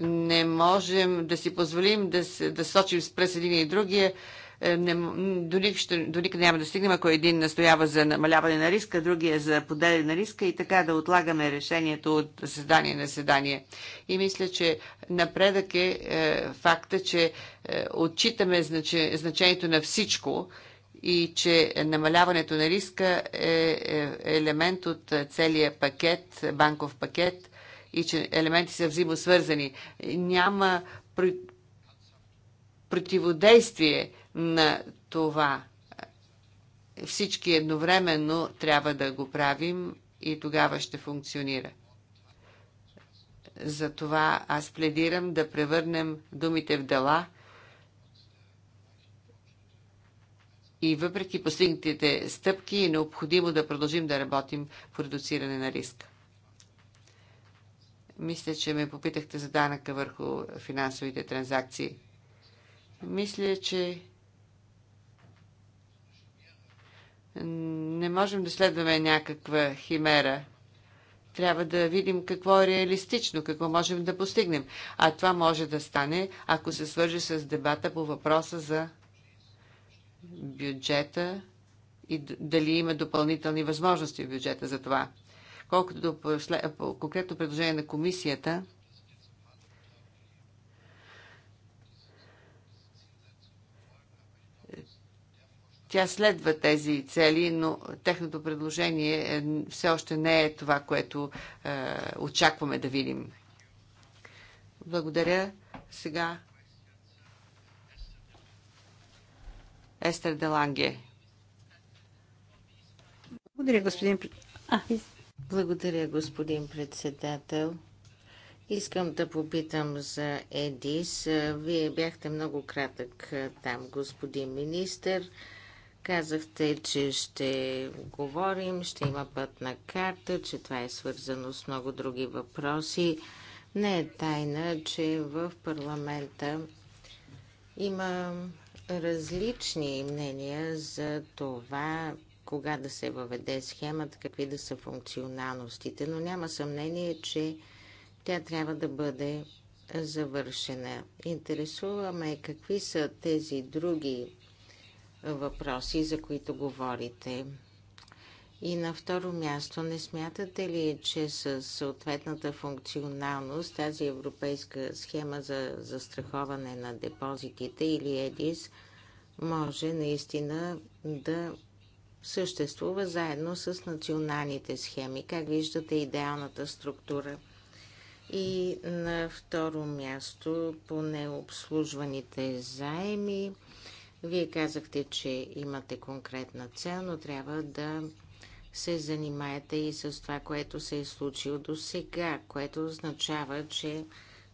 не можем да си позволим да, се, да сочим с пръст един и другия. Е, не, до, ник, ще, до никъде няма да стигнем, ако един настоява за намаляване на риска, другия за поделяне на риска и така да отлагаме решението от заседание на заседание. И мисля, че напредък е, е факта, че е, отчитаме знач, значението на всичко и че намаляването на риска е, е елемент от целия пакет, банков пакет и че елементи са взаимосвързани. Няма противодействие на това. Всички едновременно трябва да го правим и тогава ще функционира. Затова аз пледирам да превърнем думите в дела и въпреки постигнатите стъпки е необходимо да продължим да работим в редуциране на риска. Мисля, че ме попитахте за данъка върху финансовите транзакции. Мисля, че не можем да следваме някаква химера. Трябва да видим какво е реалистично, какво можем да постигнем. А това може да стане, ако се свържи с дебата по въпроса за бюджета и дали има допълнителни възможности в бюджета за това. Колкото до по конкретно предложение на комисията, Тя следва тези цели, но техното предложение е, все още не е това, което е, очакваме да видим. Благодаря. Сега Естер Деланге. Благодаря, господин. А, из... Благодаря, господин председател. Искам да попитам за ЕДИС. Вие бяхте много кратък там, господин министр. Казахте, че ще говорим, ще има пътна карта, че това е свързано с много други въпроси. Не е тайна, че в парламента има различни мнения за това кога да се въведе схемата, какви да са функционалностите, но няма съмнение, че тя трябва да бъде завършена. Интересуваме какви са тези други въпроси, за които говорите. И на второ място, не смятате ли, че с съответната функционалност тази европейска схема за застраховане на депозитите или ЕДИС може наистина да съществува заедно с националните схеми. Как виждате идеалната структура? И на второ място по необслужваните заеми. Вие казахте, че имате конкретна цел, но трябва да се занимаете и с това, което се е случило до сега, което означава, че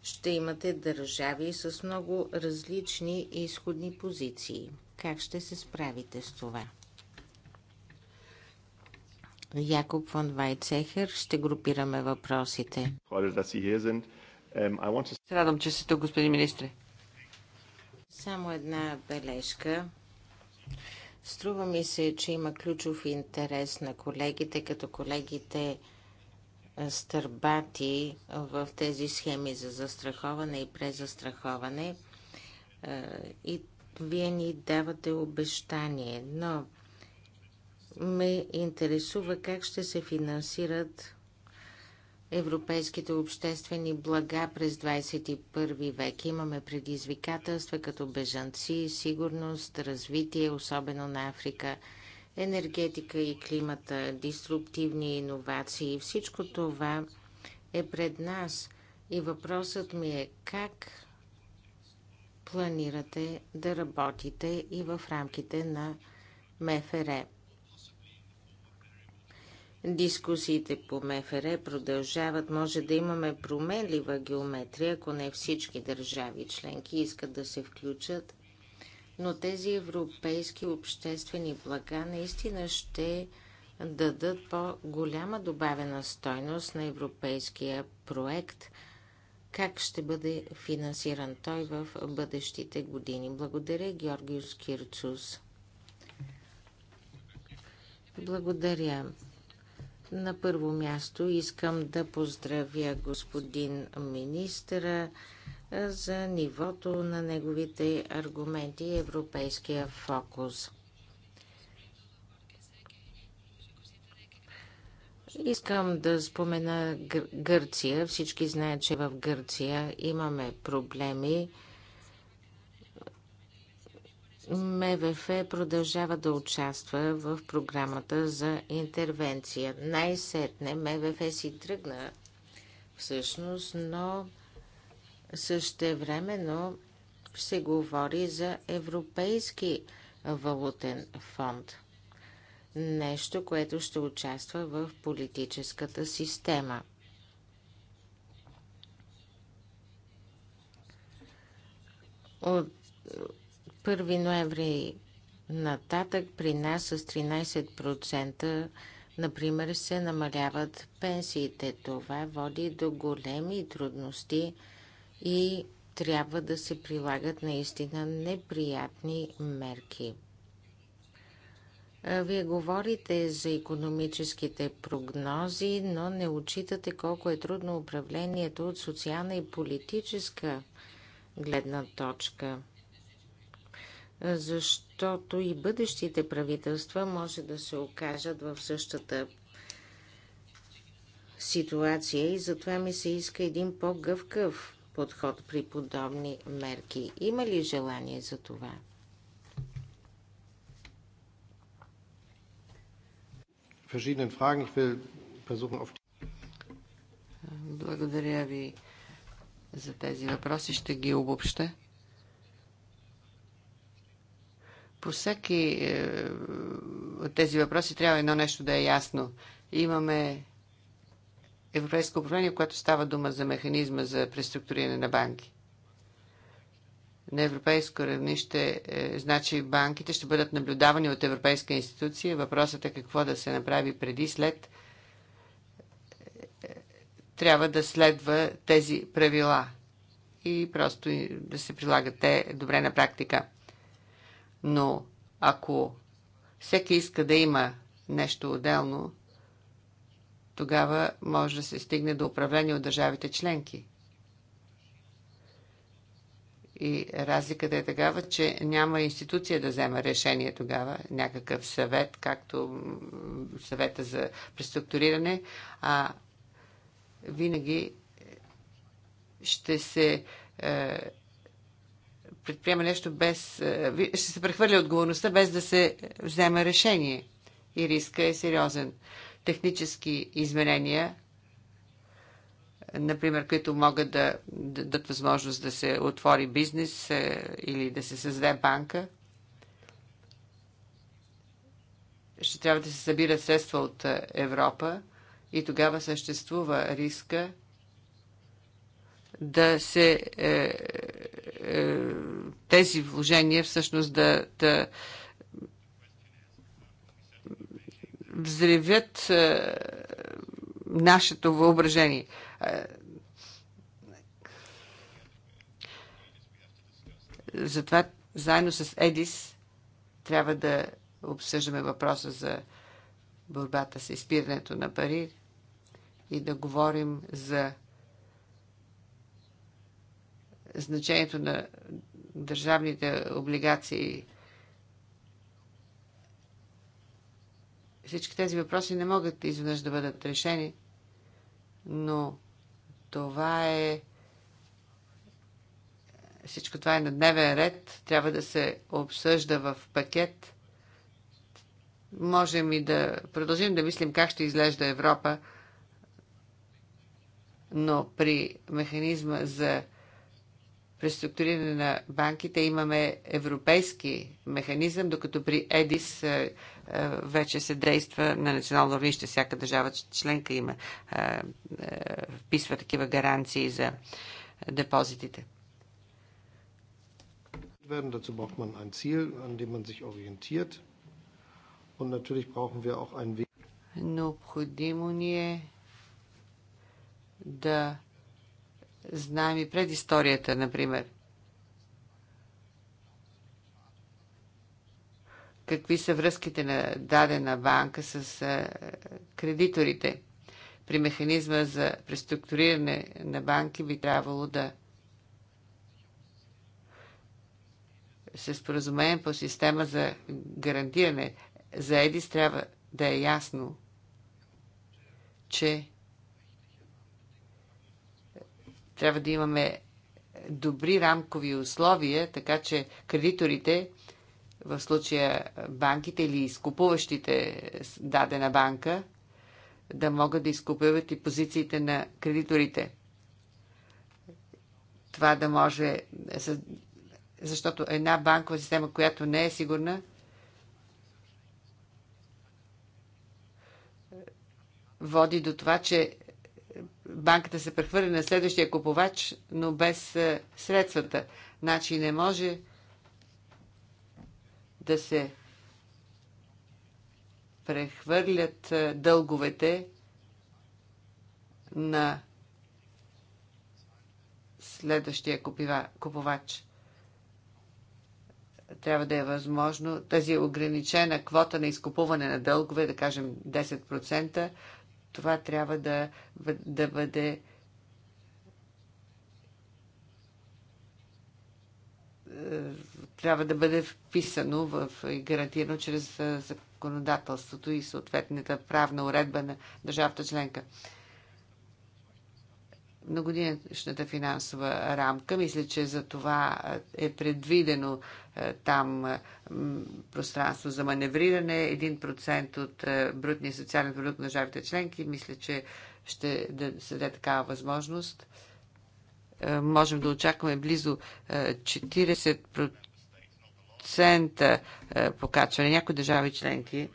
ще имате държави с много различни изходни позиции. Как ще се справите с това? Якоб фон Вайцехер. Ще групираме въпросите. Ähm, радвам, че сте тук, господин министре. Само една бележка. Струва ми се, че има ключов интерес на колегите, като колегите е, стърбати в тези схеми за застраховане и презастраховане. Е, и вие ни давате обещание, но ме интересува как ще се финансират европейските обществени блага през 21 век. Имаме предизвикателства като бежанци, сигурност, развитие, особено на Африка, енергетика и климата, деструктивни иновации. Всичко това е пред нас. И въпросът ми е как планирате да работите и в рамките на МФР. Е? Дискусиите по МФР продължават. Може да имаме променлива геометрия, ако не всички държави членки искат да се включат. Но тези европейски обществени блага наистина ще дадат по-голяма добавена стойност на европейския проект. Как ще бъде финансиран той в бъдещите години? Благодаря, Георгиус Кирцус. Благодаря. На първо място искам да поздравя господин министра за нивото на неговите аргументи и европейския фокус. Искам да спомена Гърция. Всички знаят, че в Гърция имаме проблеми МВФ продължава да участва в програмата за интервенция. Най-сетне МВФ си тръгна всъщност, но същевременно се говори за Европейски валутен фонд. Нещо, което ще участва в политическата система. От 1 ноември нататък при нас с 13% например се намаляват пенсиите. Това води до големи трудности и трябва да се прилагат наистина неприятни мерки. Вие говорите за економическите прогнози, но не отчитате колко е трудно управлението от социална и политическа гледна точка защото и бъдещите правителства може да се окажат в същата ситуация и затова ми се иска един по гъвкъв подход при подобни мерки. Има ли желание за това? Благодаря ви за тези въпроси. Ще ги обобща. По всеки е, от тези въпроси трябва едно нещо да е ясно. Имаме европейско управление, в което става дума за механизма за преструктуриране на банки. На европейско равнище, е, значи банките ще бъдат наблюдавани от европейска институция. Въпросът е какво да се направи преди, след. Трябва да следва тези правила и просто да се прилагат те добре на практика. Но ако всеки иска да има нещо отделно, тогава може да се стигне до управление от държавите членки. И разликата е такава, че няма институция да взема решение тогава, някакъв съвет, както съвета за преструктуриране, а винаги ще се е, предприема нещо без... Е, ще се прехвърля отговорността без да се взема решение. И риска е сериозен. Технически изменения, например, които могат да дадат възможност да се отвори бизнес е, или да се създаде банка, ще трябва да се събират средства от е, Европа и тогава съществува риска да се е, е, тези вложения всъщност да, да взривят а, е, нашето въображение. Е, затова заедно с Едис трябва да обсъждаме въпроса за борбата с изпирането на пари и да говорим за значението на държавните облигации. Всички тези въпроси не могат изведнъж да бъдат решени, но това е. Всичко това е на дневен ред, трябва да се обсъжда в пакет. Можем и да продължим да мислим как ще изглежда Европа, но при механизма за преструктуриране на банките имаме европейски механизъм, докато при ЕДИС е, е, вече се действа на национално равнище. Всяка държава членка има, е, вписва такива гаранции за депозитите. Werden. Dazu braucht man ein Ziel, an dem man sich orientiert. Und natürlich brauchen wir auch einen Weg. Необходимо ни е да Знаем и предисторията, например. Какви са връзките на дадена банка с кредиторите? При механизма за преструктуриране на банки би трябвало да се споразумеем по система за гарантиране. За Едис трябва да е ясно, че трябва да имаме добри рамкови условия, така че кредиторите, в случая банките или изкупуващите дадена банка, да могат да изкупуват и позициите на кредиторите. Това да може, защото една банкова система, която не е сигурна, води до това, че банката се прехвърли на следващия купувач, но без е, средствата. Значи не може да се прехвърлят е, дълговете на следващия купива, купувач. Трябва да е възможно тази ограничена квота на изкупуване на дългове, да кажем 10%, това трябва да, да бъде трябва да бъде вписано в, и гарантирано чрез законодателството и съответната правна уредба на държавата членка многодинешната финансова рамка. Мисля, че за това е предвидено там пространство за маневриране, 1% от брутния социален продукт на държавите членки. Мисля, че ще да се даде такава възможност. Можем да очакваме близо 40% покачване. Някои държави членки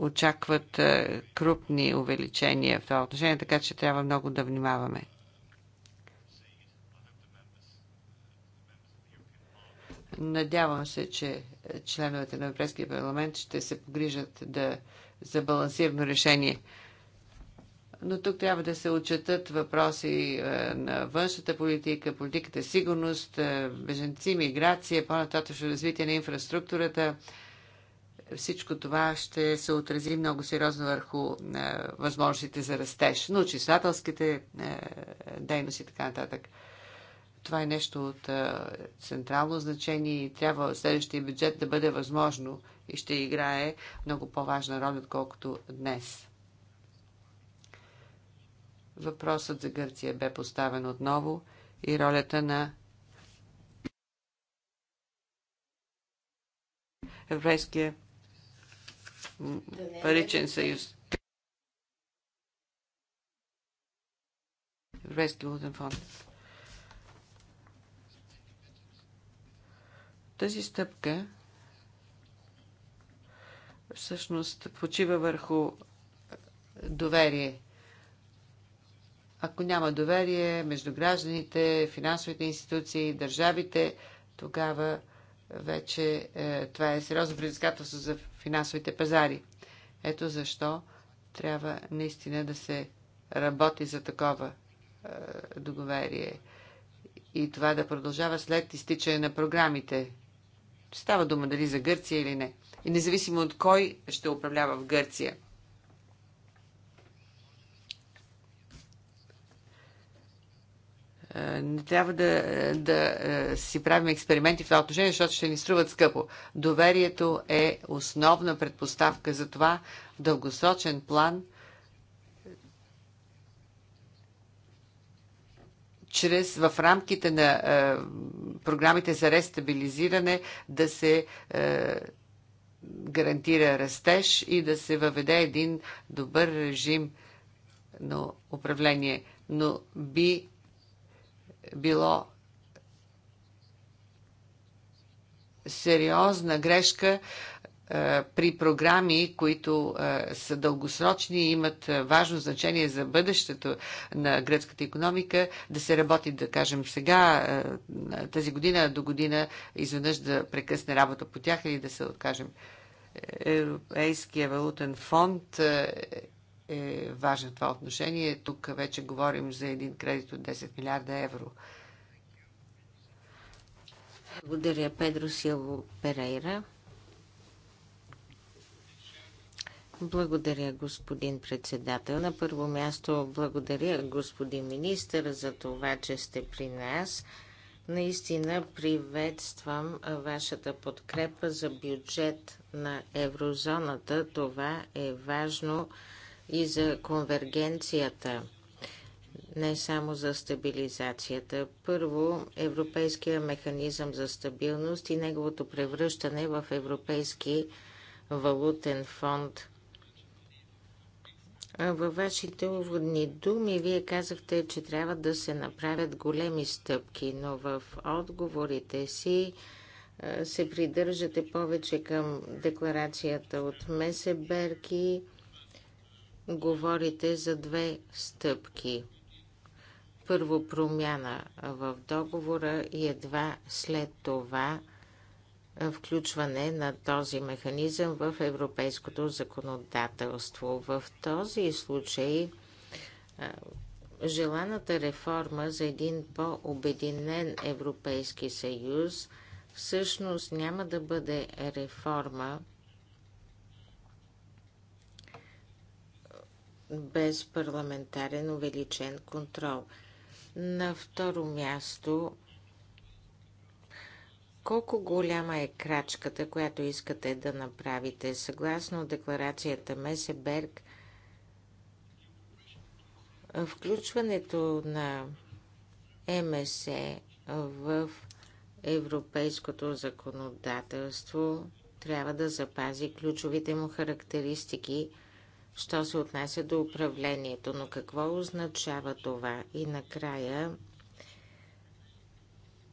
очакват е, крупни увеличения в това отношение, така че трябва много да внимаваме. Надявам се, че членовете на Европейския парламент ще се погрижат да, за балансирано решение. Но тук трябва да се отчетат въпроси е, на външната политика, политиката сигурност, е, беженци, миграция, по-нататъчно развитие на инфраструктурата, всичко това ще се отрази много сериозно върху е, възможностите за растеж, но числателските е, дейности и така нататък. Това е нещо от е, централно значение и трябва следващия бюджет да бъде възможно и ще играе много по-важна роля, отколкото днес. Въпросът за Гърция бе поставен отново и ролята на Европейския паричен съюз. Европейски валутен фонд. Тази стъпка всъщност почива върху доверие. Ако няма доверие между гражданите, финансовите институции, държавите, тогава вече е, това е сериозно предизвикателство за финансовите пазари. Ето защо трябва наистина да се работи за такова е, договерие и това да продължава след изтичане на програмите. Става дума дали за Гърция или не. И независимо от кой ще управлява в Гърция – Е, не трябва да, да е, си правим експерименти в това отношение, защото ще ни струват скъпо. Доверието е основна предпоставка за това дългосрочен план чрез в рамките на е, програмите за рестабилизиране да се е, гарантира растеж и да се въведе един добър режим на управление. Но би било сериозна грешка е, при програми, които е, са дългосрочни и имат е, важно значение за бъдещето на гръцката економика, да се работи, да кажем, сега, тази година, до година, изведнъж да прекъсне работа по тях или да се откажем. Европейския валутен фонд е важно това отношение. Тук вече говорим за един кредит от 10 милиарда евро. Благодаря, Педро Силво Перейра. Благодаря, господин председател. На първо място благодаря, господин министър, за това, че сте при нас. Наистина приветствам вашата подкрепа за бюджет на еврозоната. Това е важно и за конвергенцията, не само за стабилизацията. Първо, Европейския механизъм за стабилност и неговото превръщане в Европейски валутен фонд. Във вашите уводни думи вие казахте, че трябва да се направят големи стъпки, но в отговорите си се придържате повече към декларацията от Месеберки. Берки говорите за две стъпки. Първо промяна в договора и едва след това включване на този механизъм в европейското законодателство. В този случай желаната реформа за един по-обединен Европейски съюз всъщност няма да бъде реформа, без парламентарен увеличен контрол. На второ място, колко голяма е крачката, която искате да направите? Съгласно декларацията Месеберг, включването на МСЕ в европейското законодателство трябва да запази ключовите му характеристики – що се отнася до управлението. Но какво означава това? И накрая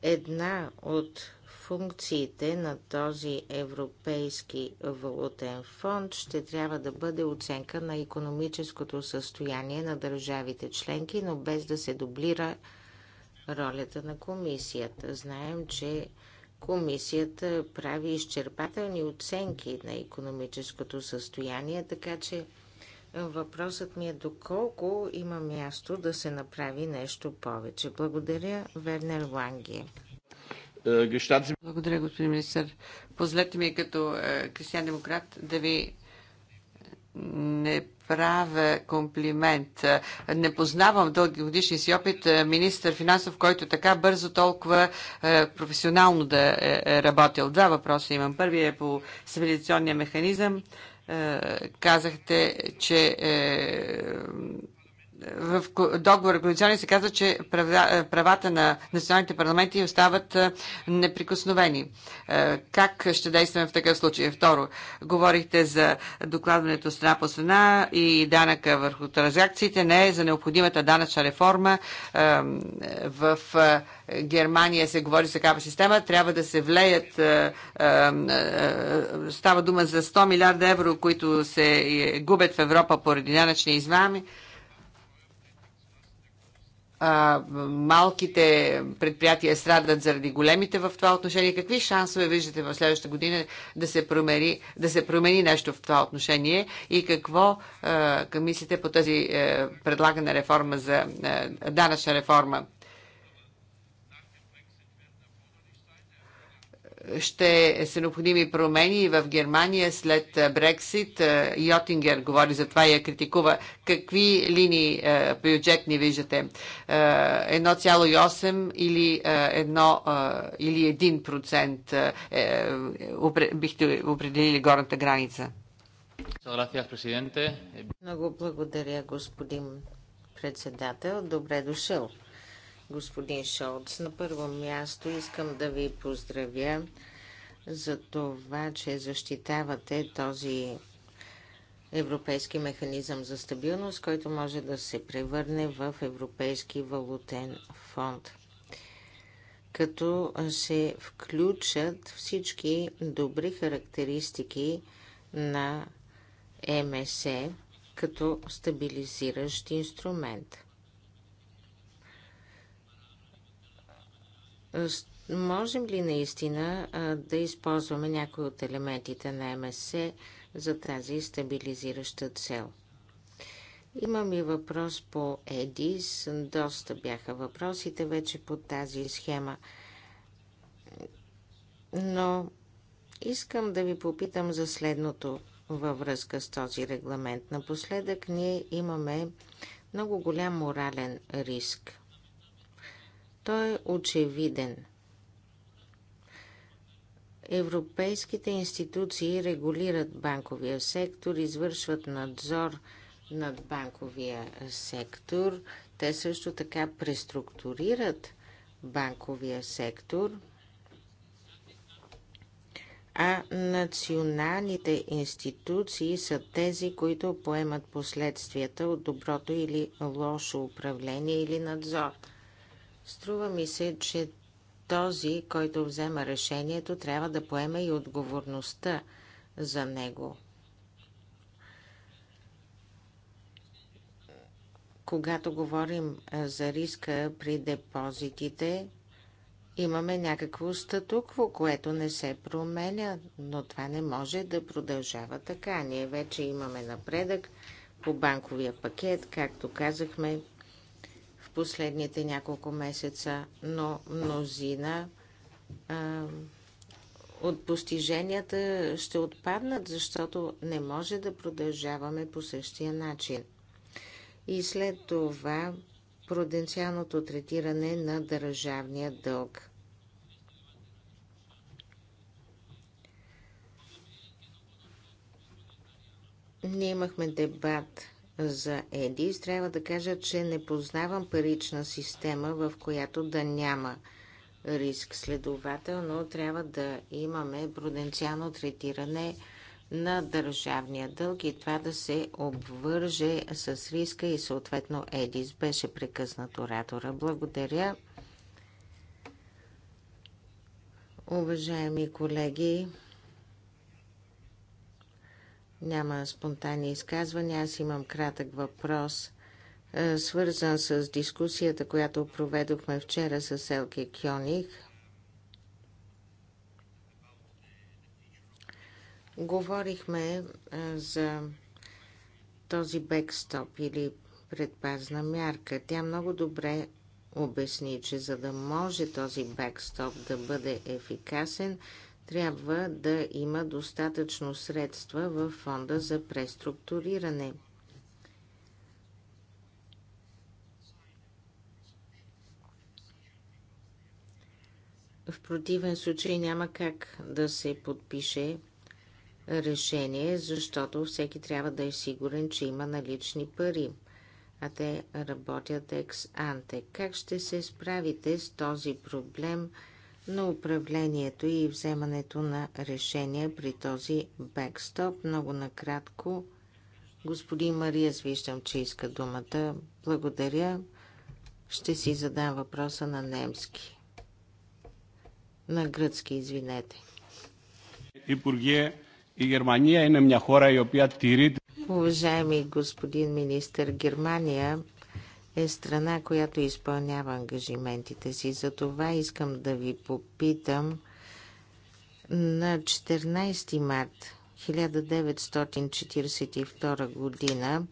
една от функциите на този Европейски валутен фонд ще трябва да бъде оценка на економическото състояние на държавите членки, но без да се дублира ролята на комисията. Знаем, че комисията прави изчерпателни оценки на економическото състояние, така че Въпросът ми е доколко има място да се направи нещо повече. Благодаря, Вернер Ланги. Е, Благодаря, господин министр. Позволете ми като е, християн-демократ да ви е, не правя комплимент. Не познавам дълги годишни си опит министър финансов, който така бързо, толкова професионално да е работил. Два въпроса имам. Първият е по стабилизационния механизъм е, казахте, че е, в договора коалиционни се казва, че е, правата на националните парламенти остават е, неприкосновени. Е, как ще действаме в такъв случай? Второ, говорихте за докладването страна по страна и данъка върху транзакциите. Не, за необходимата данъчна реформа в Германия се говори за такава система. Трябва да се влеят става дума за 100 милиарда евро, които се губят в Европа поради данъчни измами а, малките предприятия страдат заради големите в това отношение. Какви шансове виждате в следващата година да се промени, да се промени нещо в това отношение и какво а, мислите по тази а, предлагана реформа за а, данъчна реформа? ще са необходими промени в Германия след Брексит. Йотингер говори за това и я критикува. Какви линии бюджетни виждате? 1,8 или, 1, или 1% е, бихте определили горната граница? Много благодаря, господин председател. Добре дошъл господин Шолц. На първо място искам да ви поздравя за това, че защитавате този европейски механизъм за стабилност, който може да се превърне в Европейски валутен фонд. Като се включат всички добри характеристики на МСЕ като стабилизиращ инструмент – Можем ли наистина да използваме някои от елементите на МСС за тази стабилизираща цел? Имам и въпрос по ЕДИС. Доста бяха въпросите вече по тази схема. Но искам да ви попитам за следното във връзка с този регламент. Напоследък ние имаме много голям морален риск. Той е очевиден. Европейските институции регулират банковия сектор, извършват надзор над банковия сектор. Те също така преструктурират банковия сектор, а националните институции са тези, които поемат последствията от доброто или лошо управление или надзор. Струва ми се, че този, който взема решението, трябва да поеме и отговорността за него. Когато говорим за риска при депозитите, имаме някакво статукво, което не се променя, но това не може да продължава така. Ние вече имаме напредък по банковия пакет, както казахме, последните няколко месеца, но мнозина а, от постиженията ще отпаднат, защото не може да продължаваме по същия начин. И след това пруденциалното третиране на държавния дълг. Ние имахме дебат за ЕДИС, трябва да кажа, че не познавам парична система, в която да няма риск. Следователно, трябва да имаме пруденциално третиране на държавния дълг и това да се обвърже с риска и съответно ЕДИС. Беше прекъснат оратора. Благодаря. Уважаеми колеги, няма спонтанни изказвания. Аз имам кратък въпрос, е, свързан с дискусията, която проведохме вчера с Елки Кьоних. Говорихме е, за този бекстоп или предпазна мярка. Тя много добре обясни, че за да може този бекстоп да бъде ефикасен – трябва да има достатъчно средства в фонда за преструктуриране. В противен случай няма как да се подпише решение, защото всеки трябва да е сигурен, че има налични пари, а те работят екс-анте. Как ще се справите с този проблем – на управлението и вземането на решения при този бекстоп. Много накратко, господин Мария, виждам, че иска думата. Благодаря. Ще си задам въпроса на немски. На гръцки, извинете. Υπουργέ, и Германия е на мя хора, и οποία тирит. Уважаеми господин министр, Германия е страна, която изпълнява ангажиментите си. За това искам да ви попитам на 14 март 1942 година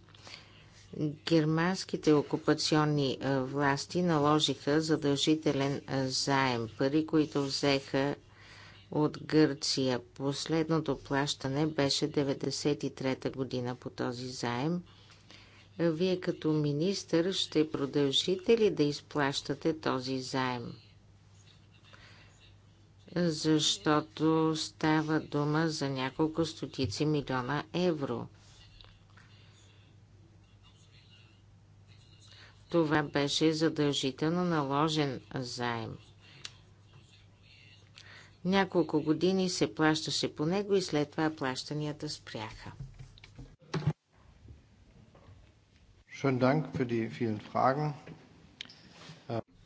германските окупационни власти наложиха задължителен заем. Пари, които взеха от Гърция. Последното плащане беше 1993 година по този заем – вие като министър ще продължите ли да изплащате този заем? Защото става дума за няколко стотици милиона евро. Това беше задължително наложен заем. Няколко години се плащаше по него и след това плащанията спряха.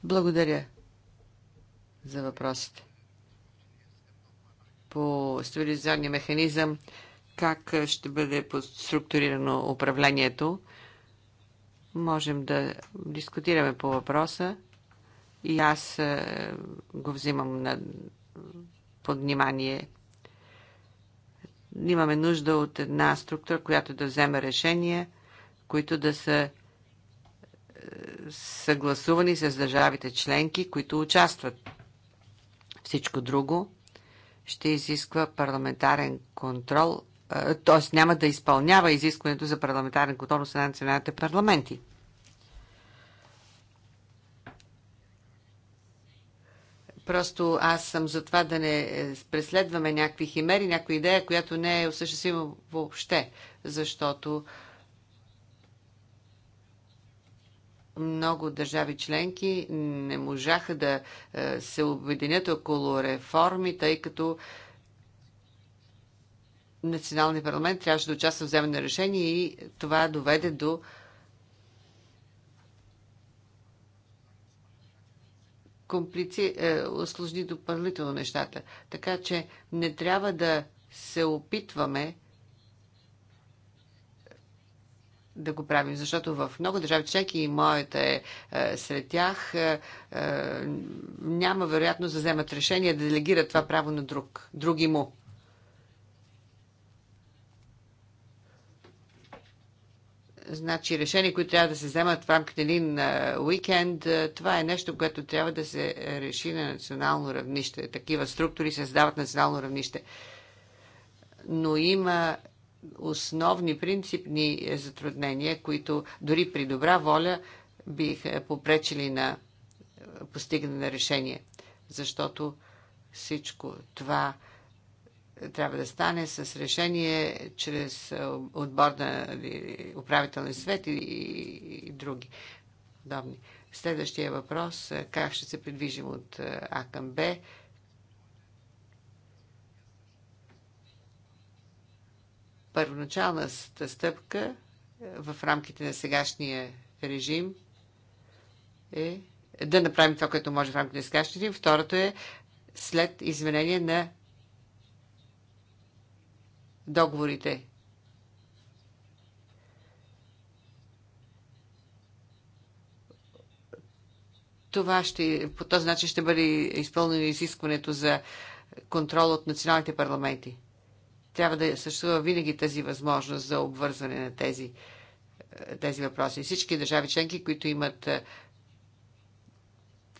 Благодаря за въпросите. По стабилизационния механизъм, как ще бъде структурирано управлението, можем да дискутираме по въпроса и аз е, го взимам на под внимание. Имаме нужда от една структура, която да вземе решение – които да са е, съгласувани с държавите членки, които участват. Всичко друго ще изисква парламентарен контрол, е, т.е. няма да изпълнява изискването за парламентарен контрол на националните парламенти. Просто аз съм за това да не е, преследваме някакви химери, някаква идея, която не е осъществима въобще, защото Много държави членки не можаха да е, се обединят около реформи, тъй като националния парламент трябваше да участва в вземане на решение и това доведе до комплици... осложни е, допълнително нещата. Така че не трябва да се опитваме да го правим, защото в много държави чеки и моята е, сред тях, е, е, няма вероятност да вземат решение да делегират това право на друг, други му. Значи решения, които трябва да се вземат в рамките един е, уикенд, това е нещо, което трябва да се реши на национално равнище. Такива структури се създават на национално равнище. Но има основни принципни е, затруднения, които дори при добра воля биха е, попречили на е, постигане на решение. Защото всичко това трябва да стане с решение чрез отбор на управителни свет и, и други подобни. Следващия въпрос – как ще се придвижим от А към Б – Първоначалната стъпка е, в рамките на сегашния режим е да направим това, което може в рамките на сегашния режим. Второто е след изменение на договорите. Това ще, по този начин ще бъде изпълнено изискването за контрол от националните парламенти трябва да съществува винаги тази възможност за обвързване на тези, е, тези въпроси. Всички държави членки, които имат е,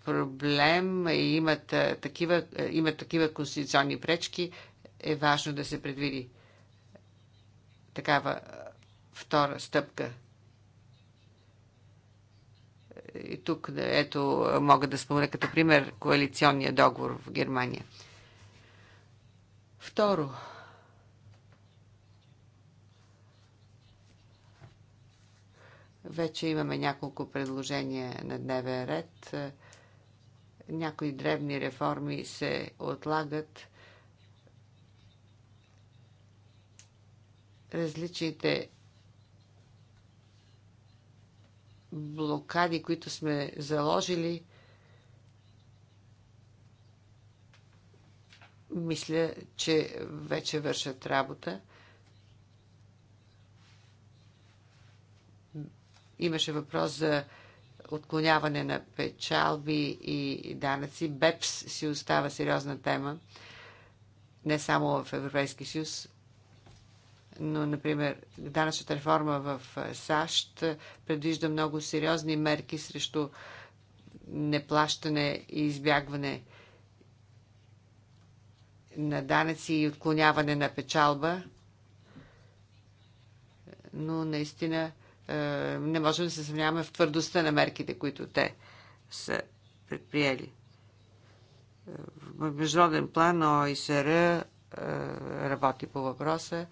проблем и имат е, такива, имат такива конституционни пречки, е важно да се предвиди такава втора стъпка. И тук, ето, мога да спомена като пример коалиционния договор в Германия. Второ, Вече имаме няколко предложения на дневен ред. Някои древни реформи се отлагат. Различните блокади, които сме заложили, мисля, че вече вършат работа. Имаше въпрос за отклоняване на печалби и данъци. БЕПС си остава сериозна тема, не само в Европейски съюз, но, например, данъчната реформа в САЩ предвижда много сериозни мерки срещу неплащане и избягване на данъци и отклоняване на печалба. Но наистина е, не можем да се съмняваме в твърдостта на мерките, които те са предприели. Е, в международен план ОИСР е, работи по въпроса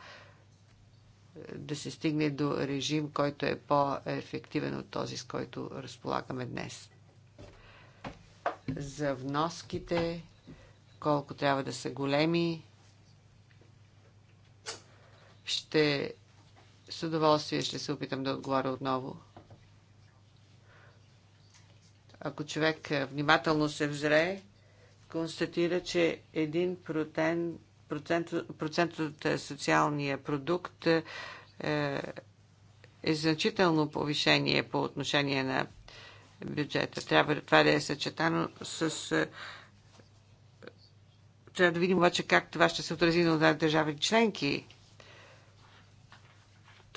да се стигне до режим, който е по-ефективен от този, с който разполагаме днес. За вноските, колко трябва да са големи, ще с удоволствие ще се опитам да отговоря отново. Ако човек е, внимателно се взре, констатира, че един процент, процент от е, социалния продукт е, е значително повишение по отношение на бюджета. Трябва това да е съчетано с. Е, трябва да видим обаче как това ще се отрази на държави членки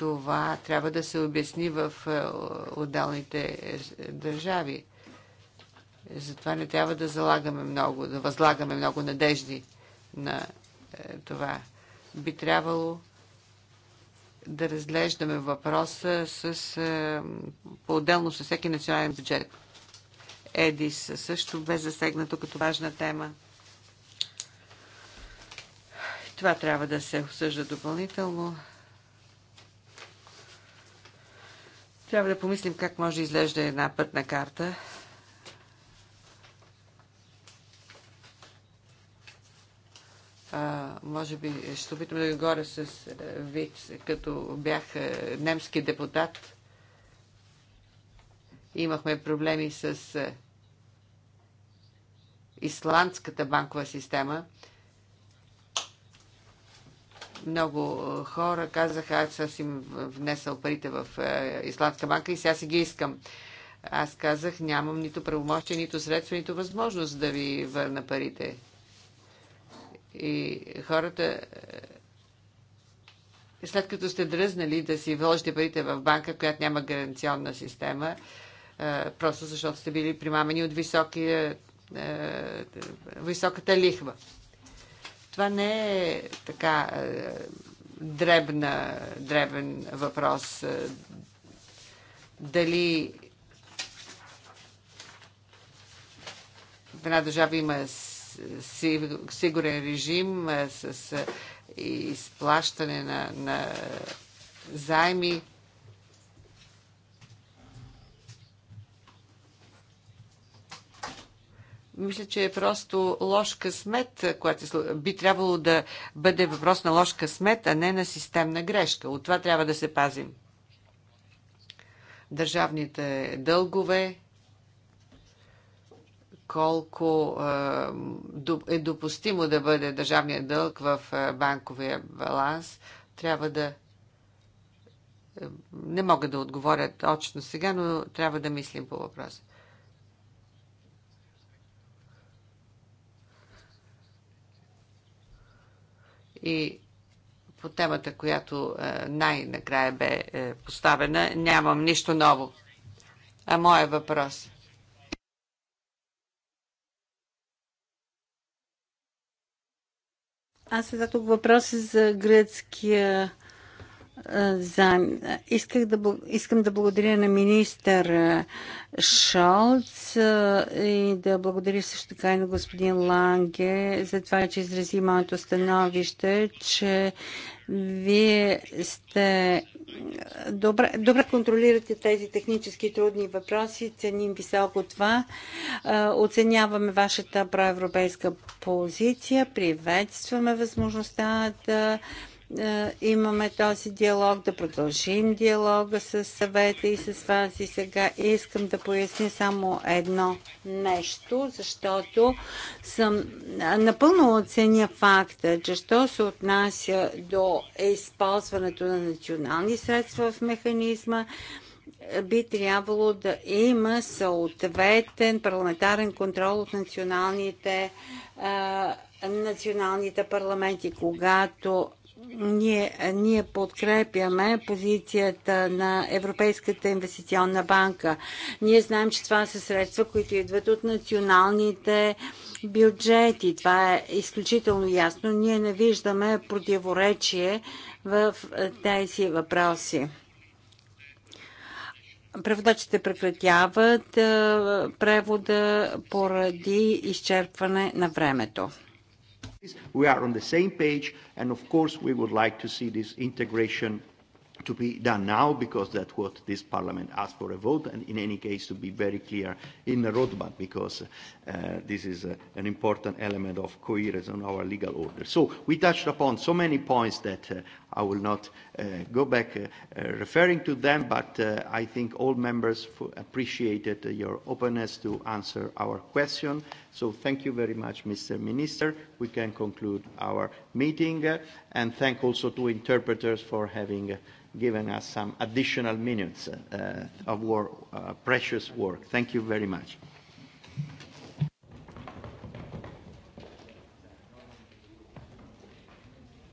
това трябва да се обясни в е, отделните е, е, държави. Затова не трябва да залагаме много, да възлагаме много надежди на това. Би трябвало да разглеждаме въпроса с, по-отделно с всеки национален бюджет. ЕДИС също бе засегнато като важна тема. Това трябва да се обсъжда допълнително. Трябва да помислим как може да изглежда една пътна карта. А, може би ще опитам да горе с е, вид, като бях е, немски депутат. Имахме проблеми с е, исландската банкова система. Много хора казаха, аз съм внесъл парите в исландска банка и сега си ги искам. Аз казах, нямам нито правомощие, нито средство, нито възможност да ви върна парите. И хората, след като сте дръзнали да си вложите парите в банка, която няма гаранционна система, просто защото сте били примамени от високия, високата лихва. Това не е така е, дребна, дребен въпрос. Е, дали в една държава има сигурен режим е, с изплащане на, на заеми. Мисля, че е просто лош късмет, която е би трябвало да бъде въпрос на лош късмет, а не на системна грешка. От това трябва да се пазим. Държавните дългове, колко е допустимо да бъде държавният дълг в банковия баланс, трябва да. Е, не мога да отговоря точно сега, но трябва да мислим по въпроса. и по темата, която е, най-накрая бе е, поставена, нямам нищо ново. А моя въпрос. Аз зададох въпроса за гръцкия за... Исках да, искам да благодаря на министър Шолц и да благодаря също така и на господин Ланге за това, че изрази моето становище, че вие сте добре, добре контролирате тези технически трудни въпроси, ценим високо това. Оценяваме вашата проевропейска позиция, приветстваме възможността да е, имаме този диалог, да продължим диалога с съвета и с вас и сега. Искам да поясня само едно нещо, защото съм напълно оценя факта, че що се отнася до използването на национални средства в механизма, би трябвало да има съответен парламентарен контрол от националните, а, националните парламенти, когато ние, ние подкрепяме позицията на Европейската инвестиционна банка. Ние знаем, че това са средства, които идват от националните бюджети. Това е изключително ясно. Ние не виждаме противоречие в тези въпроси. Преводачите прекратяват превода поради изчерпване на времето. We are on the same page, and of course, we would like to see this integration to be done now because that's what this parliament asked for a vote and in any case to be very clear in the roadmap because uh, this is a, an important element of coherence on our legal order. So we touched upon so many points that uh, I will not go back uh, uh, referring to them, but uh, I think all members f appreciated your openness to answer our question. So thank you very much, Mr. Minister. We can conclude our meeting, uh, and thank also to interpreters for having uh, given us some additional minutes uh, of work uh, precious work. Thank you very much.